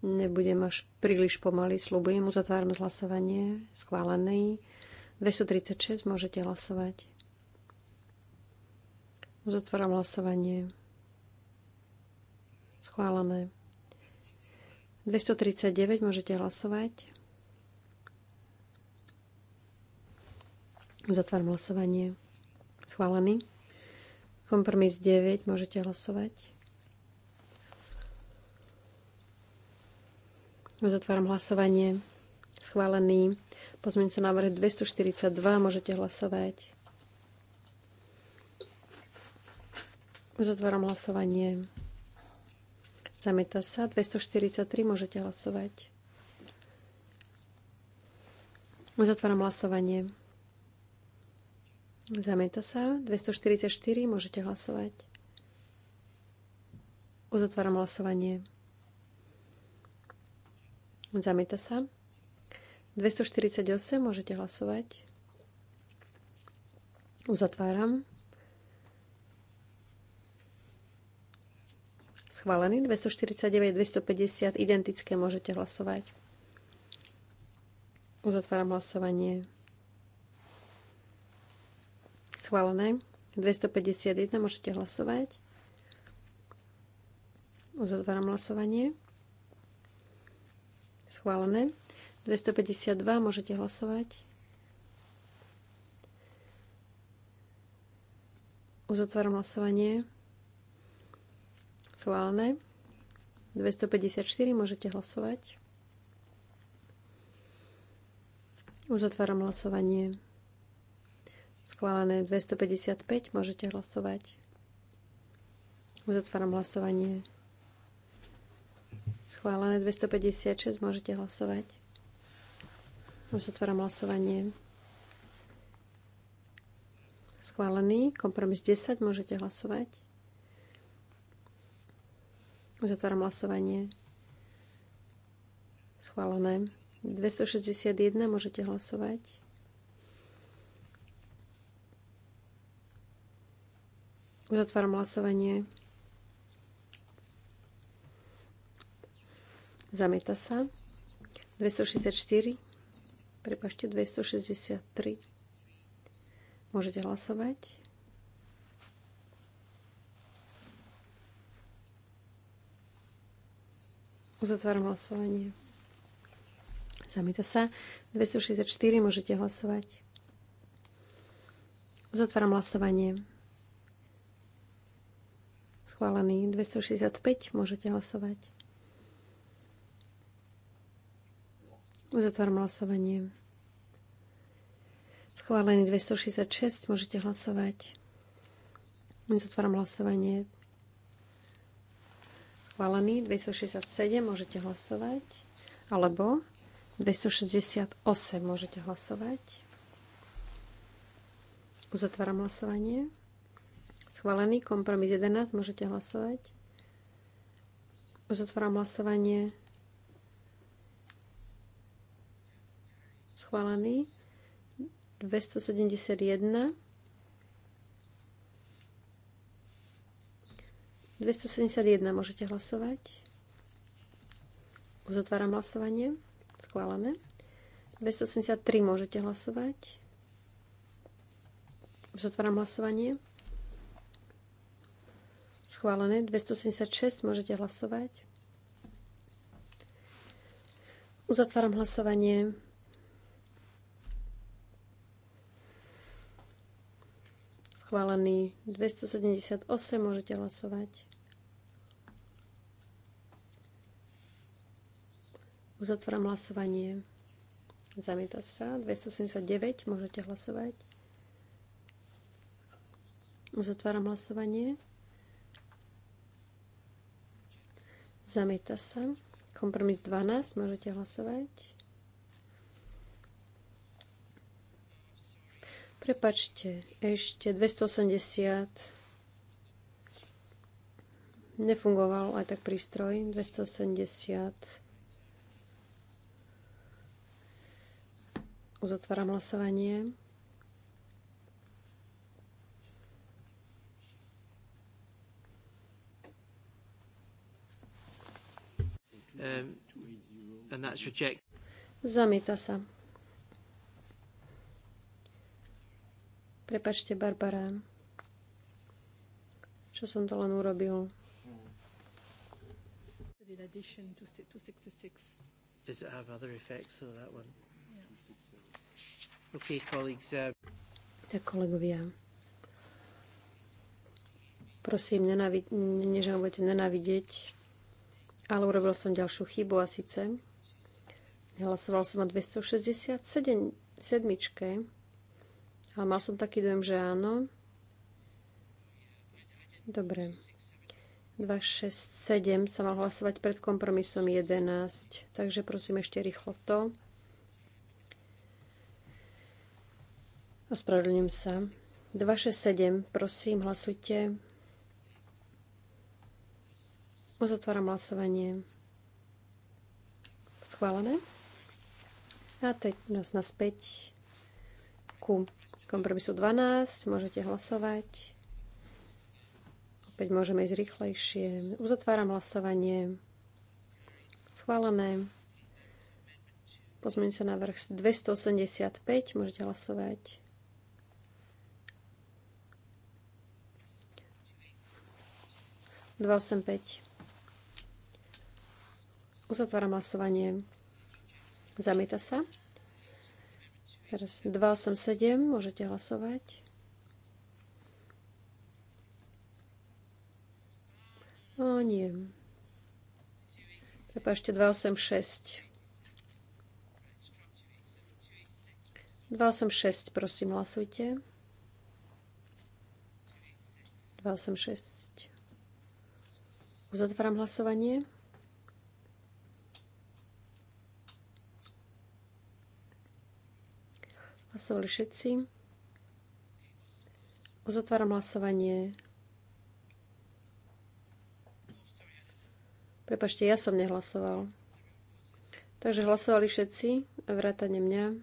S6: Nebudem až príliš pomaly, slúbujem, uzatváram hlasovanie. Schválený. 236, môžete hlasovať. Uzatváram hlasovanie. Schválené. 239 môžete hlasovať. Zatváram hlasovanie. Schválený. Kompromis 9 môžete hlasovať. Zatváram hlasovanie. Schválený. Pozmeňujúci návrh 242 môžete hlasovať. Uzatváram hlasovanie. Zamieta sa. 243 môžete hlasovať. Uzatváram hlasovanie. Zamieta sa. 244 môžete hlasovať. Uzatváram hlasovanie. Zamieta sa. 248 môžete hlasovať. Uzatváram. Schválený. 249, 250, identické, môžete hlasovať. Uzatváram hlasovanie. Schválené. 251, môžete hlasovať. Uzatváram hlasovanie. Schválené. 252, môžete hlasovať. Uzatváram hlasovanie aktuálne. 254 môžete hlasovať. Uzatváram hlasovanie. Schválené 255 môžete hlasovať. Uzatváram hlasovanie. Schválené 256 môžete hlasovať. Uzatváram hlasovanie. Schválený kompromis 10 môžete hlasovať. Zatváram hlasovanie. Schválené. 261 môžete hlasovať. Zatváram hlasovanie. Zamieta sa. 264. Prepašte, 263. Môžete hlasovať. Uzatváram hlasovanie. Zamýta sa. 264 môžete hlasovať. Uzatváram hlasovanie. Schválený. 265 môžete hlasovať. Uzatváram hlasovanie. Schválený 266 môžete hlasovať. Uzatváram hlasovanie schválený. 267 môžete hlasovať. Alebo 268 môžete hlasovať. Uzatváram hlasovanie. Schválený kompromis 11 môžete hlasovať. Uzatváram hlasovanie. Schválený. 271 271 môžete hlasovať. Uzatváram hlasovanie. Schválené. 283 môžete hlasovať. Uzatváram hlasovanie. Schválené. 276 môžete hlasovať. Uzatváram hlasovanie. Schválený 278 môžete hlasovať. Uzatváram hlasovanie. Zamieta sa. 279. Môžete hlasovať. Uzatváram hlasovanie. Zamieta sa. Kompromis 12. Môžete hlasovať. Prepačte, ešte 280. Nefungoval aj tak prístroj. 280. Uzatváram hlasovanie.
S1: Um, and that's reject.
S6: Zamieta sa. Prepačte, Barbara. Čo som to len urobil?
S5: to
S1: Does it have other effects though, that one? Uh,
S6: tak kolegovia, prosím, než ne, ma budete nenávidieť, ale urobil som ďalšiu chybu a síce hlasoval som na 267 sedmičke, ale mal som taký dojem, že áno. Dobre. 267 sa mal hlasovať pred kompromisom 11, takže prosím ešte rýchlo to. Ospravedlňujem sa. 267, prosím, hlasujte. Uzatváram hlasovanie. Schválené. A teď nás naspäť ku kompromisu 12. Môžete hlasovať. Opäť môžeme ísť rýchlejšie. Uzatváram hlasovanie. Schválené. Pozmeňujem sa na vrch 285. Môžete hlasovať. 285. Uzatváram hlasovanie. Zamieta sa. Teraz 287, môžete hlasovať. O nie. ešte 286. 286, prosím, hlasujte. 286. Uzatváram hlasovanie. Hlasovali všetci. Uzatváram hlasovanie. Prepašte, ja som nehlasoval. Takže hlasovali všetci, vrátane mňa.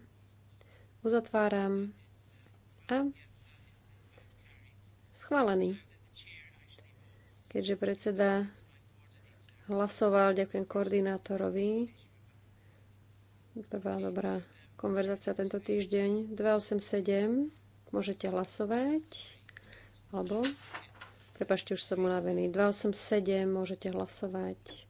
S6: Uzatváram. A schválený. Keďže predseda hlasoval. Ďakujem koordinátorovi. Prvá dobrá konverzácia tento týždeň. 287. Môžete hlasovať. Alebo, prepašte, už som unavený. 287. Môžete hlasovať.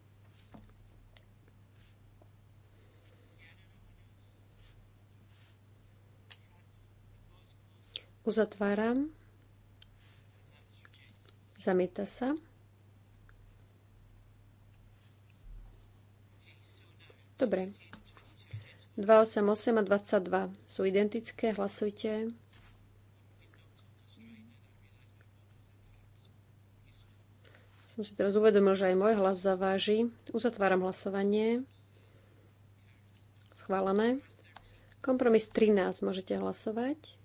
S6: Uzatváram. Zamieta sa. Dobre. 288 a 22 sú identické, hlasujte. Som si teraz uvedomil, že aj môj hlas zaváži. Uzatváram hlasovanie. Schválené. Kompromis 13 môžete hlasovať.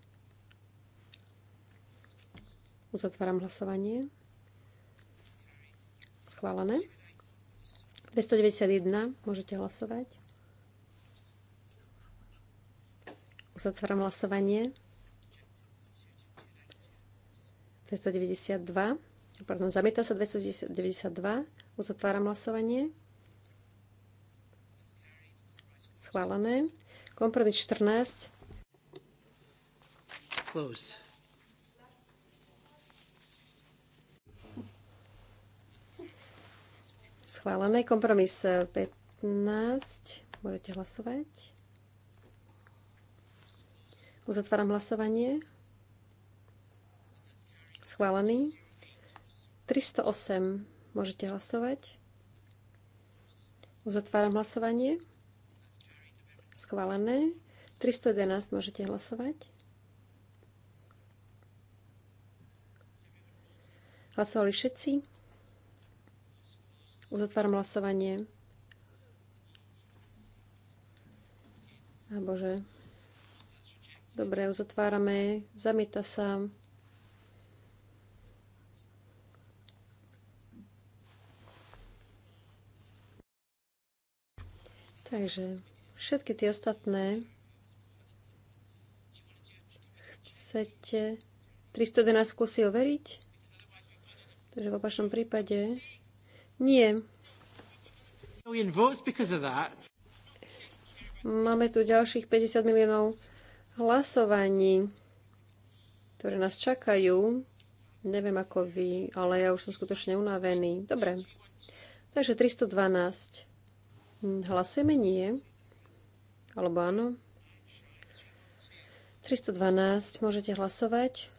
S6: Uzatváram hlasovanie. Schválené. 291, môžete hlasovať. Uzatváram hlasovanie. 292, pardon, zamieta sa 292, uzatváram hlasovanie. Schválené. Kompromis 14. Closed. Schválené. Kompromis 15. Eh, môžete hlasovať. Uzatváram hlasovanie. Schválený. 308. Môžete hlasovať. Uzatváram hlasovanie. Schválené. 311 môžete hlasovať. Hlasovali všetci. Uzatváram hlasovanie. A bože. Dobre, uzatvárame. Zamieta sa. Takže všetky tie ostatné chcete 311 skúsi overiť? Takže v opačnom prípade nie. Máme tu ďalších 50 miliónov hlasovaní, ktoré nás čakajú. Neviem ako vy, ale ja už som skutočne unavený. Dobre. Takže 312. Hm, hlasujeme nie. Alebo áno. 312. Môžete hlasovať.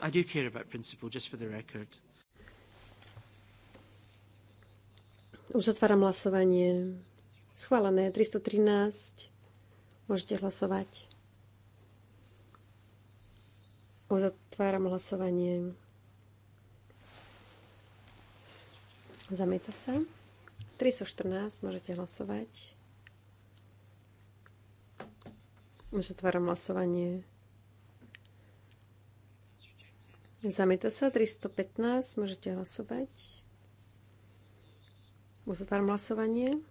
S1: I do care about principle, just for the record.
S6: Uzatváram hlasovanie. Schválené 313. Môžete hlasovať. Uzatváram hlasovanie. Zamieta sa. 314. Môžete hlasovať. Uzatváram hlasovanie. Zamieta sa 315, môžete hlasovať. Uzatváram hlasovanie.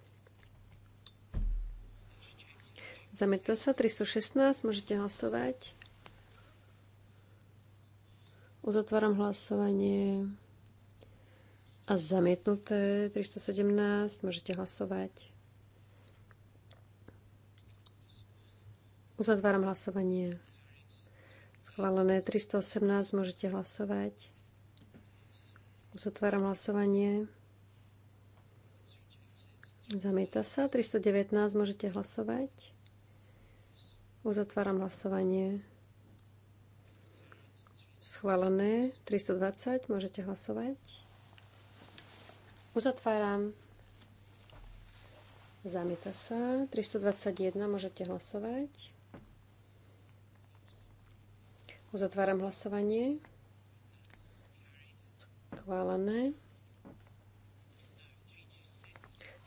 S6: Zamieta sa 316, môžete hlasovať. Uzatváram hlasovanie. A zamietnuté 317, môžete hlasovať. Uzatváram hlasovanie. Schválené 318, môžete hlasovať. Uzatváram hlasovanie. Zamieta sa. 319 môžete hlasovať. Uzatváram hlasovanie. Schválené. 320 môžete hlasovať. Uzatváram. Zamieta sa. 321 môžete hlasovať. Uzatváram hlasovanie. Schválené.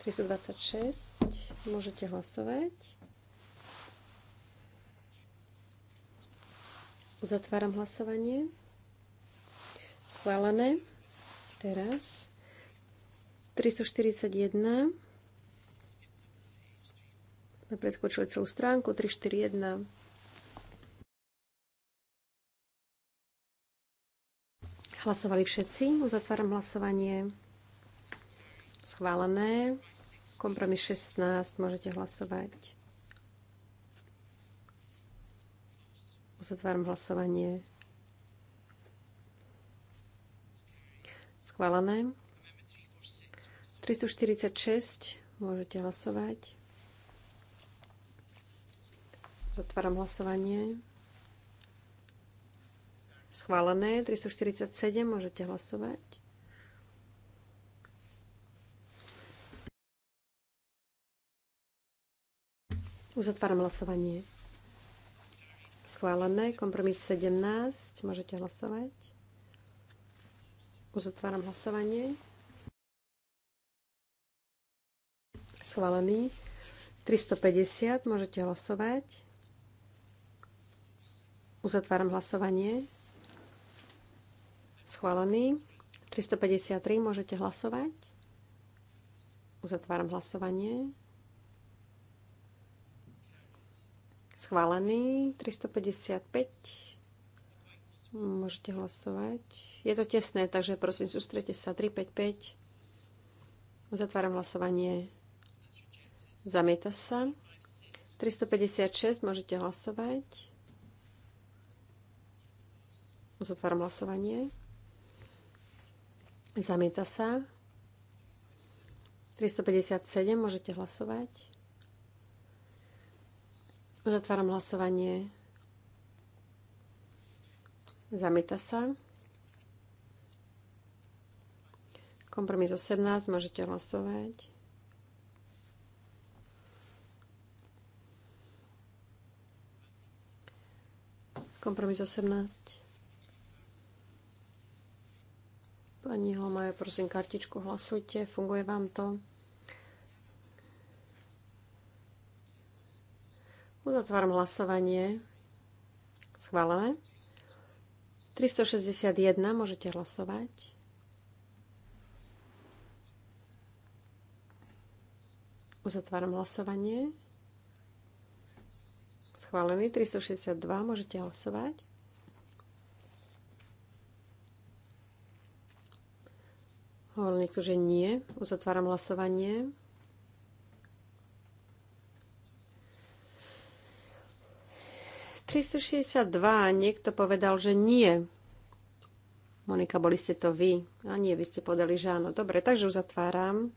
S6: 326. Môžete hlasovať. Uzatváram hlasovanie. Schválené. Teraz 341. Sme preskočili celú stránku. 341. Hlasovali všetci. Uzatváram hlasovanie. Schválené. Kompromis 16, môžete hlasovať. Uzatváram hlasovanie. Schválené. 346, môžete hlasovať. Zatváram hlasovanie. Schválené. 347, môžete hlasovať. Uzatváram hlasovanie. Schválené. Kompromis 17. Môžete hlasovať. Uzatváram hlasovanie. Schválený. 350. Môžete hlasovať. Uzatváram hlasovanie. Schválený. 353. Môžete hlasovať. Uzatváram hlasovanie. Schválený. 355. Môžete hlasovať. Je to tesné, takže prosím, sústrete sa. 355. Zatváram hlasovanie. Zamieta sa. 356. Môžete hlasovať. Uzatváram hlasovanie. Zamieta sa. 357. Môžete hlasovať. Uzatváram hlasovanie. Zamieta sa. Kompromis 18, môžete hlasovať. Kompromis 18. Pani Holmajer, prosím, kartičku hlasujte, funguje vám to? Uzatváram hlasovanie. Schválené. 361, môžete hlasovať. Uzatváram hlasovanie. Schválený 362, môžete hlasovať. Hovoril že nie. Uzatváram hlasovanie. 362, niekto povedal, že nie. Monika, boli ste to vy. A nie, vy ste povedali, že áno. Dobre, takže uzatváram.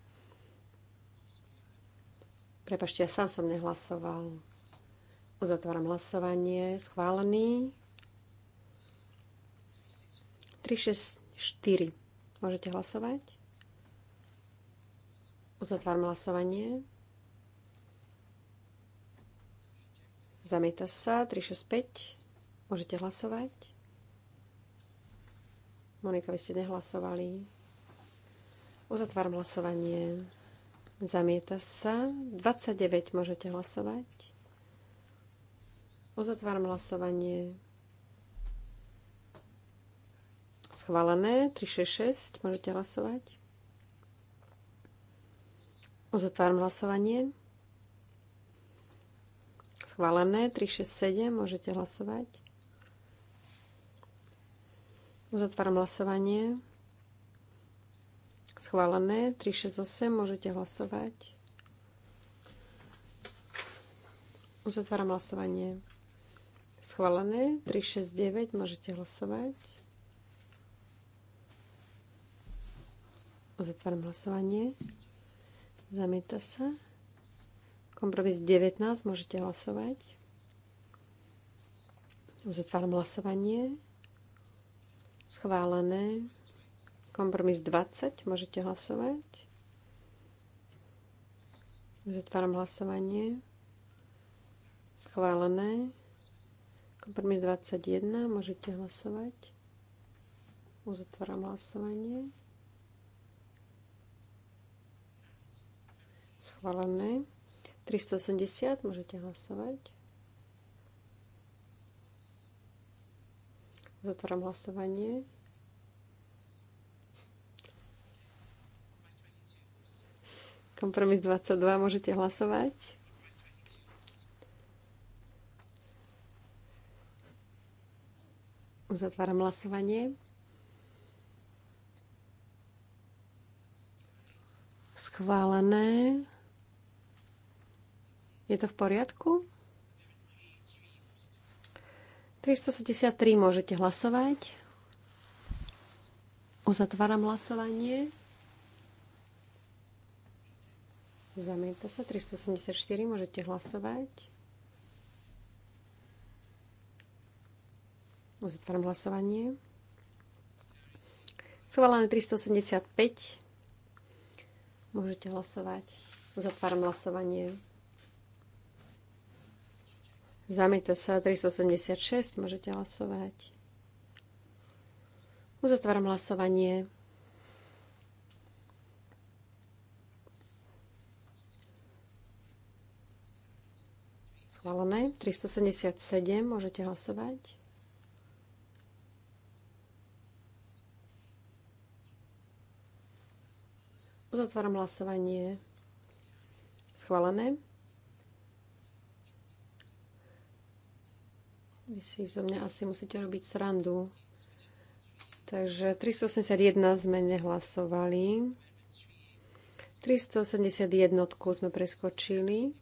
S6: Prepašte, ja sám som nehlasoval. Uzatváram hlasovanie. Schválený. 364. Môžete hlasovať. Uzatváram hlasovanie. Zamieta sa. 365. Môžete hlasovať. Monika, vy ste nehlasovali. Uzatváram hlasovanie. Zamieta sa. 29 môžete hlasovať. Uzatváram hlasovanie. Schválené. 6. môžete hlasovať. Uzatváram hlasovanie. Schválené. 367. Môžete hlasovať. Uzatváram hlasovanie. Schválené. 368. Môžete hlasovať. Uzatváram hlasovanie. Schválené. 369. Môžete hlasovať. Uzatváram hlasovanie. Zamieta sa. Kompromis 19, môžete hlasovať. Uzatváram hlasovanie. Schválené. Kompromis 20, môžete hlasovať. Uzatváram hlasovanie. Schválené. Kompromis 21, môžete hlasovať. Uzatváram hlasovanie. Schválené. 380, môžete hlasovať. Zatváram hlasovanie. Kompromis 22, môžete hlasovať. Uzatváram hlasovanie. Schválené. Je to v poriadku? 373 môžete hlasovať. Uzatváram hlasovanie. Zamieta sa. 384 môžete hlasovať. Uzatváram hlasovanie. Schválené 385. Môžete hlasovať. Uzatváram hlasovanie. Zamieta sa 386, môžete hlasovať. Uzatváram hlasovanie. Schválené. 377, môžete hlasovať. Uzatváram hlasovanie. Schválené. Vy si zo mňa asi musíte robiť srandu. Takže 381 sme nehlasovali. 371 sme preskočili.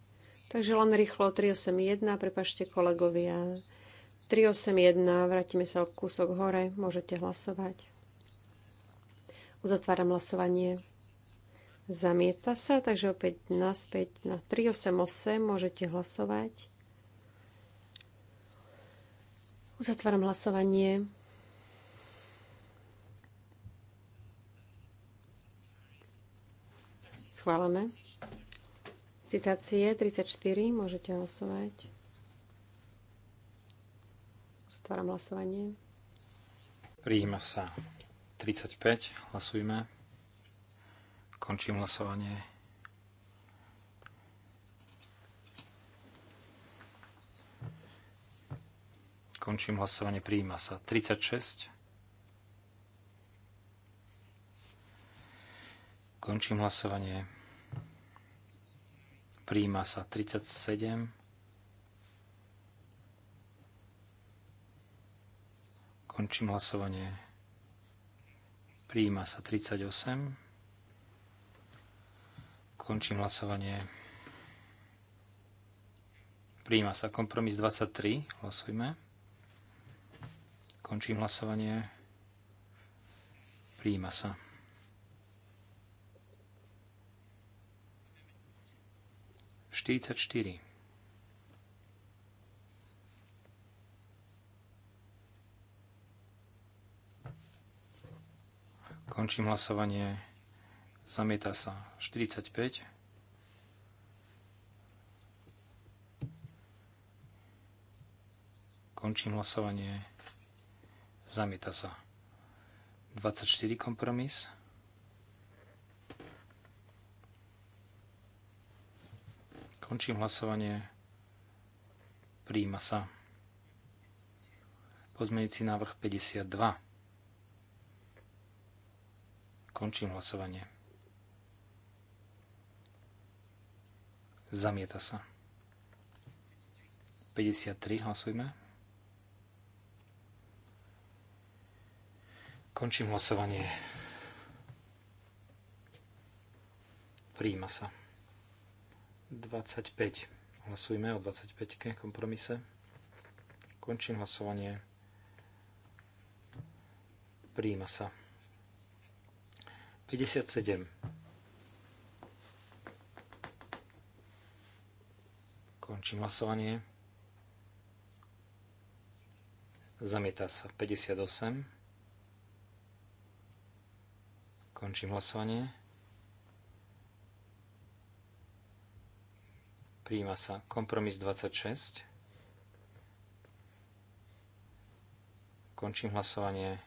S6: Takže len rýchlo 381, prepašte kolegovia. 381, vrátime sa o kúsok hore, môžete hlasovať. Uzatváram hlasovanie. Zamieta sa, takže opäť naspäť na 388 môžete hlasovať. Uzatváram hlasovanie. Schválené. Citácie 34, môžete hlasovať. Zatváram hlasovanie.
S3: Príjima sa 35, hlasujme. Končím hlasovanie. Končím hlasovanie. Prijíma sa. 36. Končím hlasovanie. Prijíma sa. 37. Končím hlasovanie. Prijíma sa. 38. Končím hlasovanie. Prijíma sa kompromis 23. Hlasujme. Končím hlasovanie. Príjima sa. Štyridsať štyri. Končím hlasovanie. Zamieta sa. 45. Končím hlasovanie. Zamieta sa. 24 kompromis. Končím hlasovanie. Príjima sa. Pozmeňujúci návrh 52. Končím hlasovanie. Zamieta sa. 53 hlasujme. Končím hlasovanie. Príjima sa. 25. Hlasujme o 25. kompromise. Končím hlasovanie. Príjima sa. 57. Končím hlasovanie. Zamieta sa 58. Končím hlasovanie. Príjima sa kompromis 26. Končím hlasovanie.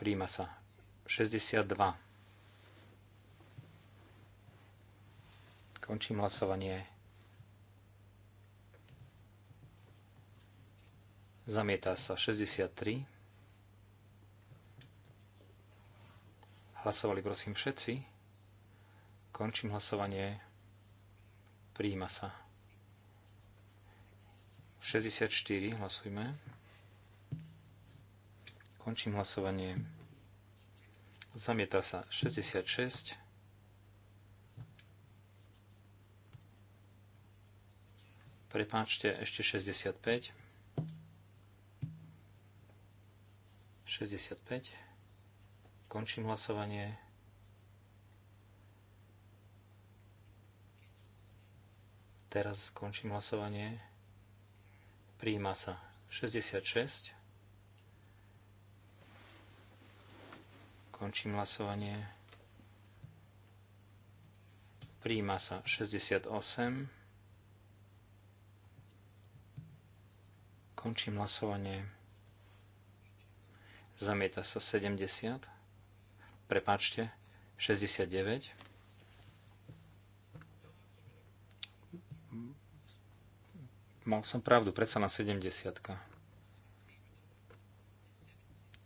S3: Príjima sa 62. Končím hlasovanie. Zamietá sa 63. Hlasovali prosím všetci. Končím hlasovanie. Príjima sa. 64 hlasujme. Končím hlasovanie. Zamieta sa 66. Prepáčte, ešte 65. 65. Končím hlasovanie. Teraz skončím hlasovanie. Príjima sa 66. Končím hlasovanie. Príjima sa 68. Končím hlasovanie. Zamieta sa 70 prepáčte, 69. Mal som pravdu, predsa na 70.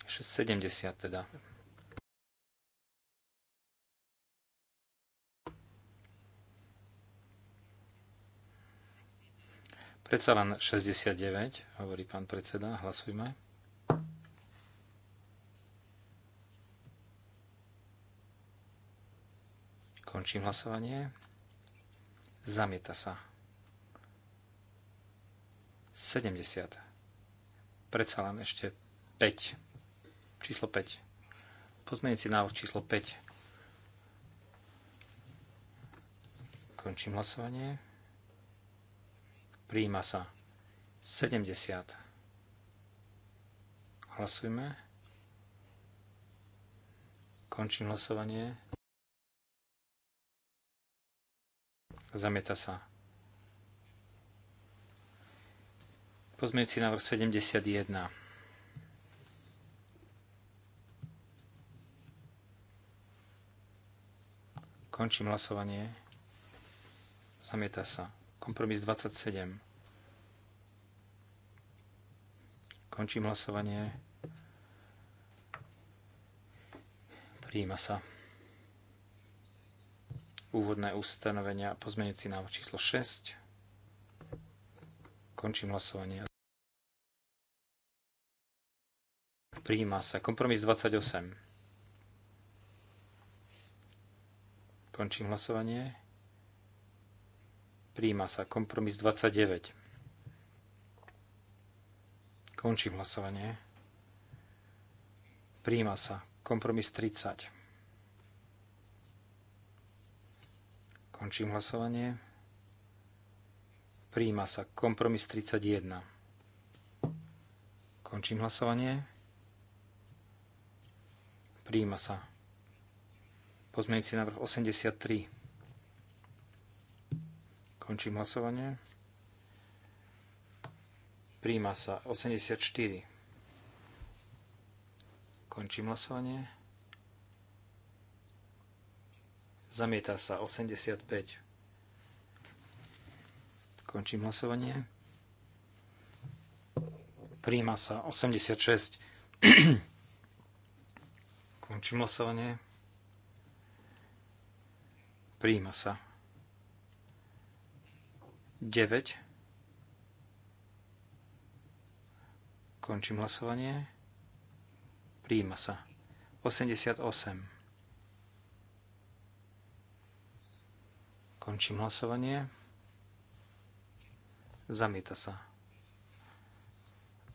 S3: 70 teda. Predsa len 69, hovorí pán predseda, hlasujme. Končím hlasovanie. Zamieta sa. 70. Predsa len ešte 5. Číslo 5. si návrh číslo 5. Končím hlasovanie. Príjima sa. 70. Hlasujme. Končím hlasovanie. Zamieta sa. Pozmeňujúci návrh 71. Končím hlasovanie. Zamieta sa. Kompromis 27. Končím hlasovanie. Príjima sa úvodné ustanovenia a pozmeňujúci návrh číslo 6. Končím hlasovanie. Príjima sa. Kompromis 28. Končím hlasovanie. Príjima sa. Kompromis 29. Končím hlasovanie. Príjima sa. Kompromis 30. Končím hlasovanie. Príjma sa kompromis 31. Končím hlasovanie. Príjma sa pozmeňujúci návrh 83. Končím hlasovanie. Príjma sa 84. Končím hlasovanie. Zamieta sa 85. Končím hlasovanie. Príjma sa 86. Končím hlasovanie. Príjma sa 9. Končím hlasovanie. Príjma sa 88. Končím hlasovanie. Zamieta sa.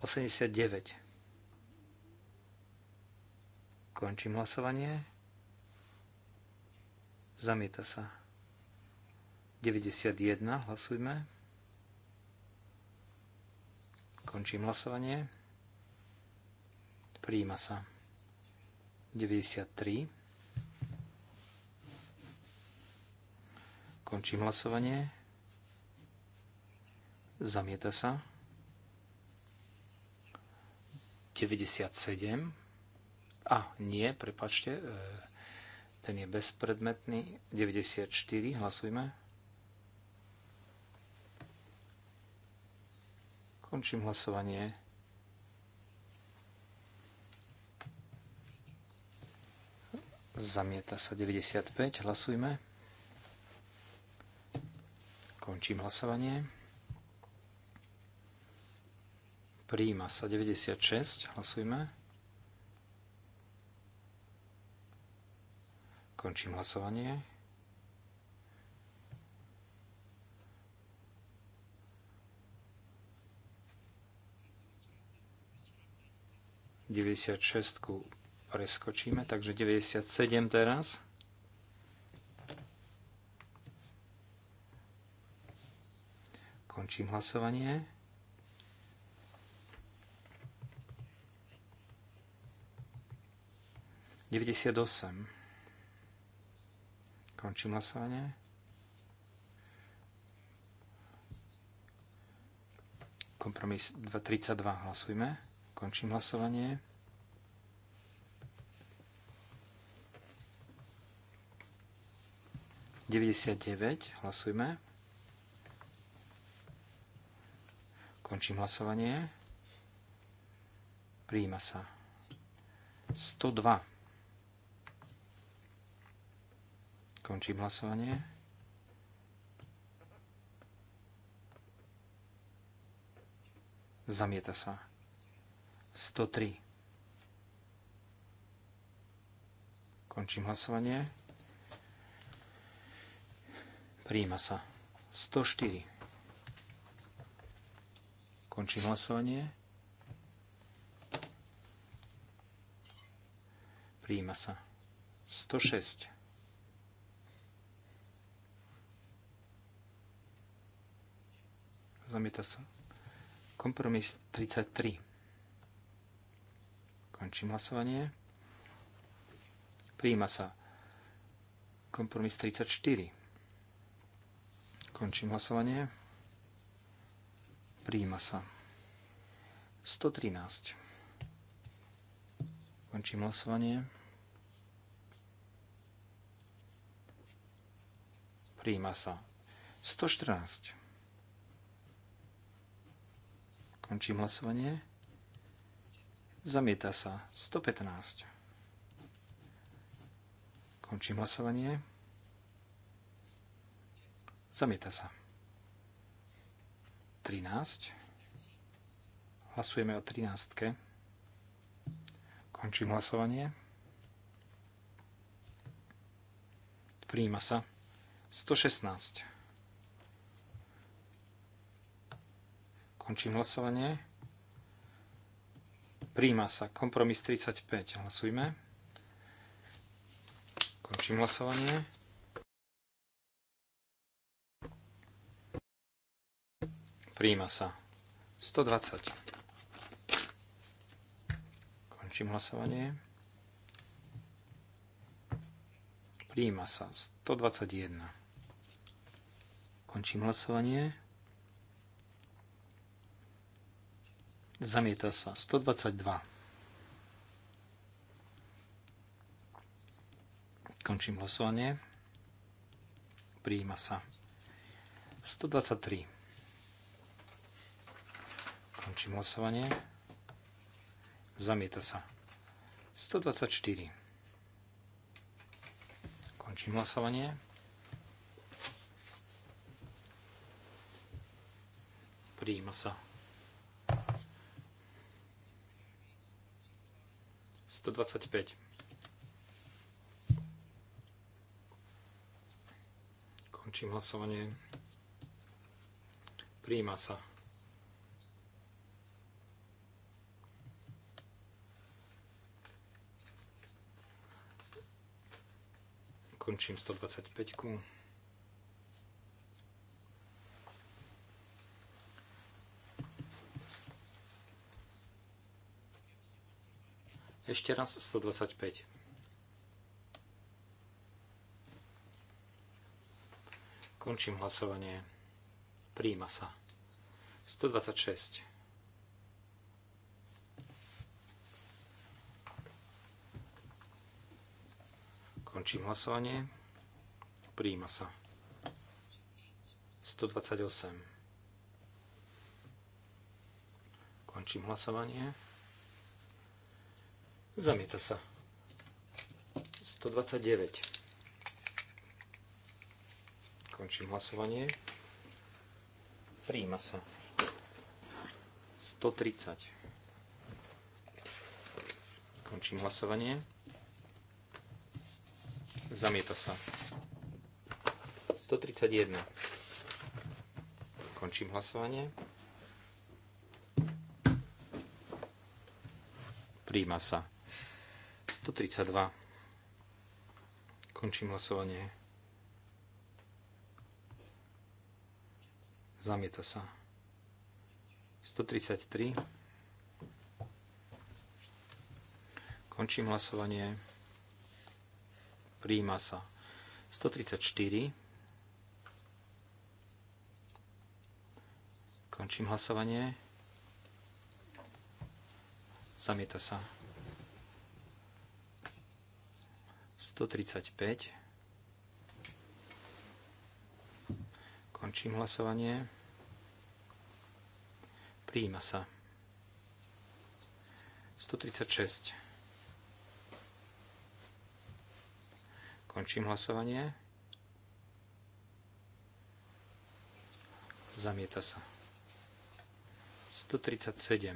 S3: 89. Končím hlasovanie. Zamieta sa. 91. Hlasujme. Končím hlasovanie. Prijíma sa. 93. Končím hlasovanie. Zamieta sa. 97. A nie, prepačte, e, ten je bezpredmetný. 94, hlasujme. Končím hlasovanie. Zamieta sa 95, hlasujme. Končím hlasovanie. Príjima sa 96. Hlasujme. Končím hlasovanie. Deväťdesiat šestku preskočíme, takže 97 teraz. Končím hlasovanie. Deväťdesiat osem. Končím hlasovanie. kompromis dva hlasujme. Končím hlasovanie. Deväťdesiat hlasujme. Končím hlasovanie. Príjima sa. 102. Končím hlasovanie. Zamieta sa. 103. Končím hlasovanie. Príjima sa. 104. Končím hlasovanie. Príjima sa. 106. Zamieta sa. Kompromis 33. Končím hlasovanie. Príjima sa. Kompromis 34. Končím hlasovanie. Príjima sa. 113. Končím hlasovanie. Príjima sa. 114. Končím hlasovanie. Zamieta sa. 115. Končím hlasovanie. Zamieta sa. 13. Hlasujeme o 13. Končím hlasovanie. Príjima sa. 116. Končím hlasovanie. Príjima sa. Kompromis 35. Hlasujme. Končím hlasovanie. Príjma sa. 120. Končím hlasovanie. Príjma sa. 121. Končím hlasovanie. Zamieta sa. 122. Končím hlasovanie. Príjma sa. 123. Končím hlasovanie. Zamieta sa. 124. Končím hlasovanie. Prijíma sa. 125. Končím hlasovanie. Prijíma sa. Končím 125. -ku. Ešte raz 125. Končím hlasovanie. Príjma sa. 126. Končím hlasovanie. Príjima sa. 128. Končím hlasovanie. Zamieta sa. 129. Končím hlasovanie. Príjima sa. 130. Končím hlasovanie. Zamieta sa. 131. Končím hlasovanie. Príjma sa. 132. Končím hlasovanie. Zamieta sa. 133. Končím hlasovanie príjma sa. 134. Končím hlasovanie. Zamieta sa. 135. Končím hlasovanie. Príjima sa. 136. Končím hlasovanie. Zamieta sa. 137.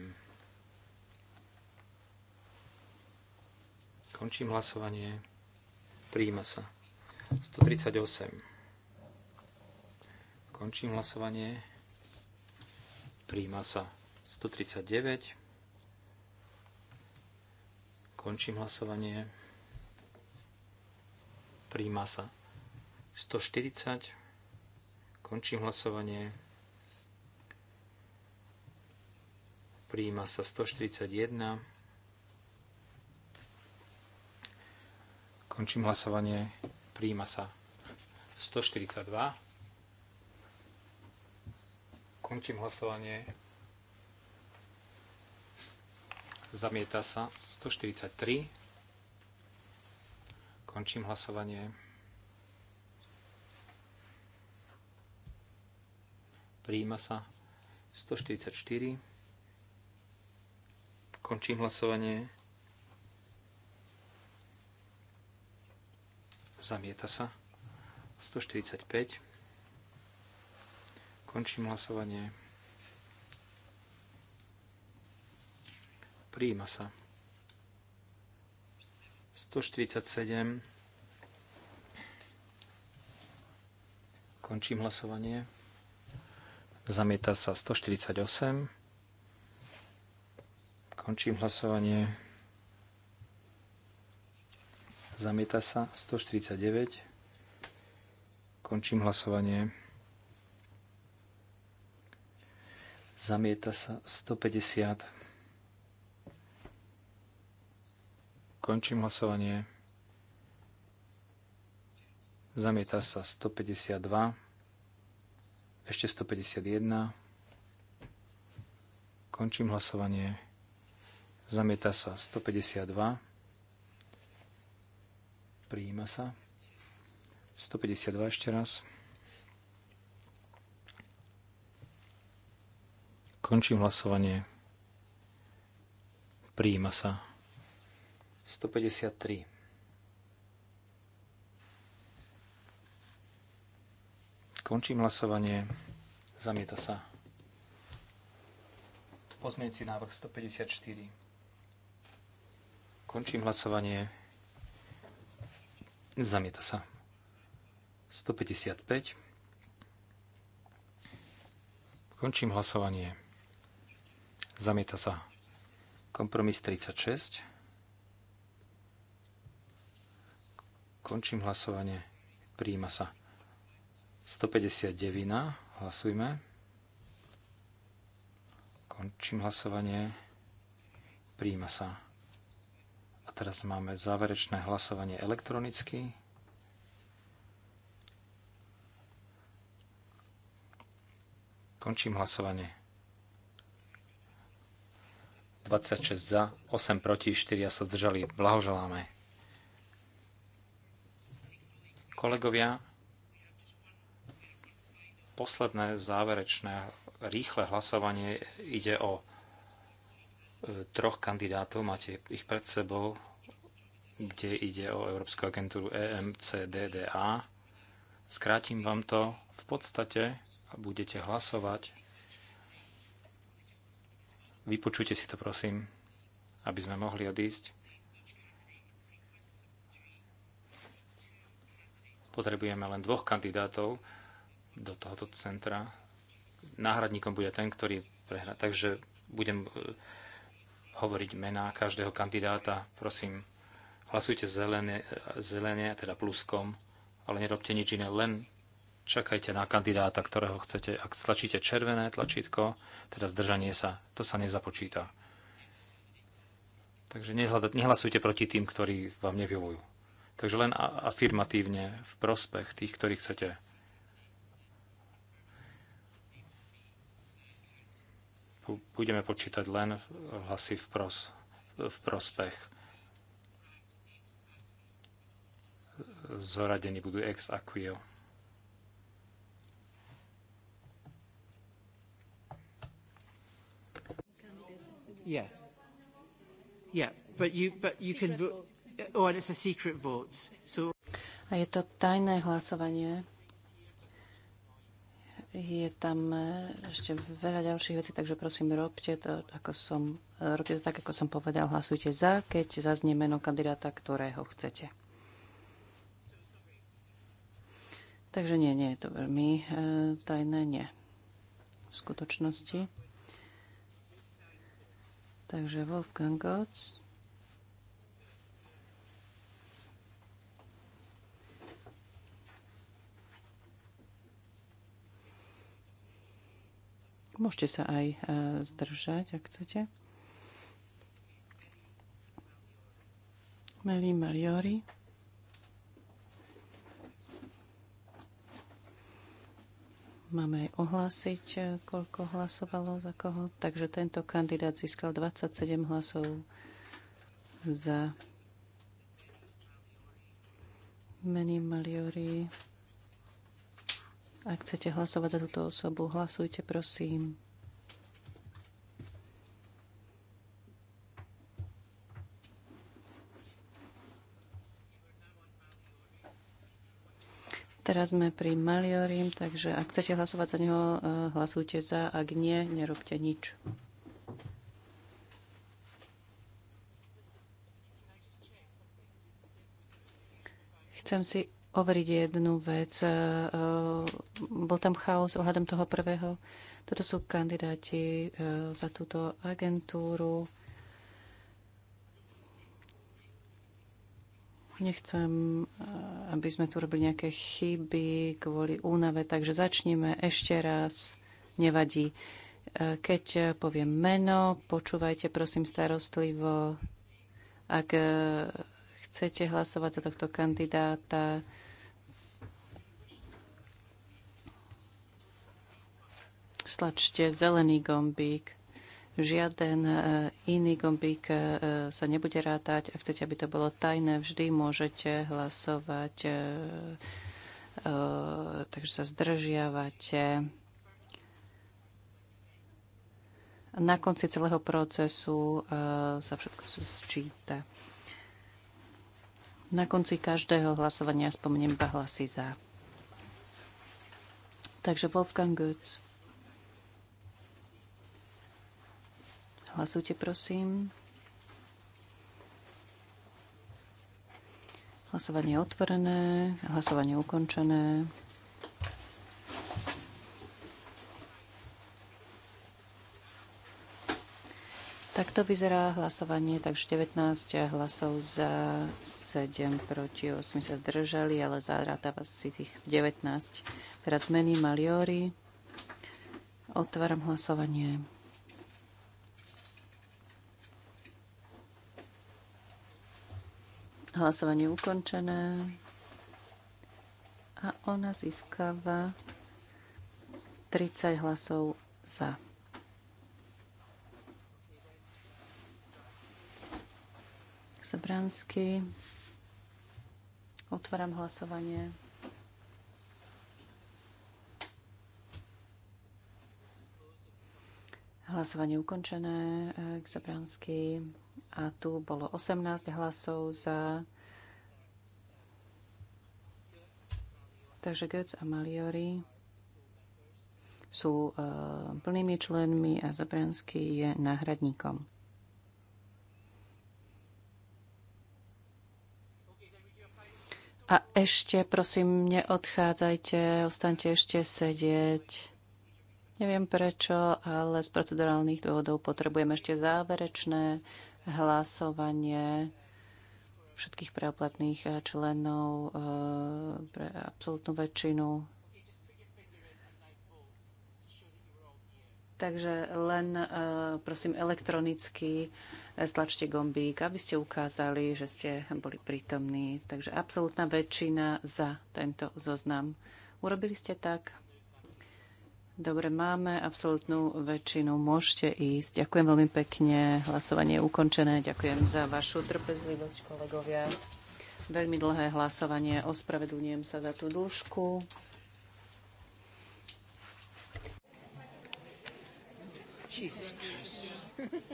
S3: Končím hlasovanie. Príjima sa. 138. Končím hlasovanie. Príjima sa. 139. Končím hlasovanie. Príjma sa. 140. Končím hlasovanie. Príjma sa 141. Končím hlasovanie. Príjma sa 142. Končím hlasovanie. Zamieta sa 143. Končím hlasovanie. Príjima sa 144. Končím hlasovanie. Zamieta sa 145. Končím hlasovanie. Príjima sa 147. Končím hlasovanie. Zamieta sa 148. Končím hlasovanie. Zamieta sa 149. Končím hlasovanie. Zamieta sa 150. Končím hlasovanie. Zamieta sa 152. Ešte 151. Končím hlasovanie. Zamieta sa 152. Prijíma sa. 152 ešte raz. Končím hlasovanie. Prijíma sa. 153. Končím hlasovanie. Zamieta sa. Pozmienci návrh 154. Končím hlasovanie. Zamieta sa. 155. Končím hlasovanie. Zamieta sa. Kompromis 36. Končím hlasovanie. Príjima sa. 159. Hlasujme. Končím hlasovanie. Príjima sa. A teraz máme záverečné hlasovanie elektronicky. Končím hlasovanie. 26 za, 8 proti, 4 sa zdržali. Blahoželáme. Kolegovia, posledné záverečné rýchle hlasovanie ide o e, troch kandidátov, máte ich pred sebou, kde ide o Európsku agentúru EMCDDA. Skrátim vám to. V podstate budete hlasovať. Vypočujte si to, prosím, aby sme mohli odísť. Potrebujeme len dvoch kandidátov do tohoto centra. Náhradníkom bude ten, ktorý prehra. Takže budem e, hovoriť mená každého kandidáta. Prosím, hlasujte zelene, zelene teda pluskom, ale nerobte nič iné, len čakajte na kandidáta, ktorého chcete. Ak stlačíte červené tlačítko, teda zdržanie sa, to sa nezapočíta. Takže nehlasujte proti tým, ktorí vám nevyhovujú. Takže len afirmatívne v prospech tých, ktorí chcete. Budeme počítať len hlasy v, pros, v prospech. Zoradení budú ex
S1: aquio. Yeah. Yeah, but you, but you can vote. Oh, and it's a secret vote. So... A je to tajné
S4: hlasovanie. Je tam e, ešte veľa ďalších vecí, takže prosím, robte to, ako som, e, robte to tak, ako som povedal. Hlasujte za, keď zaznie meno kandidáta, ktorého chcete. Takže nie, nie je to veľmi e, tajné, nie. V skutočnosti. Takže Wolfgang Gotts. Môžete sa aj e, zdržať, ak chcete. Meli Maliori. Máme aj ohlásiť, e, koľko hlasovalo za koho. Takže tento kandidát získal 27 hlasov za Meni Maliori. Ak chcete hlasovať za túto osobu, hlasujte prosím. Teraz sme pri Maliorim, takže ak chcete hlasovať za neho, eh, hlasujte za, ak nie, nerobte nič. Chcem si overiť jednu vec. E, e, bol tam chaos ohľadom toho prvého. Toto sú kandidáti e, za túto agentúru. Nechcem, aby sme tu robili nejaké chyby kvôli únave, takže začneme ešte raz. Nevadí. Keď poviem meno, počúvajte prosím starostlivo. Ak chcete hlasovať za tohto kandidáta, stlačte zelený gombík. Žiaden e, iný gombík e, sa nebude rátať. Ak chcete, aby to bolo tajné, vždy môžete hlasovať. E, takže sa zdržiavate. Na konci celého procesu sa všetko sčíta. Na konci každého hlasovania spomeniem iba hlasy za. Takže Wolfgang Goetz. Hlasujte, prosím. Hlasovanie je otvorené, hlasovanie je ukončené. Takto vyzerá hlasovanie, takže 19 hlasov za, 7 proti, 8 sa zdržali, ale zarátava si tých 19. Teraz mení Maliori. Otváram hlasovanie. Hlasovanie ukončené. A ona získava 30 hlasov za. Sobransky. Otváram hlasovanie. Hlasovanie ukončené. Sobransky. Eh, a tu bolo 18 hlasov za. Takže Götz a Maliori sú eh, plnými členmi a Zabranský je náhradníkom. A ešte, prosím, neodchádzajte, ostaňte ešte sedieť. Neviem prečo, ale z procedurálnych dôvodov potrebujem ešte záverečné hlasovanie všetkých preoplatných eh, členov eh, pre absolútnu väčšinu. Takže len eh, prosím elektronicky stlačte gombík, aby ste ukázali, že ste boli prítomní. Takže absolútna väčšina za tento zoznam. Urobili ste tak? Dobre, máme absolútnu väčšinu. Môžete ísť. Ďakujem veľmi pekne. Hlasovanie je ukončené. Ďakujem za vašu trpezlivosť, kolegovia. Veľmi dlhé hlasovanie. Ospravedlňujem sa za tú
S5: dĺžku. Jesus Christ.